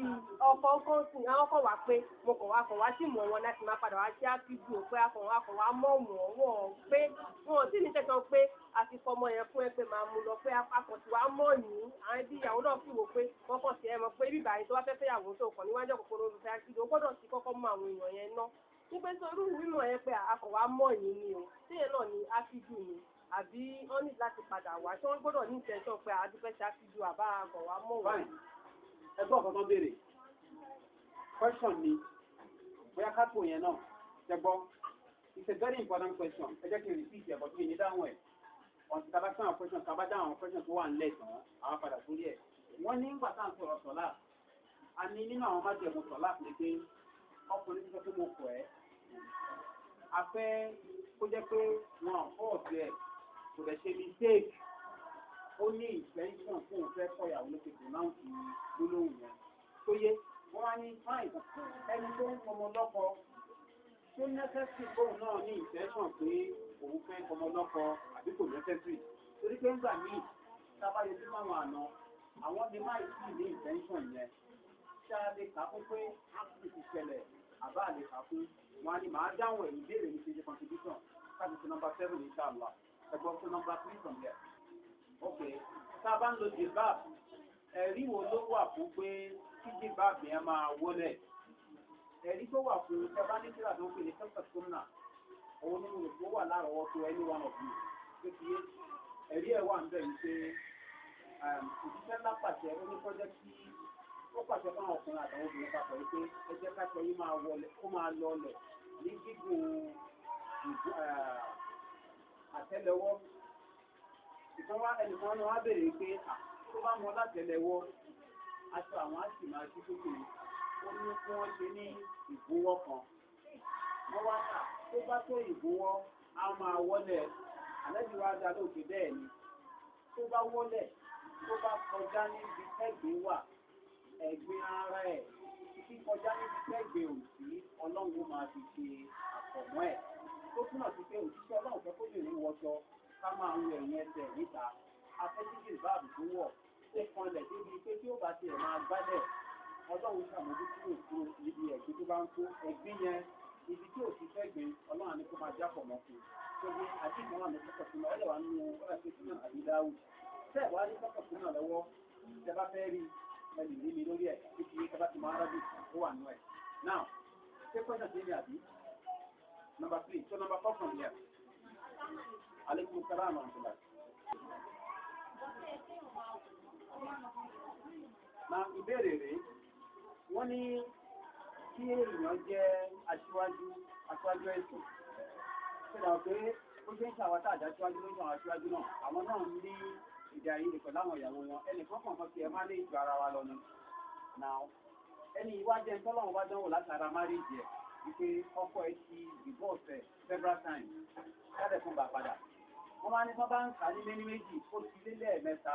ọkọ ọkọ sùn àwọn ọkọ wà pé mo kàn wá kàn wá sí mọ wọn láti máa padà wá sí ápídù ò pé akàn wá kàn wá mọ wọn wọn pé wọn ò sì ní tẹsán pé àti fọmọ yẹn fún ẹ pé máa mú lọ pé akàn tí wá mọ yìí àwọn ẹbí ìyàwó náà sì wò pé wọn kàn sí ẹ mọ pé bíbá yìí tó wá fẹ́ẹ́ fẹ́ yàwó tó kàn níwájú kòkòrò olùfẹ́ ápídù ó gbọ́dọ̀ sí kọ́kọ́ mọ àwọn èèyàn yẹn ná nígbèsè orúurú mímọ yẹn pé akàn wá mọ yìí ni o téèyàn náà ni ápídù ni àbí wọ́n ní láti padà wá ṣé wọ́n gbọ́dọ̀ ní ìtẹ́jọ́ pé àdúpẹ́ ṣáṣíjú àbá àgọ̀ wa mọ̀ wá. ẹgbọ́n kan tó béèrè question ni bóyá kápò yẹn náà jẹgbọ́ it's a very important question ẹ jẹ́ kí n repeat ẹ̀ bọ́tú yìí ní dáhùn ẹ̀ ọ̀sìn tàbá sí àwọn question tàbá dáhùn àwọn question tó wà nílẹ̀ tán àwọn padà sórí ẹ̀ wọ́n ní ń gbà sọ̀rọ̀ sọ̀lá a ní nínú àwọn májèmú sọ̀lá pé pé ọkùnrin ti sọ pé mo kọ̀ ẹ́ a fẹ́ kó jẹ́ pé wọn ò ẹ̀ kò dẹ̀ ṣe mistake ó ní ìfẹ́ǹtàn fún òun fẹ́ kọ̀yàwó ló ti pronounce gbólóhùn yẹn tó yé wọ́n á ní fine ẹni tó ń fọmọ lọ́kọ tó nẹ́sẹ̀sì fóun náà ní ìfẹ́ǹtàn pé òun fẹ́ fọmọ lọ́kọ àbí kò nẹ́sẹ̀sì torí pé ńgbà míì tábàyẹ tí máwọn àná àwọn ni máa sì ní ìfẹ́ǹtàn yẹn ṣá lè kà fún pé áàpù ti ṣẹlẹ̀ àbá lè kà fún wọn á ní màá dáhùn ẹ̀yìn ìbéèrè ní ṣe ṣe contribution láti ṣe number ní ṣáà ẹ̀gbọ́n tó nọmba three from there. ok tá a bá ń lo jibab ẹ̀rí wo ló wà fún pé kí jibab yẹn máa wọlé ẹ̀rí tó wà fún ẹ bá ní kíláàsì wọn pè ní texas gómìnà òun ní mo tó wà lárọ̀ọ́wọ́ tó ẹni wà nọ̀ fún mi pé kí ẹ̀rí ẹ̀ wà ń bẹ̀ wípé um, òṣìṣẹ́ ńlá pàṣẹ oníkọ́jẹ́ kí ó pàṣẹ fún àwọn ọkùnrin àtàwọn obìnrin papọ̀ wípé ẹ jẹ́ ká sọ yín máa wọlé kó máa lọ ọlẹ̀ ní gígùn um, àtẹ́lẹwọ́ ìfọwọ́ ẹnìkan náà wá bèèrè pé tó bá mọ látẹ́lẹwọ́ aṣọ àwọn á sì máa ṣí sókè ó ní kí wọ́n ṣe ní ìbúwọ́ kan wọ́n wá kà tó bá tó ìbúwọ́ á máa wọ́lẹ̀ àlẹ́jù wa dá lóògbé bẹ́ẹ̀ ni tó bá wọ́lẹ̀ tó bá kọjá níbi tẹ́gbẹ́ wà ẹ̀gbin ara ẹ̀ kíkọjá níbi tẹ́gbẹ́ òsì ọlọ́run máa fi ṣe àpọ̀mọ́ ẹ̀ tó túmọ̀ sí pé òṣìṣẹ́ ọlọ́run fẹ́ kó lè ní wọṣọ ká máa ń lo ẹ̀yìn ẹsẹ̀ níta afẹ́síjì báàbù tó wọ̀ ó kanlẹ̀ débi pé tí ó bá tiẹ̀ máa gbálẹ̀ ọlọ́run ṣàmójútó òkú ibi ẹ̀gbin tó bá ń kó ẹ̀gbin yẹn ibi tí òṣìṣẹ́ gbé ọlọ́run àní kó máa jápọ̀ mọ́ fún un tó gbé àdéhùn àwọn ọ̀sẹ̀ fún mi ọlọ́wà nínú ọ̀sẹ̀ fún náà àbí dáhùn tẹ́ẹ̀ wá ní sọ́kọ̀ fún náà lọ́wọ́ tẹ́ bá fẹ́ rí ẹlì rí mi lórí ẹ̀ kékeré tẹ́ bá ti máa rábì ó wà nú ẹ̀ náà ṣé pẹ́sẹ̀ sí ni àbí Number three. So number four from here. Alaikum salam wa Na ìbéèrè rẹ̀, wọ́n ní kí èèyàn jẹ́ aṣíwájú aṣíwájú ẹ̀sìn. Ṣèdá pé ó ṣe ń ṣe àwọn tàjà aṣíwájú ló àwọn aṣíwájú náà. Àwọn náà ara wa lọ ni. Ẹni ìwádìí ẹni tọ́lọ́run wá dánwò wípé ọkọ ẹ ti divorce several times káàdẹ̀ fún bàá padà wọ́n máa ní wọ́n bá ń kà ní lẹ́ni méjì ó ti lé lẹ́ẹ̀mẹ́ta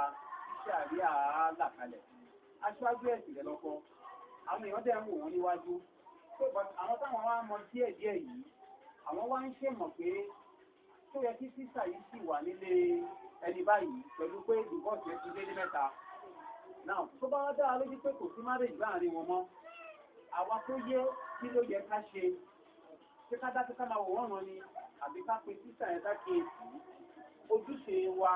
iṣẹ́ àrí àálà kalẹ̀ aṣáájú ẹ̀sìn rẹ̀ lọ́kọ́ àwọn èèyàn dẹ̀ ń wò wọ́n níwájú àwọn táwọn wá mọ díẹ̀ díẹ̀ yìí àwọn wá ń ṣèmọ̀ pé tó yẹ kí sísà yìí sì wà nílé ẹni báyìí pẹ̀lú pé divorce ẹ ti lé ní mẹ́ta náà tó bá wá dára lójú pé kò sí marriage láàrin wọn mọ́ àwa tó yé kí ló yẹ ká ṣe ṣé ká dá títà máa wọ̀ọ́ràn ni àbí ká pe sísà ẹ̀ dá kéèkì ojúṣe wa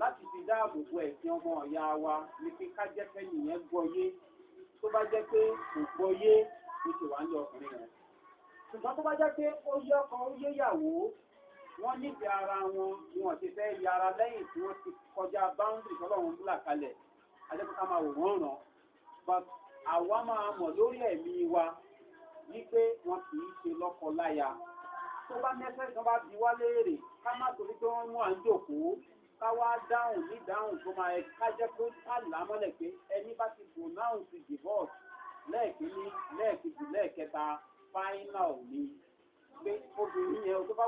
láti fi dáàbò bo ẹ̀sìn ọmọ ọ̀yà wa ni pé ká jẹ́ pé nìyẹn gbọ́yé tó bá jẹ́ pé kò gbọ́yé ló ṣe wà ní ọkùnrin rẹ̀ ṣùgbọ́n tó bá jẹ́ pé ó yẹ ọkọ ó yé yàwó wọ́n nífẹ̀ẹ́ ara wọn ni wọ́n ti fẹ́ ya ara lẹ́yìn tí wọ́n ti kọjá báńdì tọ́lọ́run búlà kalẹ̀ adẹ́kọ̀ọ́ká máa wò àwa máa mọ̀ lórí ẹ̀mí wa wípé wọn kì í ṣe lọ́kọ tó bá mẹ́sẹ̀ kan bá bi wá léèrè ká má torí pé wọ́n mú à ń jòkóó ká wá dáhùn ní dáhùn tó máa ká jẹ́ pé ká là á mọ́lẹ̀ pé gbogbo ọjọ́ tó fi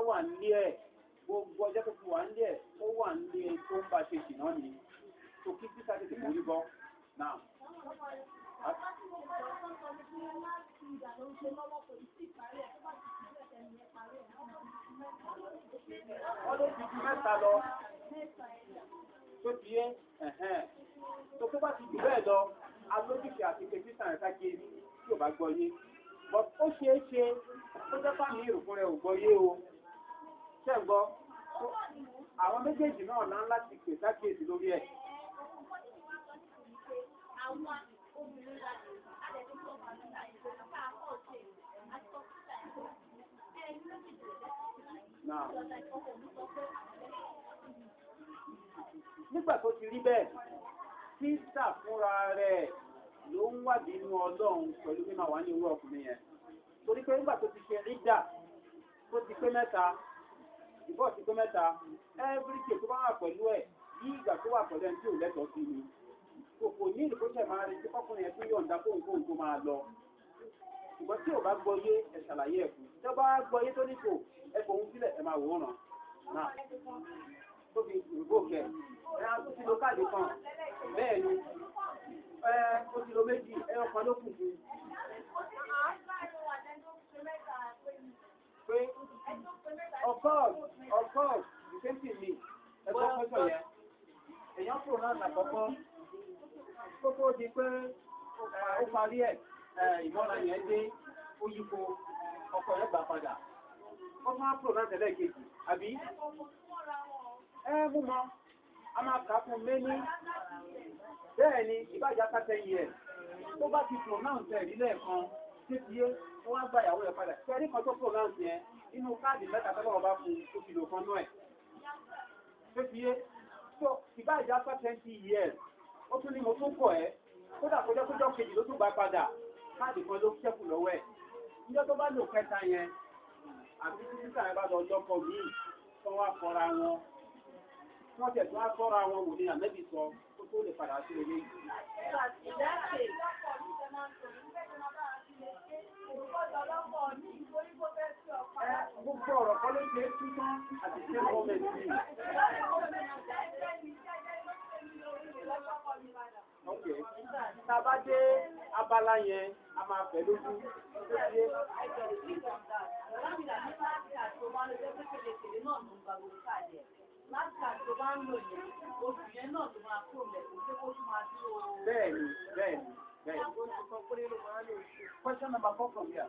wà nílé ẹ̀ ó wà nílé tó ń bá wọ́n ló mẹ́ta lọ tó ti yé tó tó bá ti jù bẹ́ẹ̀ lọ alójúṣe àti pẹ̀tísà rẹ̀ sáké tí ò bá gbọ́ yé ó ṣe é ṣe tó jẹ́ fáwọn ìrùkún rẹ̀ ò gbọ́ o ṣẹ́gbọ́ àwọn méjèèjì náà láńlá ti pè sáké lórí ẹ̀. obìnrin láti adẹ̀tún tó bá nígbà ìgbò nípa àkọ́ọ̀tì àti ọ̀kúta ẹ̀kọ́ ẹni méjì nígbà tó ti rí bẹ́ẹ̀ sísà fúnra rẹ̀ ló ń wádìí inú ọlọ́run pẹ̀lú mímọ̀ wá ní owó ọkùnrin yẹn torí pé nígbà tó ti ṣe rídà tó ti pé mẹ́ta ìbọ̀ ti pé mẹ́ta ẹ́fíríkì tó bá wà pẹ̀lú ẹ̀ yí ìgbà tó wà pẹ̀lú ẹni tí ò lẹ́tọ̀ọ́ sí ni kò ní ìdíkọ́ṣẹ́ máa rí kíkọ́kùnrin ẹ̀kú yọ̀ǹda kóńkóń tó máa lọ ṣùgbọ́n tí ò bá gbọ́yé ẹ̀ ṣàlàyé ẹ̀kú tí ó bá gbọ́yé tó ní kò ẹ kò ń sílẹ̀ ẹ máa wò ó ràn náà tó fi ìrúgbó kẹ ẹ á ti lo káàdì kan bẹ́ẹ̀ ni ẹ ó ti lo méjì ẹ ọkàn ló kù sí. pé ọkọ̀ ọkọ̀ ìfẹ́sì mi ẹ̀kọ́ pẹ́sọ̀ yẹn èèyàn kúrò náà nàkọ́kọ́ kó di pé eh, ó parí ẹ̀ eh, ìmọ́ra yẹn dé ó ọkọ̀ ẹ̀ padà ó máa pò náà tẹ́lẹ̀ kejì àbí ẹ eh, mọ́ a máa kà fún méní bẹ́ẹ̀ ni ìbájá kátẹ́yìn ẹ̀ tó bá ti pò náà tẹ̀ nílẹ̀ kan títíyé wọ́n á gba ìyàwó ẹ̀ padà kẹrí kan tó pò náà tẹ̀ inú káàdì mẹ́ta tọ́lọ́wọ́ bá fún òfin òkan náà ẹ̀ títíyé so ìbájá kátẹ́yìn years ó tún ní mo tún kọ̀ ẹ́ kódà kó jẹ́ kójọ́ kejì ló tún bá padà káàdì kan ló ṣẹ́kù lọ́wọ́ ẹ̀ níjọ́ tó bá lò kẹta yẹn àbí títí sàn bá lọ lọ́kọ míì tó wá fọ́ra wọn wọ́n tẹ̀ tó wá fọ́ra wọn wò ní àmẹ́bí sọ tó tó lè padà sí ilé yìí. Gbogbo ọ̀rọ̀ kọ́ ló ṣe é túmọ̀ àti ṣé gọ́ọ̀mẹ̀ntì tá a bá dé abala yẹn a máa fẹ́ lójú. Bẹ́ẹ̀ni, bẹ́ẹ̀ni, bẹ́ẹ̀ni. Question number four from here.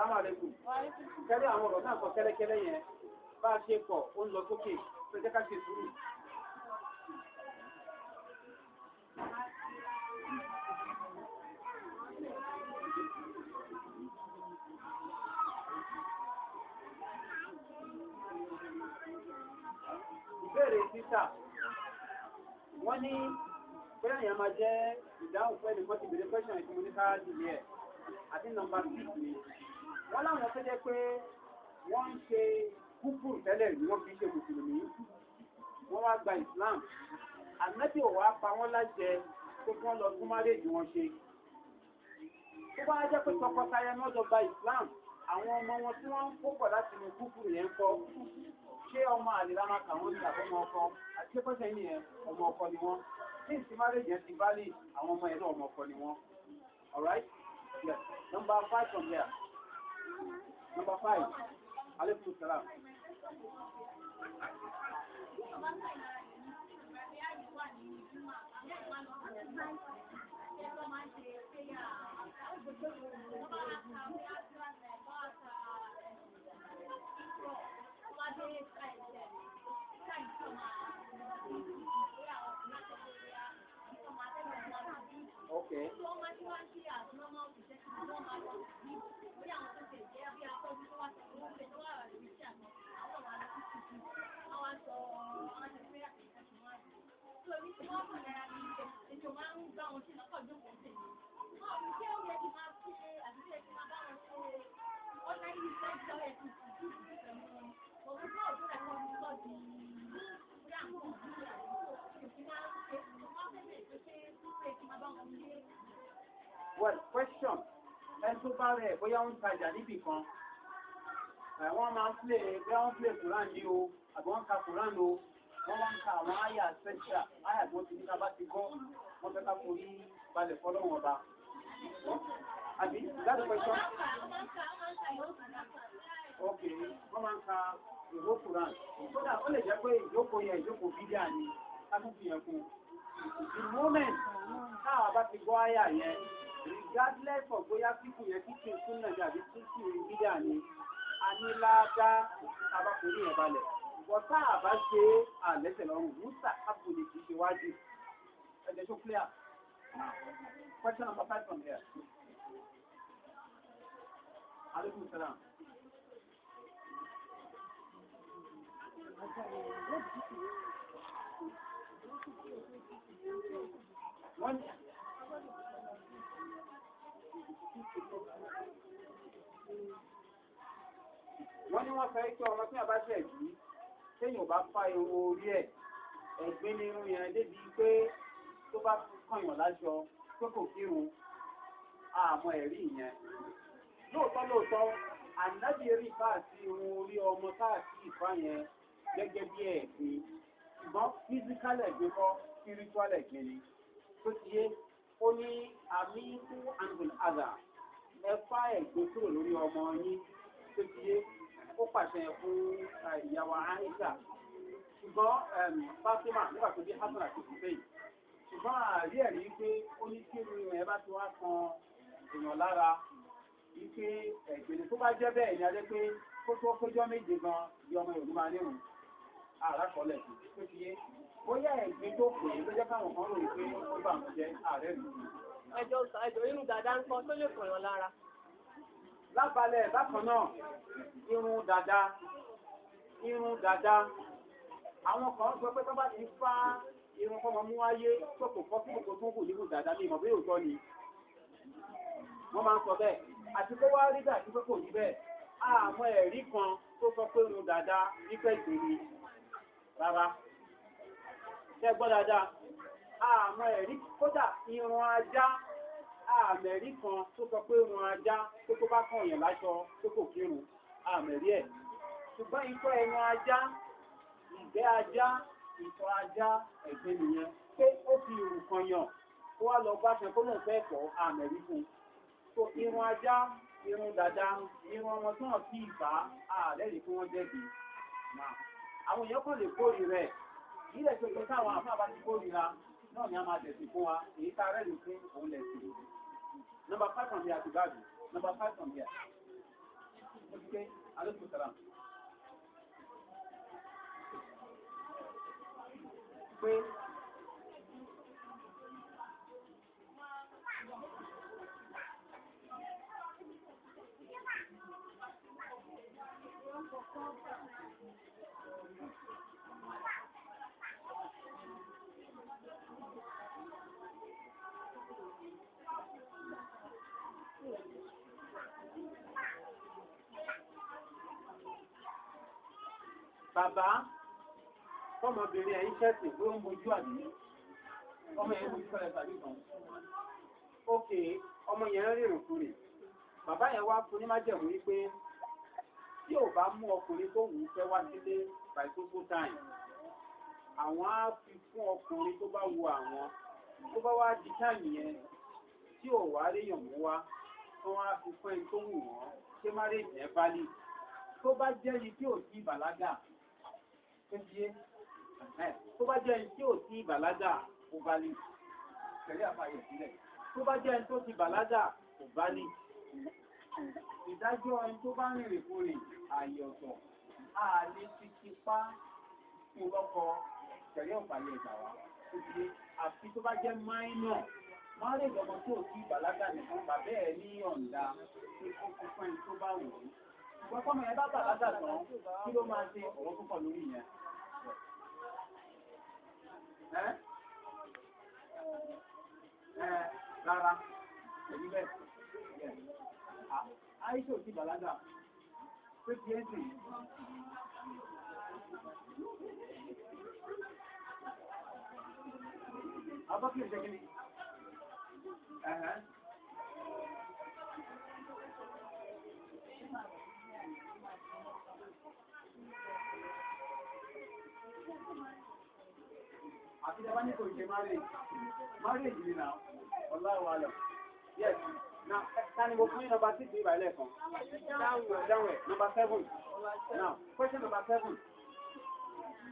alámàlẹ́kùn kẹ́lẹ́ àwọn ọ̀rọ̀ náà kọ kẹ́lẹ́kẹ́lẹ́ yẹn bá a ṣe pọ̀ ó ń lọ sókè tó jẹ́ títà wọ́n ní pé èèyàn máa jẹ́ ìdáhùn pé ẹnìkan ti bèrè pẹ́ṣọ̀n ìfúnni ká àti nọ́mbà 6 ni wọ́n láwọn tó jẹ́ pé wọ́n ń ṣe kúkúrù tẹ́lẹ̀ ni wọ́n fi ṣe mùsùlùmí wọ́n wá gba islam àmẹ́tì ò wá pa wọ́n lájẹ pé kí wọ́n lọ tún márèèjì wọn ṣe tó bá jẹ́ pé tọkọtaya náà lọ gba islam àwọn ọmọ wọn tí wọ́n ń kó pọ̀ láti inú kúkúrù yẹn kọ́ ṣé ọmọ àlèrà máa kà wọ́n ní àbọ̀mọ ọkọ àti pé pẹ́sẹ̀ yìí yẹn ọmọ ọkọ ni wọ́n tí ìsìn márèèjì yẹn ti bá lè àwọn ọmọ yẹn ọmọ ọkọ ni wọ́n all right yes number five from there. Number five, Alaykum Salaam. Okay. pé orí tí wọ́n kàn lára mi èmi ò máa ń bá wọn ṣe lọ́kọ̀ jókòó tèmi. Wọ́n mi ṣé ó yẹ kí máa ṣe Well, question. Ẹ bá rẹ̀ bóyá ń tajà níbì kan. Wọ́n máa ń play bóyá wọ́n play Quran o, àbí wọ́n ka Quran o wọ́n wá ń ka àwọn àyà sẹ́ṣà àyà tí wọ́n ti ní ká bá ti gọ́ wọ́n fẹ́ ká forí balẹ̀ fọlọ́wọ́n ọba. àbí láti pẹ̀sọ́. ok wọ́n máa ń ka ìwó Quran kódà ó the moment táwa bá ti gbọ́ àyà regardless of bóyá kíkù yẹn kíkù sún náà tàbí kíkù fídíà ni a ní láàdá abákùnrin yẹn balẹ̀ wọ́n tá a bá ṣe àlẹ́sẹ̀ lọ́rùn musa abúlé kì í ṣe wájú ẹ̀jẹ̀ tó clear question number five from here. aleykum salaam. wọ́n ní. wọ́n fẹ́ kí ọmọ tí wọ́n bá ṣẹ̀ yìí téèyàn bá fá irun orí ẹ̀ ẹ̀gbin ní irun yẹn débi pé tó bá kọyàn láṣọ pé kò kírun àmọ́ ẹ̀rí ìyẹn. lóòótọ́ lóòótọ́ ànábì rí káàsì irun orí ọmọ káàsì ìfá yẹn gẹ́gẹ́ bí ẹ̀gbin ṣùgbọ́n physical ẹ̀gbin kọ́ spiritual ẹ̀gbin ni tó ti yé ó ní àmì ikú and another ẹ fá ẹ̀gbin kúrò lórí ọmọ yín tó ti yé ó pàṣẹ fún ìyàwó Aisha ṣùgbọ́n Fatima nígbà tó dé Hasan àti Hussein ṣùgbọ́n àrí ẹ̀rí pé ó ní kí irú ẹ̀ bá ti wá kan èèyàn lára wípé ẹ̀gbẹ̀rẹ̀ tó bá jẹ́ bẹ́ẹ̀ ni a jẹ́ pé kó tó péjọ́ méje gan bí ọmọ Yorùbá máa nírun àràkọlẹ̀ tó ti yé bóyá ẹ̀gbẹ́ tó pè é lọ́jọ́ káwọn kan rò pé ó bà ń jẹ́ ààrẹ mi. ẹjọ́ ẹjọ́ inú dàda ń pọn tó lè pọ̀yàn lára lábalẹ̀ bákan náà irun dada irun dada àwọn kan sọ pé tó bá ti fá irun kọ́mọ mú wáyé tó kò fọ́ fún òkú tó kù nínú dada ní ìmọ̀bí òótọ́ ni wọ́n máa ń sọ bẹ́ẹ̀ àti kó wá rí dàbí pé kò rí bẹ́ẹ̀ àmọ́ ẹ̀rí kan tó sọ pé irun dada nípẹ́ ìgbèrè rárá ṣẹ́gbọ́n dada àmọ́ ẹ̀rí kódà irun ajá àmẹ̀rí kan tó sọ pé wọn ajá tó tó bá kàn yàn láṣọ tó kò kírun àmẹ̀rí ẹ̀ ṣùgbọ́n ikọ́ ẹnu ajá ìgbẹ́ ajá ìtọ́ ajá ẹ̀gbẹ́ nìyẹn pé ó fi ìrù kan yàn tó wá lọ bá ṣan kó fẹ́ kọ́ àmẹ̀rí fún so irun ajá irun dada irun ọmọ tí wọ́n fi ìfà ààrẹ́rì fún wọn jẹ́bi àwọn èèyàn kò lè kórì rẹ̀ nílẹ̀ tó pé táwọn àfáà bá ti kórìíra náà ni a máa tẹ̀sí fún wa èyí tá a rẹ́rì fún òun lẹ̀ sí Number five from here to Gabi. Number five from here. Okay, alaykum salam. Pé Thank you. bàbá fọ́mọbìnrin ẹ̀yìn ṣẹ́sì ló ń bojú àbí ọmọ yẹn bojú fẹ́rẹ̀ tàbí kan ókè ọmọ yẹn ń rìnrìn kúrè bàbá yẹn wá fún ní májẹ̀mú wípé tí ò bá mú ọkùnrin tó wù ú fẹ́ wá sílé by social time àwọn á fi fún ọkùnrin tó bá wu àwọn tó bá wá di táìmì yẹn tí ò wá réyàn mú wá tó wá fi fún ẹni tó wù wọ́n ṣé má rèé jẹ́ bálì tó bá jẹ́ ni tí ò sí ìbàlágà ṣéńtíyé tó bá jẹ́ ẹni tí ò sí ìbàlágà kò bá lè tẹ̀lé àfàyè sílẹ̀ tó bá jẹ́ ẹni tó ti bàlágà kò bá lè ìdájọ́ ẹni tó bá ń rìnrìn kúrè ààyè ọ̀tọ̀ ààlè ti ti pa ìrọ́kọ tẹ̀lé ọ̀fàyè ìgbà wa òkè àfi tó bá jẹ́ máínà wọ́n lè lọ́mọ tí ò sí nìkan bàbẹ́ ẹ̀ ní ọ̀ǹda tí ó kún fún ẹni tó bá wù ú. ìgbọ́kọ́mọ yẹn bá bàlágà tán kí ló máa ṣe ọ̀rọ̀ púpọ̀ lórí yẹn. Rárá, kí ẹ́ sì. àti tẹ́bá ní kò ṣe marriage ni náà ọláwà lọ yes na tani mo fún nọmba six ní ìbàlẹ̀ kan dáwẹ̀ nọmba seven now question number seven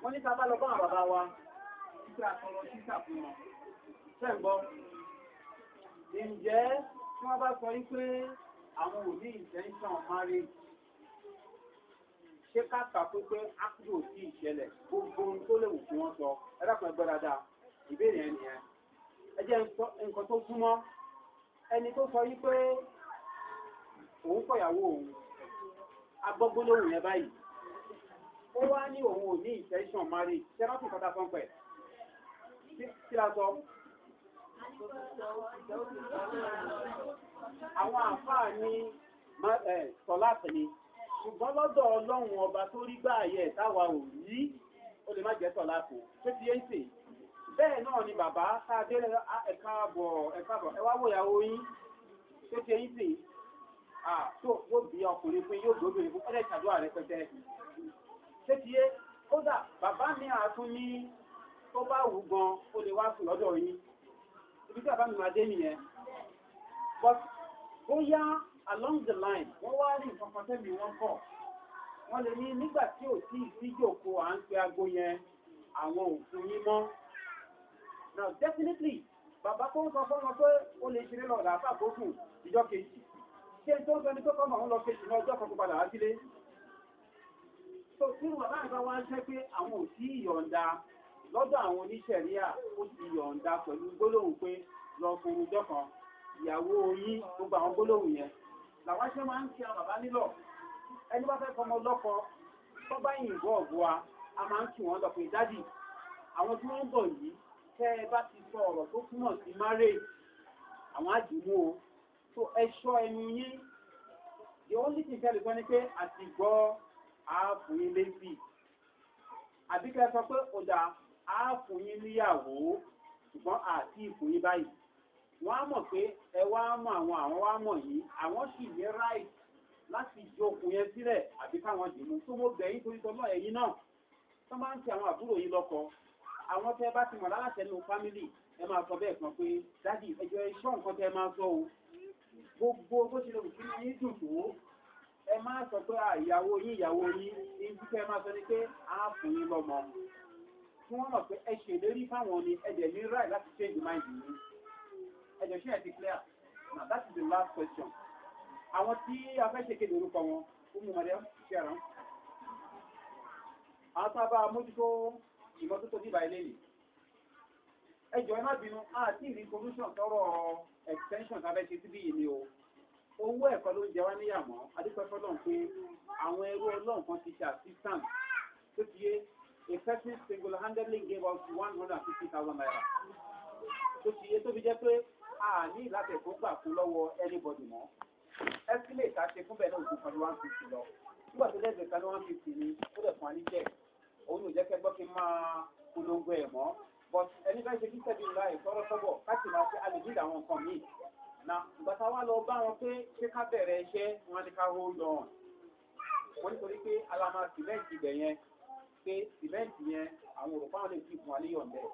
wọ́n ní sábà lọ bá àwọn bàbá wa títí àtọrọ títà fún wọn ṣe ń gbọ́ ǹjẹ́ tí wọ́n bá marriage ṣé ká kà fún pé ápùdù ò sí ìṣẹ̀lẹ̀ gbogbo ohun tó léwu fún wọn sọ ẹlẹ́kùnrin gbọ́ dáadáa ìbéèrè ẹni yẹn ẹ jẹ́ nǹkan tó súnmọ́ ẹni tó sọ wípé òun kọ̀yàwó òun agbọ́gbólóhùn yẹn báyìí ó wá ní òun ò ní ìtẹ́sán mari ṣẹ́rántì kọ́ta fọ́npẹ̀ sí la sọ àwọn àǹfààní sọlá tẹ̀lé ṣùgbọ́n lọ́dọ̀ ọlọ́run ọba tó rí gbáàyè táwa ò rí o lè má jẹ́ tọ̀ lápò tó ti ń sè bẹ́ẹ̀ náà ni bàbá sáadé ẹ̀ka àbọ̀ ẹ̀ka àbọ̀ ẹwà wòyàwó yín tó ti ń sè tó yóò bí ọkùnrin fún yóò gbóbìnrin fún ọdẹ ìṣàdúrà rẹ pẹtẹ tó ti yé kódà bàbá mi àtún ní tó bá wù gan ó lè wá sùn lọ́dọ̀ yín ibi tí bàbá mi máa dé nìyẹn bóyá along the line wọ́n wá rí nǹkan kan tẹ́mi wọ́n kọ̀ wọ́n lè ní nígbà tí ò tí ìsíjòkó à ń pe aago yẹn àwọn òfin yín mọ́ now definitely bàbá kó ń sọ fọ́mọ pé ó lè ṣeré lọ́ọ̀dà àfàgbókù ìjọ kejì ṣe tó ń sọ ní tó kọ́ mọ̀ ń lọ kejì náà ọjọ́ kan tó padà wá sílé so tí wọ́n láì bá wá ń ṣẹ́ pé àwọn ò sí ìyọ̀ǹda lọ́dọ̀ àwọn oníṣẹ̀ríà ó ti yọ̀ǹda pẹ̀lú gbólóhùn pé lọ fún ọjọ́ kan ìyàwó yín gbogbo àwọn gbólóhùn yẹn làwọn ṣe máa ń kí àwọn bàbá nílọ̀ ẹni bá fẹ́ fọmọ lọ́kọ tó bá yìnbọn ọ̀gbọ́ wa a máa ń kí wọ́n lọ pé dádì àwọn tí wọ́n bọ̀ yìí tẹ́ ẹ bá ti sọ ọ̀rọ̀ tó túmọ̀ sí marriage àwọn àdìmú o so ẹ ẹnu yín the only thing tẹ́lẹ̀ sọ ni pé àti gbọ́ ààfù yín létí àbíkẹ́ sọ pé ọ̀dà ààfù yín níyàwó ṣùgbọ́n àti ìfòyín báyìí wọ́n á mọ̀ pé ẹ wá mọ̀ àwọn àwọn wá mọ̀ yìí àwọn sì ní ráì láti yọ okùn yẹn sílẹ̀ àbí káwọn dìmú tó mo bẹ̀yìn torí tọ́lọ́ ẹ̀yìn náà tó máa ń ti àwọn àbúrò yìí lọ́kọ àwọn tẹ́ bá ti mọ̀ láláṣẹ nínú fámìlì ẹ máa sọ bẹ́ẹ̀ kan pé dádì ẹjọ́ iṣọ́ nǹkan tẹ́ máa sọ o gbogbo bó ṣe lè wù kí ní dùn tó ẹ máa sọ pé ìyàwó yín ìyàwó yín ní kíkẹ́ máa sọ ní pé a fún yín lọ́mọ tí wọ́n mọ̀ pé ẹ ṣèlérí fáwọn ni ẹ dẹ̀ ní ráì láti ṣe ìdìmáìdì yìí ẹ̀jọ̀ ṣe ẹ̀ declare now that is the last question àwọn tí a fẹ́ ṣe kéde orúkọ wọn fún mọ̀dé ṣe ara àwọn tá a bá mójútó ìmọ́tótó níbà ilé yìí ẹjọ́ ẹ má bínú àti ìrí solution tọrọ extension tàbí ṣe síbí yìí ni o owó ẹ̀kọ́ ló jẹ wá níyàmọ́ adúpẹ́ fọlọ́n pé àwọn ẹrú ọlọ́run kan ti ṣe assistant tó ti yé a person single handedly gave us one hundred and fifty thousand naira tó ti yé tó fi jẹ́ pé àní láti ẹ̀kọ́ gbà fún lọ́wọ́ anybody mọ́ escalate tá a ṣe fún bẹ́ẹ̀ náà òkú kan ní one fifty lọ nígbà tó lẹ́gbẹ̀ẹ́ kan ní one fifty ni ó dẹ̀ fún wa ní jẹ́ òun ò jẹ́ kẹ́ gbọ́ kí n máa polongo ẹ̀ mọ́ but ẹni bá ṣe kí sẹ́bi ńlá ẹ̀ tọ́rọ́ sọ́bọ̀ káàkiri máa ṣe alèjì àwọn nǹkan míì na ìgbà tá a wá lọ bá wọn pé ṣé ká bẹ̀rẹ̀ iṣẹ́ wọn ni ká hold on wọ́n nítorí pé alama sìmẹ́ǹtì ibẹ̀ yẹn pé sìmẹ́ǹtì yẹn àwọn òrùka wọn lè fi fún wa níyọ̀ǹdẹ̀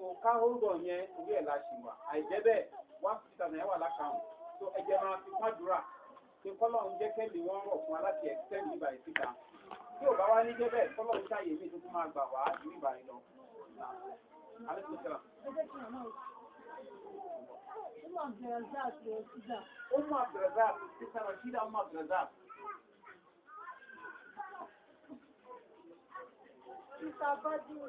so ká hóńdọ̀ yẹn orí ẹ̀ la ṣì wà àìjẹ́ bẹ́ẹ̀ one fifty naira wà lákàrún so ẹ̀jẹ̀ máa fi pàdúrà ṣe kọ́lọ̀ ń jẹ́ kẹ́lì wọ́n rọ̀ fún aláti ẹ̀kẹ́ ní ìbà ìsìta tí ò bá wá ní ń ṣàyè mí máa gbà wá ní Ọmọ Abdulrazak Ọmọ Abdulrazak ọmọ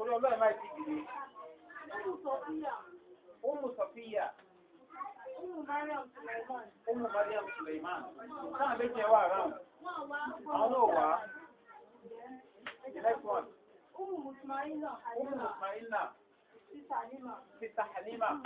torí ọlọ́run máa ti dìde. Umu Sọfíyà. Umu Mariam Suleiman. Umu Mariam Suleiman. Táwọn méjì ẹ wà ráhùn. Àwọn náà wá. The next one. Umu Musmaila. Umu Musmaila. Sita Halima. Sita Halima.